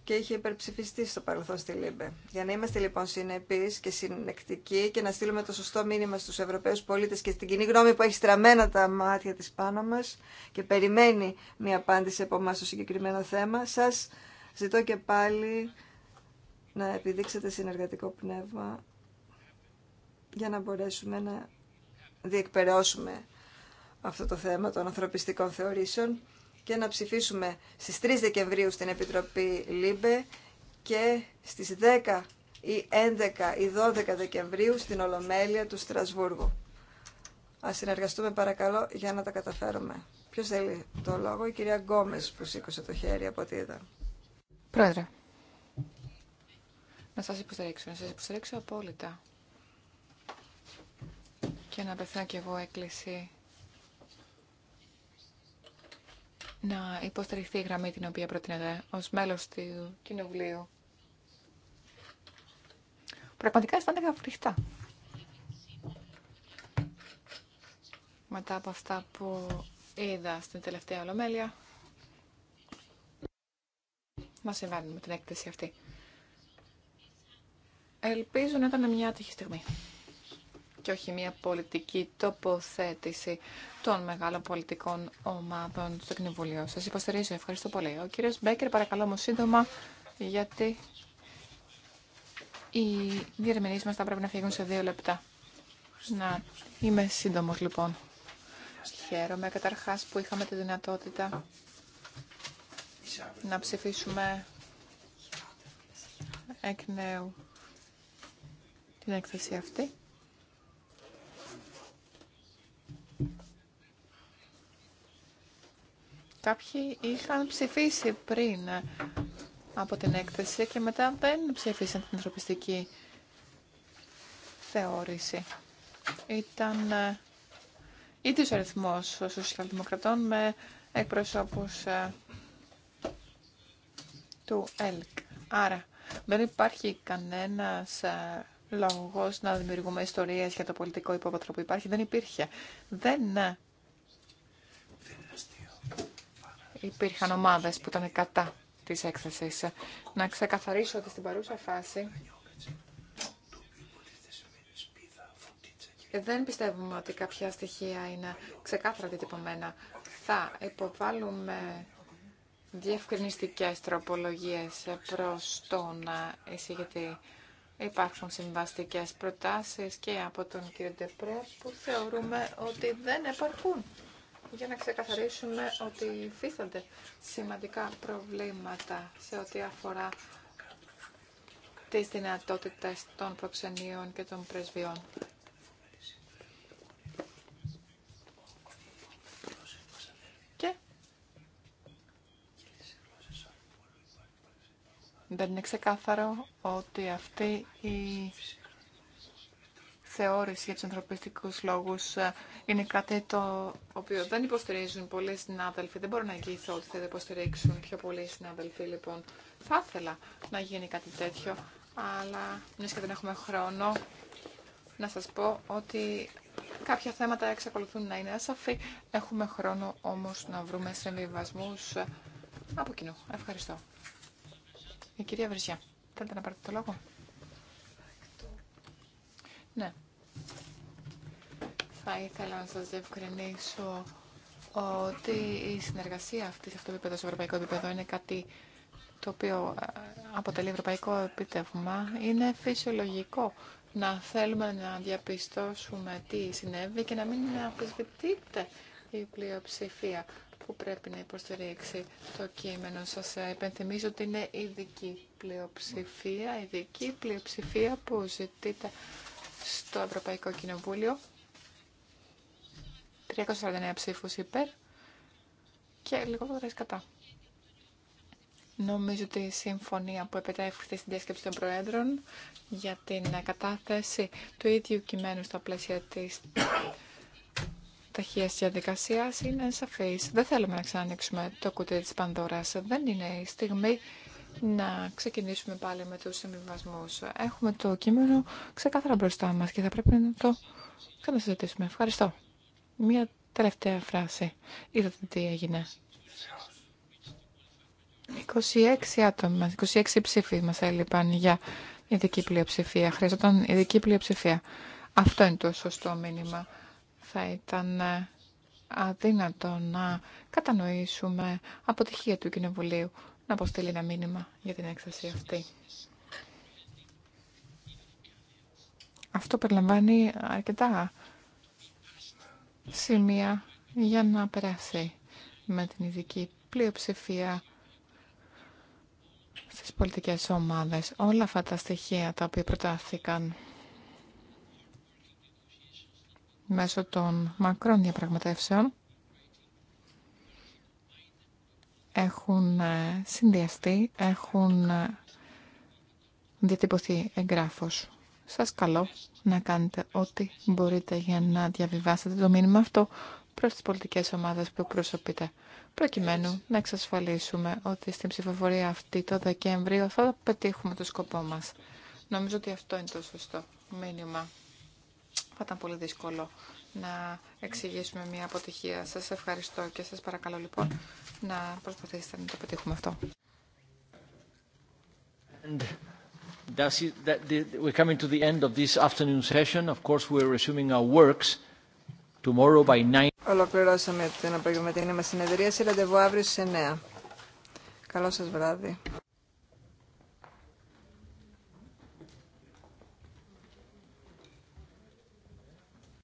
και είχε υπερψηφιστεί στο παρελθόν στη Λίμπε. Για να είμαστε λοιπόν συνεπεί και συνεκτικοί και να στείλουμε το σωστό μήνυμα στους Ευρωπαίους πολίτε και στην κοινή γνώμη που έχει στραμμένα τα μάτια της πάνω μας και περιμένει μια απάντηση από εμά στο συγκεκριμένο θέμα, σα ζητώ και πάλι να επιδείξετε συνεργατικό πνεύμα για να μπορέσουμε να διεκπαιρεώσουμε αυτό το θέμα των ανθρωπιστικών θεωρήσεων και να ψηφίσουμε στις 3 Δεκεμβρίου στην Επιτροπή ΛΥΜΠΕ και στις 10 ή 11 ή 12 Δεκεμβρίου στην Ολομέλεια του Στρασβούργου. Ας συνεργαστούμε παρακαλώ για να τα καταφέρουμε. Ποιος θέλει το λόγο, η κυρία Γκόμες που σήκωσε το χέρι από ό,τι είδα. Πρόεδρε, να σας υποστηρίξω, να σας υποστηρίξω απόλυτα. Και να απευθύνω κι εγώ έκκληση να υποστηριχθεί η γραμμή την οποία προτείνεται ως μέλος του Κοινοβουλίου. Πραγματικά αισθάνεται φρικτά. Μετά από αυτά που είδα στην τελευταία ολομέλεια, μας συμβαίνουν με την έκθεση αυτή. Ελπίζω να ήταν μια άτυχη στιγμή και όχι μια πολιτική τοποθέτηση των μεγάλων πολιτικών ομάδων στο Κοινοβουλίο. Σα υποστηρίζω. Ευχαριστώ πολύ. Ο κύριος Μπέκερ, παρακαλώ μου σύντομα, γιατί οι διερμηνεί μας θα πρέπει να φύγουν σε δύο λεπτά. Να είμαι σύντομο λοιπόν. Χαίρομαι καταρχάς που είχαμε τη δυνατότητα να ψηφίσουμε εκ νέου την έκθεση αυτή. Κάποιοι είχαν ψηφίσει πριν από την έκθεση και μετά δεν ψήφισαν την ανθρωπιστική θεώρηση. Ήταν ε, ίδιος αριθμός των σοσιαλδημοκρατών με εκπροσώπους ε, του ΕΛΚ. Άρα δεν υπάρχει κανένας ε, Λόγω να δημιουργούμε ιστορίε για το πολιτικό υπόβαθρο που υπάρχει. Δεν υπήρχε. Δεν ε, υπήρχαν ομάδε που ήταν κατά της έκθεση. Να ξεκαθαρίσω ότι στην παρούσα φάση δεν πιστεύουμε ότι κάποια στοιχεία είναι ξεκάθαρα διτυπωμένα. Θα υποβάλουμε διευκρινιστικές τροπολογίες προς τον εισηγητή Υπάρχουν συμβαστικές προτάσεις και από τον κύριο Ντεπρέ που θεωρούμε ότι δεν επαρκούν για να ξεκαθαρίσουμε ότι υφίστανται σημαντικά προβλήματα σε ό,τι αφορά τις δυνατότητες των προξενείων και των πρεσβειών Δεν είναι ξεκάθαρο ότι αυτή η θεώρηση για τους ανθρωπιστικούς λόγους ε, είναι κάτι το οποίο δεν υποστηρίζουν πολλοί συνάδελφοι. Δεν μπορώ να εγγυηθώ ότι θα υποστηρίξουν πιο πολλοί συνάδελφοι, λοιπόν. Θα ήθελα να γίνει κάτι τέτοιο, αλλά μια και δεν έχουμε χρόνο, να σας πω ότι κάποια θέματα εξακολουθούν να είναι ασαφή. Έχουμε χρόνο όμως να βρούμε συμβιβασμούς από κοινού. Ευχαριστώ. Η κυρία Βρισιά, θέλετε να πάρετε το λόγο. Ναι. Θα ήθελα να σας διευκρινίσω ότι η συνεργασία αυτή σε αυτό το επίπεδο, σε ευρωπαϊκό επίπεδο, είναι κάτι το οποίο ε, αποτελεί ευρωπαϊκό επίτευγμα. Είναι φυσιολογικό να θέλουμε να διαπιστώσουμε τι συνέβη και να μην αμφισβητείται η πλειοψηφία που πρέπει να υποστηρίξει το κείμενο Σα ε, Υπενθυμίζω ότι είναι ειδική πλειοψηφία, ειδική πλειοψηφία που ζητείται στο Ευρωπαϊκό Κοινοβούλιο. 349 ψήφους υπέρ και λιγότερες κατά. Νομίζω ότι η συμφωνία που επετέφθη στην διάσκεψη των Προέδρων για την κατάθεση του ίδιου κειμένου στα πλαίσια της ταχεία διαδικασία είναι σαφή. Δεν θέλουμε να ξανανοίξουμε το κουτί τη Πανδώρα. Δεν είναι η στιγμή να ξεκινήσουμε πάλι με του συμβιβασμού. Έχουμε το κείμενο ξεκάθαρα μπροστά μα και θα πρέπει να το ξανασυζητήσουμε. Ευχαριστώ. Μία τελευταία φράση. Είδατε τι έγινε. 26 άτομα, 26 ψήφοι μα έλειπαν για ειδική πλειοψηφία. Χρειαζόταν ειδική πλειοψηφία. Αυτό είναι το σωστό μήνυμα θα ήταν ε, αδύνατο να κατανοήσουμε αποτυχία του Κοινοβουλίου να αποστείλει ένα μήνυμα για την έκθεση αυτή. Αυτό περιλαμβάνει αρκετά σημεία για να περάσει με την ειδική πλειοψηφία στις πολιτικές ομάδες. Όλα αυτά τα στοιχεία τα οποία προτάθηκαν μέσω των μακρών διαπραγματεύσεων έχουν ε, συνδυαστεί, έχουν ε, διατυπωθεί εγγράφος. Σας καλώ να κάνετε ό,τι μπορείτε για να διαβιβάσετε το μήνυμα αυτό προς τις πολιτικές ομάδες που προσωπείτε, προκειμένου να εξασφαλίσουμε ότι στην ψηφοφορία αυτή το Δεκέμβριο θα πετύχουμε το σκοπό μας. Νομίζω ότι αυτό είναι το σωστό μήνυμα θα ήταν πολύ δύσκολο να εξηγήσουμε μια αποτυχία. Σας ευχαριστώ και σας παρακαλώ λοιπόν να προσπαθήσετε να το πετύχουμε αυτό. And that's it, that, we're coming to the end of this afternoon session. Of course, we're resuming our works tomorrow by 9. Ολοκληρώσαμε την απογευματινή μας συνεδρία. Ραντεβού αύριο στις 9. Καλό σας βράδυ.